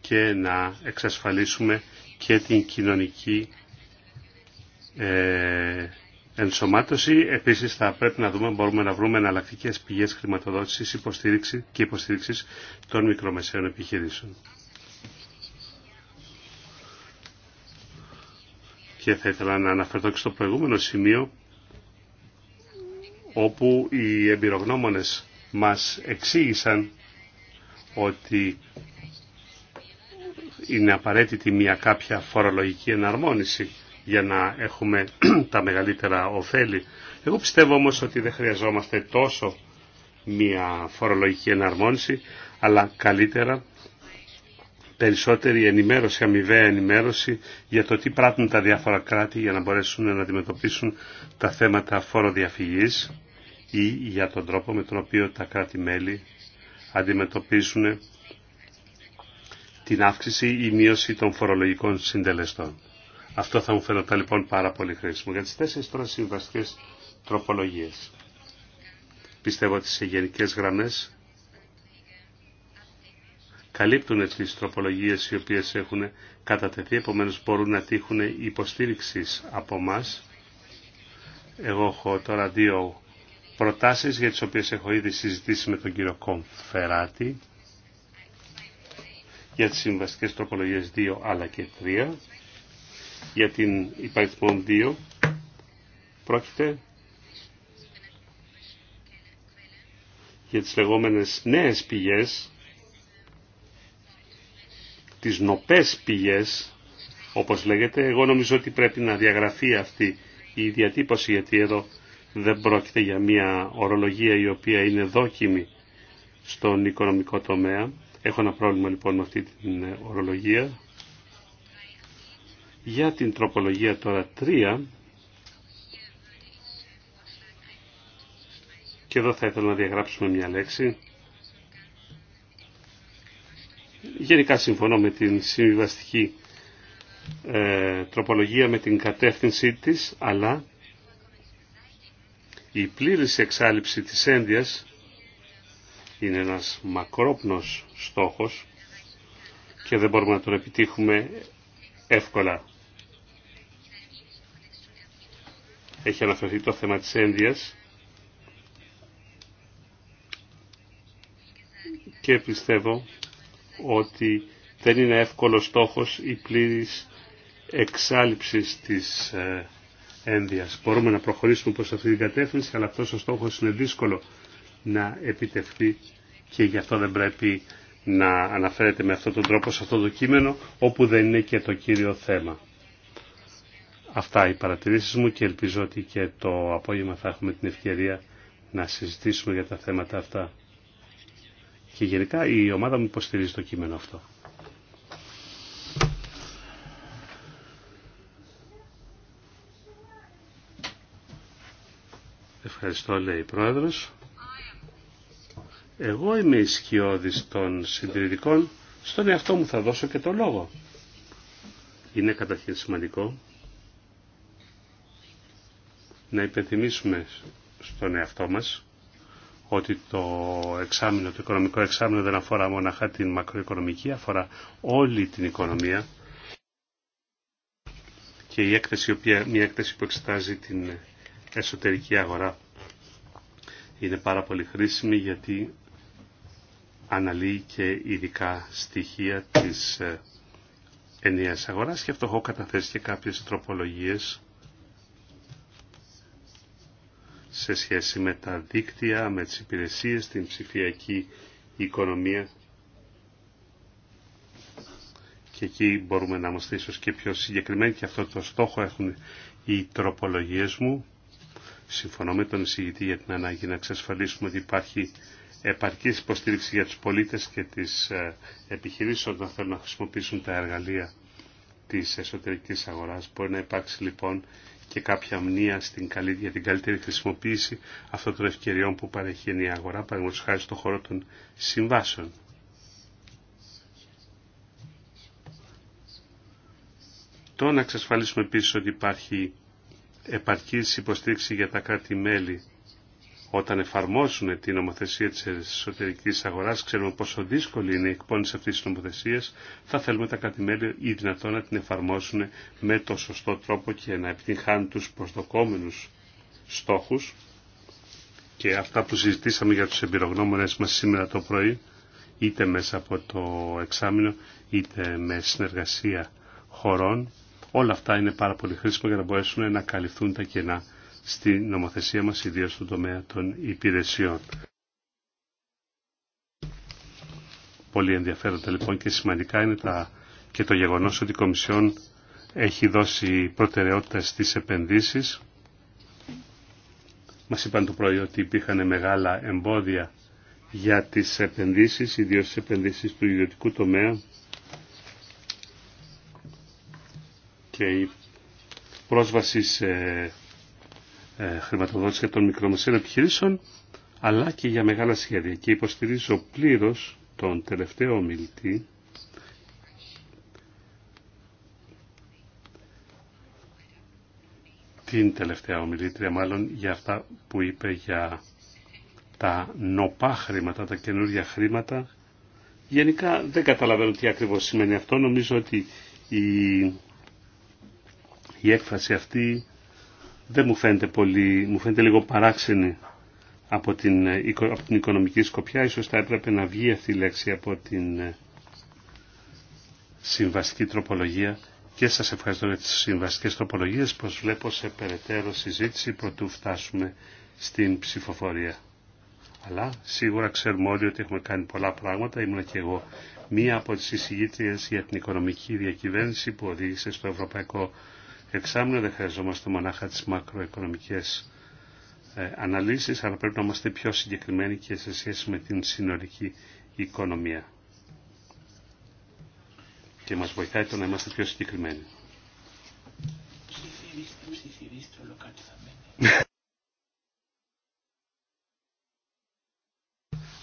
και να εξασφαλίσουμε και την κοινωνική ε, ενσωμάτωση. Επίσης θα πρέπει να δούμε αν μπορούμε να βρούμε εναλλακτικέ πηγές χρηματοδότησης υποστήριξη και υποστήριξης των μικρομεσαίων επιχειρήσεων. Και θα ήθελα να αναφερθώ και στο προηγούμενο σημείο όπου οι εμπειρογνώμονες μας εξήγησαν ότι είναι απαραίτητη μια κάποια φορολογική εναρμόνιση για να έχουμε τα μεγαλύτερα ωφέλη. Εγώ πιστεύω όμως ότι δεν χρειαζόμαστε τόσο μια φορολογική εναρμόνιση, αλλά καλύτερα περισσότερη ενημέρωση, αμοιβαία ενημέρωση για το τι πράττουν τα διάφορα κράτη για να μπορέσουν να αντιμετωπίσουν τα θέματα φοροδιαφυγής ή για τον τρόπο με τον οποίο τα κράτη-μέλη αντιμετωπίζουν την αύξηση ή μείωση των φορολογικών συντελεστών. Αυτό θα μου φαινόταν, λοιπόν πάρα πολύ χρήσιμο για τι τέσσερι τώρα συμβαστικέ τροπολογίες. Πιστεύω ότι σε γενικέ γραμμές καλύπτουν τι τροπολογίε, οι οποίε έχουν κατατεθεί, επομένω μπορούν να τύχουν υποστήριξη από εμά. Εγώ έχω τώρα δύο προτάσει για τι οποίε έχω ήδη συζητήσει με τον κύριο Κομφεράτη για τις συμβαστικές τροπολογίες 2 αλλά και 3 για την υπαριθμόν 2 πρόκειται για τις λεγόμενες νέες πηγές, τις νοπές πηγές, όπως λέγεται. Εγώ νομίζω ότι πρέπει να διαγραφεί αυτή η διατύπωση, γιατί εδώ δεν πρόκειται για μια ορολογία η οποία είναι δόκιμη στον οικονομικό τομέα. Έχω ένα πρόβλημα λοιπόν με αυτή την ορολογία. Για την τροπολογία τώρα 3, και εδώ θα ήθελα να διαγράψουμε μια λέξη. Γενικά συμφωνώ με την συμβιβαστική ε, τροπολογία, με την κατεύθυνσή της, αλλά η πλήρης εξάλληψη της ένδυας είναι ένας μακρόπνος στόχος και δεν μπορούμε να τον επιτύχουμε εύκολα. έχει αναφερθεί το θέμα της Ένδειας και πιστεύω ότι δεν είναι εύκολο στόχος η πλήρης εξάλληψης της ε, Ένδειας. Μπορούμε να προχωρήσουμε προς αυτή την κατεύθυνση, αλλά αυτός ο στόχος είναι δύσκολο να επιτευχθεί και γι' αυτό δεν πρέπει να αναφέρεται με αυτόν τον τρόπο σε αυτό το κείμενο, όπου δεν είναι και το κύριο θέμα. Αυτά οι παρατηρήσεις μου και ελπίζω ότι και το απόγευμα θα έχουμε την ευκαιρία να συζητήσουμε για τα θέματα αυτά. Και γενικά η ομάδα μου υποστηρίζει το κείμενο αυτό. Ευχαριστώ, λέει η Πρόεδρος. Εγώ είμαι ισχυώδης των συντηρητικών. Στον εαυτό μου θα δώσω και το λόγο. Είναι καταρχήν σημαντικό να υπενθυμίσουμε στον εαυτό μας ότι το εξάμεινο, το οικονομικό εξάμεινο δεν αφορά μοναχά την μακροοικονομική, αφορά όλη την οικονομία και η έκθεση, η οποία, μια έκθεση που εξετάζει την εσωτερική αγορά είναι πάρα πολύ χρήσιμη γιατί αναλύει και ειδικά στοιχεία της ε, ενιαίας αγοράς και αυτό έχω καταθέσει και κάποιες τροπολογίες σε σχέση με τα δίκτυα, με τις υπηρεσίες, την ψηφιακή οικονομία και εκεί μπορούμε να είμαστε ίσως και πιο συγκεκριμένοι και αυτό το στόχο έχουν οι τροπολογίες μου. Συμφωνώ με τον εισηγητή για την ανάγκη να εξασφαλίσουμε ότι υπάρχει επαρκής υποστήριξη για τους πολίτες και τις ε, επιχειρήσεις όταν θέλουν να χρησιμοποιήσουν τα εργαλεία της εσωτερικής αγοράς. Μπορεί να υπάρξει λοιπόν και κάποια μνήα στην για την καλύτερη χρησιμοποίηση αυτών των ευκαιριών που παρέχει η αγορά, παραδείγματο χάρη στον χώρο των συμβάσεων. Το να εξασφαλίσουμε επίσης ότι υπάρχει επαρκής υποστήριξη για τα κράτη-μέλη όταν εφαρμόσουν την νομοθεσία της εσωτερικής αγοράς, ξέρουμε πόσο δύσκολη είναι η εκπόνηση αυτής της νομοθεσίας, θα θέλουμε τα κατημέρια ή δυνατόν να την εφαρμόσουν με το σωστό τρόπο και να επιτυγχάνουν τους προσδοκόμενους στόχους. Και αυτά που συζητήσαμε για τους εμπειρογνώμονες μας σήμερα το πρωί, είτε μέσα από το εξάμεινο, είτε με συνεργασία χωρών, όλα αυτά είναι πάρα πολύ χρήσιμα για να μπορέσουν να καλυφθούν τα κενά στη νομοθεσία μας, ιδίως στον τομέα των υπηρεσιών. Πολύ ενδιαφέροντα λοιπόν και σημαντικά είναι τα, και το γεγονός ότι η Κομισιόν έχει δώσει προτεραιότητα στις επενδύσεις. Μας είπαν το πρωί ότι υπήρχαν μεγάλα εμπόδια για τις επενδύσεις, ιδίως τις επενδύσεις του ιδιωτικού τομέα και η πρόσβαση σε ε, χρηματοδότηση των μικρομεσαίων επιχειρήσεων, αλλά και για μεγάλα σχέδια. Και υποστηρίζω πλήρω τον τελευταίο ομιλητή, την τελευταία ομιλήτρια μάλλον για αυτά που είπε για τα νοπά χρήματα, τα καινούργια χρήματα. Γενικά δεν καταλαβαίνω τι ακριβώς σημαίνει αυτό. Νομίζω ότι η, η έκφραση αυτή δεν μου φαίνεται πολύ, μου φαίνεται λίγο παράξενη από την, ε, από την οικονομική σκοπιά. Ίσως θα έπρεπε να βγει αυτή η λέξη από την ε, συμβαστική τροπολογία και σας ευχαριστώ για τις συμβαστικές τροπολογίες πως βλέπω σε περαιτέρω συζήτηση προτού φτάσουμε στην ψηφοφορία. Αλλά σίγουρα ξέρουμε όλοι ότι έχουμε κάνει πολλά πράγματα. Ήμουν και εγώ μία από τις εισηγήτριες για την οικονομική διακυβέρνηση που οδήγησε στο Ευρωπαϊκό εξάμεινο, δεν χρειαζόμαστε μονάχα τις μακροοικονομικές ε, αναλύσεις, αλλά πρέπει να είμαστε πιο συγκεκριμένοι και σε σχέση με την συνολική οικονομία. Και μας βοηθάει το να είμαστε πιο συγκεκριμένοι.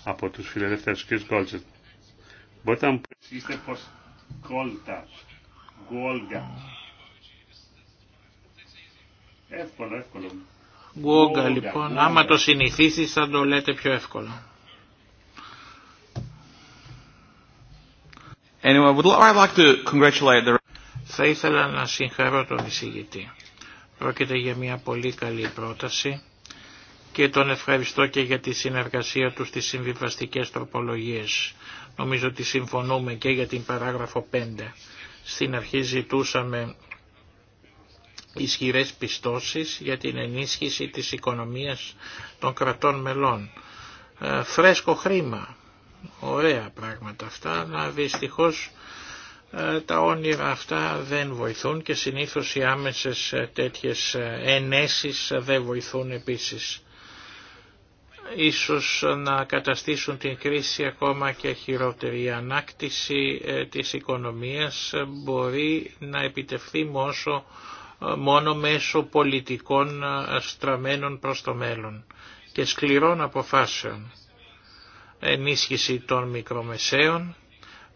Από τους φιλελεύθερους κ. Γκόλτζετ. Μπορείτε να μου Είστε πώς... Γκόλτα. Εύκολο, εύκολο. λοιπόν, άμα το συνηθίσει θα το λέτε πιο εύκολο. Θα ήθελα να συγχαρώ τον εισηγητή. Πρόκειται για μια πολύ καλή πρόταση και τον ευχαριστώ και για τη συνεργασία του στις συμβιβαστικές τροπολογίες. Νομίζω ότι συμφωνούμε και για την παράγραφο 5. Στην αρχή ζητούσαμε ισχυρές πιστώσεις για την ενίσχυση της οικονομίας των κρατών μελών. Ε, φρέσκο χρήμα, ωραία πράγματα αυτά, αλλά δυστυχώς ε, τα όνειρα αυτά δεν βοηθούν και συνήθως οι άμεσες ε, τέτοιες ενέσεις δεν βοηθούν επίσης. Ίσως να καταστήσουν την κρίση ακόμα και χειρότερη. Η ανάκτηση της οικονομίας μπορεί να επιτευχθεί μόσο. Ε, μόνο μέσω πολιτικών ε, στραμμένων προς το μέλλον και σκληρών αποφάσεων. Ενίσχυση των μικρομεσαίων,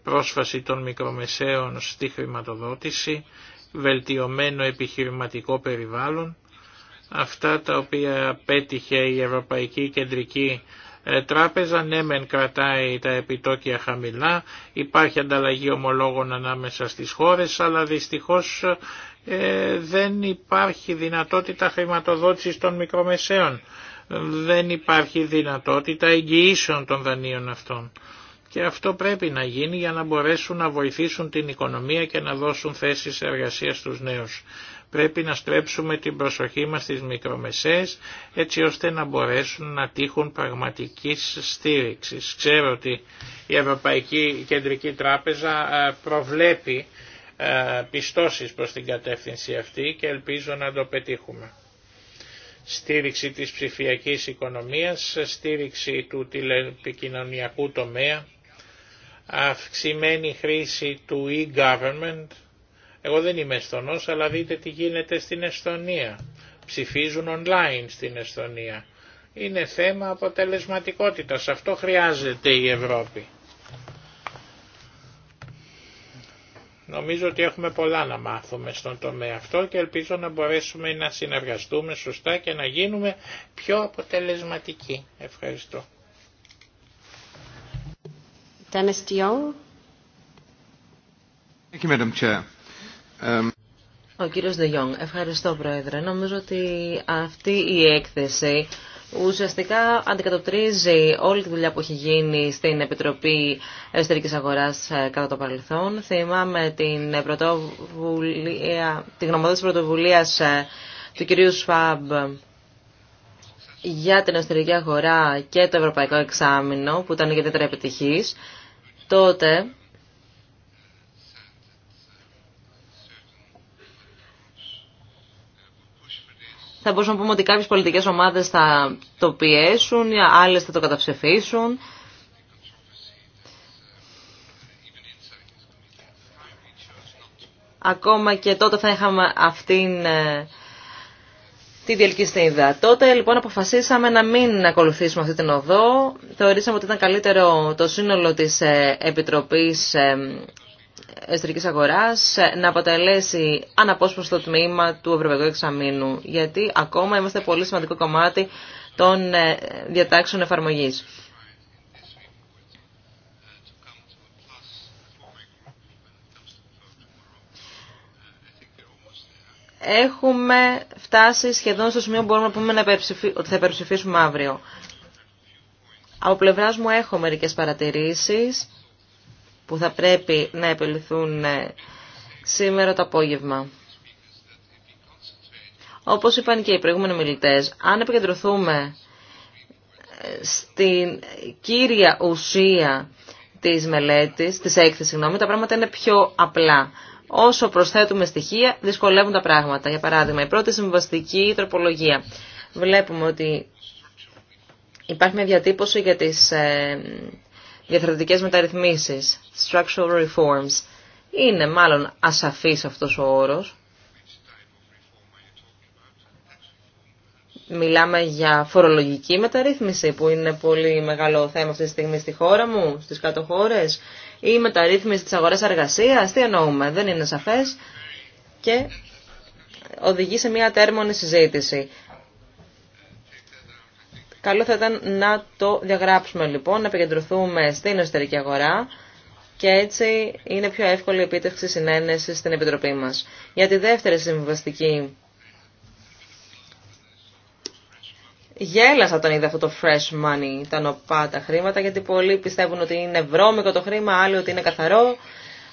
πρόσφαση των μικρομεσαίων στη χρηματοδότηση, βελτιωμένο επιχειρηματικό περιβάλλον, αυτά τα οποία πέτυχε η Ευρωπαϊκή Κεντρική ε, Τράπεζα, ναι μεν κρατάει τα επιτόκια χαμηλά, υπάρχει ανταλλαγή ομολόγων ανάμεσα στις χώρες, αλλά δυστυχώς ε, δεν υπάρχει δυνατότητα χρηματοδότησης των μικρομεσαίων. Δεν υπάρχει δυνατότητα εγγυήσεων των δανείων αυτών. Και αυτό πρέπει να γίνει για να μπορέσουν να βοηθήσουν την οικονομία και να δώσουν θέσεις εργασίας στους νέους. Πρέπει να στρέψουμε την προσοχή μας στις μικρομεσαίες έτσι ώστε να μπορέσουν να τύχουν πραγματικής στήριξης. Ξέρω ότι η Ευρωπαϊκή Κεντρική Τράπεζα ε, προβλέπει πιστώσεις προς την κατεύθυνση αυτή και ελπίζω να το πετύχουμε. Στήριξη της ψηφιακής οικονομίας, στήριξη του τηλεπικοινωνιακού τομέα, αυξημένη χρήση του e-government. Εγώ δεν είμαι Εσθονός, αλλά δείτε τι γίνεται στην Εσθονία. Ψηφίζουν online στην Εσθονία. Είναι θέμα αποτελεσματικότητας. Αυτό χρειάζεται η Ευρώπη. Νομίζω ότι έχουμε πολλά να μάθουμε στον τομέα αυτό και ελπίζω να μπορέσουμε να συνεργαστούμε σωστά και να γίνουμε πιο αποτελεσματικοί. Ευχαριστώ. Um, Ο κύριος Δεγιόν, ευχαριστώ πρόεδρε. Νομίζω ότι αυτή η έκθεση ουσιαστικά αντικατοπτρίζει όλη τη δουλειά που έχει γίνει στην Επιτροπή Εσωτερικής Αγοράς ε, κατά το παρελθόν. Θυμάμαι την, πρωτοβουλία, γνωμοδότηση πρωτοβουλίας ε, του κυρίου Σφαμπ για την εσωτερική αγορά και το ευρωπαϊκό εξάμεινο που ήταν ιδιαίτερα επιτυχής. Τότε θα μπορούσαμε να πούμε ότι κάποιες πολιτικές ομάδες θα το πιέσουν, άλλες θα το καταψεφίσουν. Ακόμα και τότε θα είχαμε αυτήν ε, τη διελκυστίδα. Τότε λοιπόν αποφασίσαμε να μην ακολουθήσουμε αυτή την οδό. Θεωρήσαμε ότι ήταν καλύτερο το σύνολο της ε, Επιτροπής ε, εσωτερική αγορά να αποτελέσει αναπόσπαστο τμήμα του Ευρωπαϊκού Εξαμήνου, γιατί ακόμα είμαστε πολύ σημαντικό κομμάτι των ε, διατάξεων εφαρμογής. Έχουμε φτάσει σχεδόν στο σημείο που μπορούμε να πούμε να ότι θα υπερψηφίσουμε αύριο. Από πλευράς μου έχω μερικές παρατηρήσεις που θα πρέπει να επιληθούν ε, σήμερα το απόγευμα. Όπως είπαν και οι προηγούμενοι μιλητές, αν επικεντρωθούμε ε, στην κύρια ουσία της μελέτης, της έκθεσης, συγγνώμη, τα πράγματα είναι πιο απλά. Όσο προσθέτουμε στοιχεία, δυσκολεύουν τα πράγματα. Για παράδειγμα, η πρώτη συμβαστική τροπολογία. Βλέπουμε ότι υπάρχει μια διατύπωση για τις ε, διαθερωτικές μεταρρυθμίσεις, structural reforms. Είναι μάλλον ασαφής αυτός ο όρος. Μιλάμε για φορολογική μεταρρύθμιση που είναι πολύ μεγάλο θέμα αυτή τη στιγμή στη χώρα μου, στις κάτω χώρες ή μεταρρύθμιση της αγοράς εργασίας, τι εννοούμε, δεν είναι σαφές και οδηγεί σε μια τέρμονη συζήτηση. Καλό θα ήταν να το διαγράψουμε λοιπόν, να επικεντρωθούμε στην εσωτερική αγορά και έτσι είναι πιο εύκολη η επίτευξη συνένεση στην Επιτροπή μας. Για τη δεύτερη συμβιβαστική Γέλασα τον είδα αυτό το fresh money, τα νοπά τα χρήματα, γιατί πολλοί πιστεύουν ότι είναι βρώμικο το χρήμα, άλλοι ότι είναι καθαρό.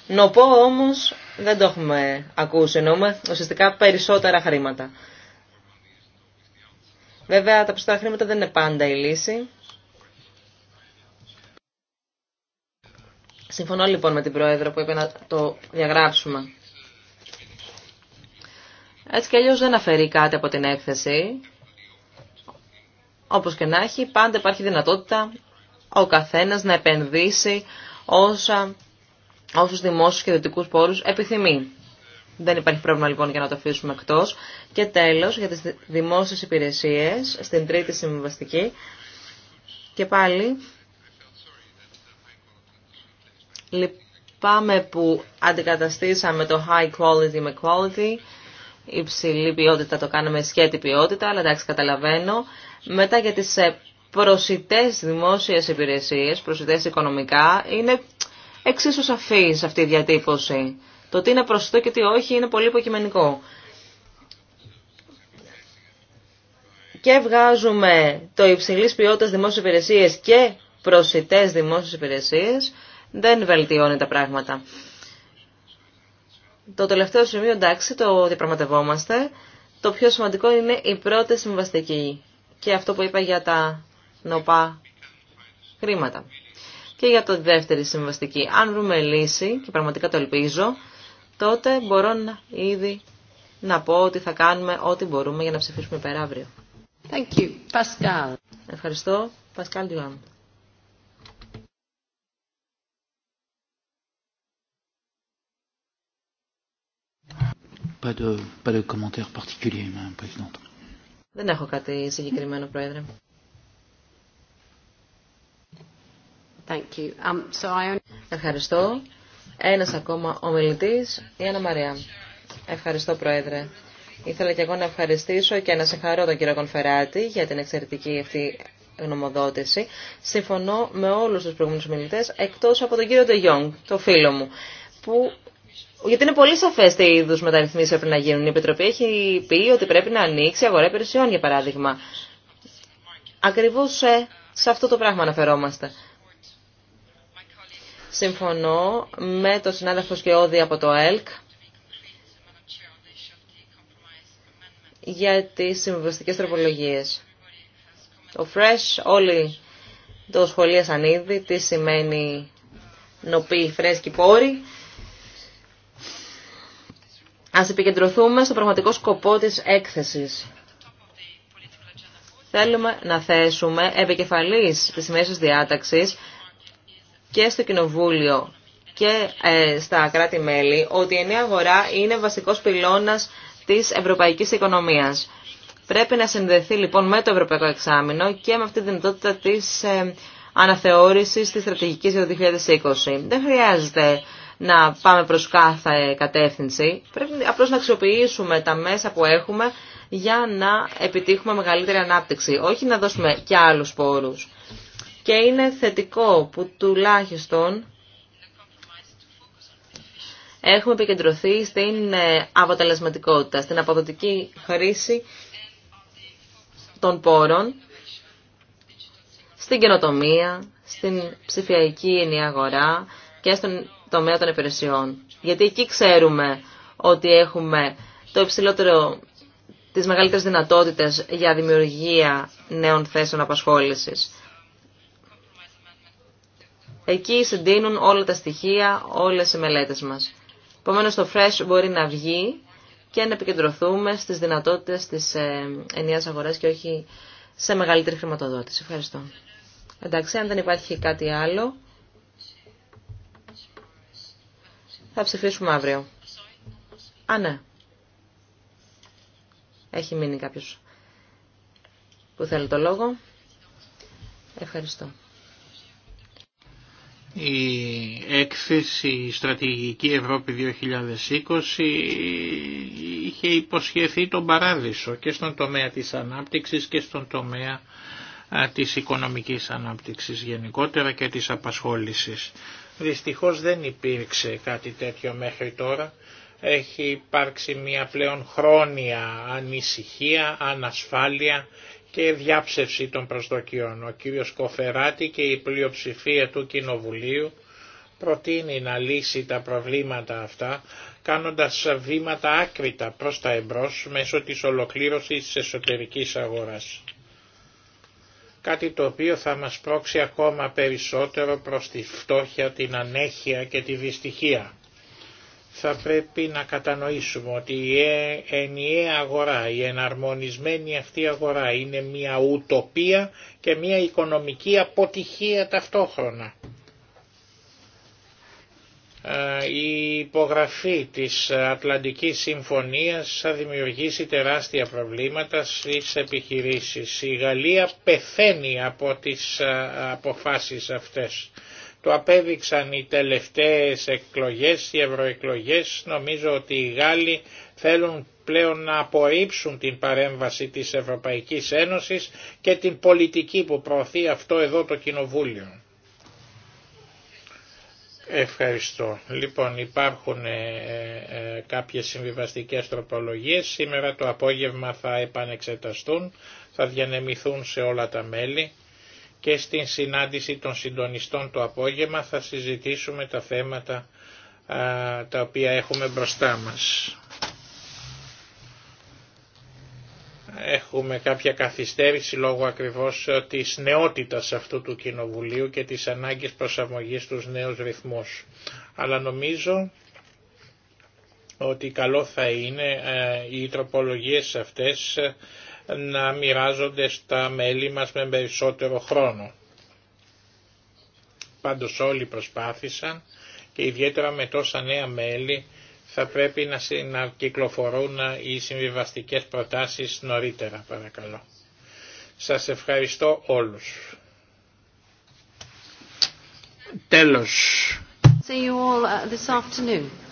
Νοπό όμως δεν το έχουμε ακούσει, εννοούμε ουσιαστικά περισσότερα χρήματα. Βέβαια, τα πιστά χρήματα δεν είναι πάντα η λύση. Συμφωνώ λοιπόν με την Πρόεδρο που είπε να το διαγράψουμε. Έτσι και αλλιώς δεν αφαιρεί κάτι από την έκθεση. Όπως και να έχει, πάντα υπάρχει δυνατότητα ο καθένας να επενδύσει όσα, όσους δημόσιους και δυτικούς πόρους επιθυμεί. Δεν υπάρχει πρόβλημα λοιπόν για να το αφήσουμε εκτό. Και τέλο, για τι δημόσιε υπηρεσίε, στην τρίτη συμβιβαστική. Και πάλι. Λυπάμαι που αντικαταστήσαμε το high quality με quality. Υψηλή ποιότητα το κάναμε σχέτη ποιότητα, αλλά εντάξει καταλαβαίνω. Μετά για τις ε, προσιτές δημόσιες υπηρεσίες, προσιτές οικονομικά, είναι εξίσου σαφής αυτή η διατύπωση. Το τι είναι προσιτό και τι όχι είναι πολύ υποκειμενικό. Και βγάζουμε το υψηλή ποιότητα δημόσιε υπηρεσίε και προσιτέ δημόσιε υπηρεσίε. δεν βελτιώνει τα πράγματα. Το τελευταίο σημείο, εντάξει, το διαπραγματευόμαστε. Το πιο σημαντικό είναι η πρώτη συμβαστική και αυτό που είπα για τα νοπά χρήματα. Και για το δεύτερη συμβαστική. Αν βρούμε λύση, και πραγματικά το ελπίζω, τότε μπορώ να ήδη να πω ότι θα κάνουμε ό,τι μπορούμε για να ψηφίσουμε πέρα αύριο. Thank you. Pascal. Ευχαριστώ. Πασκάλ Ντιουάν. Δεν έχω κάτι συγκεκριμένο, Πρόεδρε. Thank you. Um, so I... Ευχαριστώ. Ένας ακόμα ομιλητής, η Άννα Μαρία. Ευχαριστώ, Πρόεδρε. Ήθελα και εγώ να ευχαριστήσω και να συγχαρώ τον κύριο Κονφεράτη για την εξαιρετική αυτή γνωμοδότηση. Συμφωνώ με όλους τους προηγούμενους ομιλητές, εκτός από τον κύριο Ντεγιόγκ, το φίλο μου, που γιατί είναι πολύ σαφέ τι είδου μεταρρυθμίσει πρέπει να γίνουν. Η Επιτροπή έχει πει ότι πρέπει να ανοίξει αγορά υπηρεσιών, για παράδειγμα. Ακριβώ σε, σε αυτό το πράγμα αναφερόμαστε. Συμφωνώ με τον συνάδελφο Σκιώδη από το ΕΛΚ για τις συμβουλευτικές τροπολογίες. Το fresh, όλοι το σχολίασαν ήδη, τι σημαίνει νοπή, φρέσκη πόρη. Ας επικεντρωθούμε στο πραγματικό σκοπό της έκθεσης. Θέλουμε να θέσουμε επικεφαλής της σημερινής διάταξης και στο Κοινοβούλιο και ε, στα κράτη-μέλη ότι η νέα αγορά είναι βασικός πυλώνας της ευρωπαϊκής οικονομίας. Πρέπει να συνδεθεί λοιπόν με το Ευρωπαϊκό Εξάμεινο και με αυτή τη δυνατότητα της ε, αναθεώρησης της στρατηγικής για το 2020. Δεν χρειάζεται να πάμε προς κάθε κατεύθυνση. Πρέπει απλώς να αξιοποιήσουμε τα μέσα που έχουμε για να επιτύχουμε μεγαλύτερη ανάπτυξη. Όχι να δώσουμε και άλλους πόρους. Και είναι θετικό που τουλάχιστον έχουμε επικεντρωθεί στην ε, αποτελεσματικότητα, στην αποδοτική χρήση των πόρων, στην καινοτομία, στην ψηφιακή ενιαία αγορά και στον τομέα των υπηρεσιών. Γιατί εκεί ξέρουμε ότι έχουμε το υψηλότερο, τις μεγαλύτερες δυνατότητες για δημιουργία νέων θέσεων απασχόλησης. Εκεί συντείνουν όλα τα στοιχεία, όλες οι μελέτες μας. Επομένω το Fresh μπορεί να βγει και να επικεντρωθούμε στις δυνατότητες της ε, ενιαίας αγοράς και όχι σε μεγαλύτερη χρηματοδότηση. Ευχαριστώ. Εντάξει, αν δεν υπάρχει κάτι άλλο, θα ψηφίσουμε αύριο. Α, ναι. Έχει μείνει κάποιος που θέλει το λόγο. Ευχαριστώ. Η έκθεση η Στρατηγική Ευρώπη 2020 είχε υποσχεθεί τον παράδεισο και στον τομέα της ανάπτυξης και στον τομέα της οικονομικής ανάπτυξης γενικότερα και της απασχόλησης. Δυστυχώς δεν υπήρξε κάτι τέτοιο μέχρι τώρα. Έχει υπάρξει μια πλέον χρόνια ανησυχία, ανασφάλεια και διάψευση των προσδοκιών. Ο κύριος Κοφεράτη και η πλειοψηφία του Κοινοβουλίου προτείνει να λύσει τα προβλήματα αυτά κάνοντας βήματα άκρητα προς τα εμπρός μέσω της ολοκλήρωσης της εσωτερικής αγοράς. Κάτι το οποίο θα μας πρόξει ακόμα περισσότερο προς τη φτώχεια, την ανέχεια και τη δυστυχία θα πρέπει να κατανοήσουμε ότι η ε, ενιαία αγορά, η εναρμονισμένη αυτή αγορά είναι μια ουτοπία και μια οικονομική αποτυχία ταυτόχρονα. Ε, η υπογραφή της Ατλαντικής Συμφωνίας θα δημιουργήσει τεράστια προβλήματα στις επιχειρήσεις. Η Γαλλία πεθαίνει από τις ε, αποφάσεις αυτές. Το απέδειξαν οι τελευταίες εκλογές, οι ευρωεκλογές. Νομίζω ότι οι Γάλλοι θέλουν πλέον να απορρίψουν την παρέμβαση της Ευρωπαϊκής Ένωσης και την πολιτική που προωθεί αυτό εδώ το Κοινοβούλιο. Ευχαριστώ. Λοιπόν υπάρχουν ε, ε, κάποιες συμβιβαστικές τροπολογίες. Σήμερα το απόγευμα θα επανεξεταστούν, θα διανεμηθούν σε όλα τα μέλη και στην συνάντηση των συντονιστών το απόγευμα θα συζητήσουμε τα θέματα τα οποία έχουμε μπροστά μας. Έχουμε κάποια καθυστέρηση λόγω ακριβώς ε, της νεότητας αυτού του Κοινοβουλίου και της ανάγκης προσαρμογής στους νέους ρυθμούς. Αλλά νομίζω ότι καλό θα είναι η ε, οι τροπολογίες αυτές ε, να μοιράζονται στα μέλη μας με περισσότερο χρόνο. Πάντως όλοι προσπάθησαν και ιδιαίτερα με τόσα νέα μέλη θα πρέπει να, να κυκλοφορούν οι συμβιβαστικές προτάσεις νωρίτερα παρακαλώ. Σας ευχαριστώ όλους. Τέλος. Uh,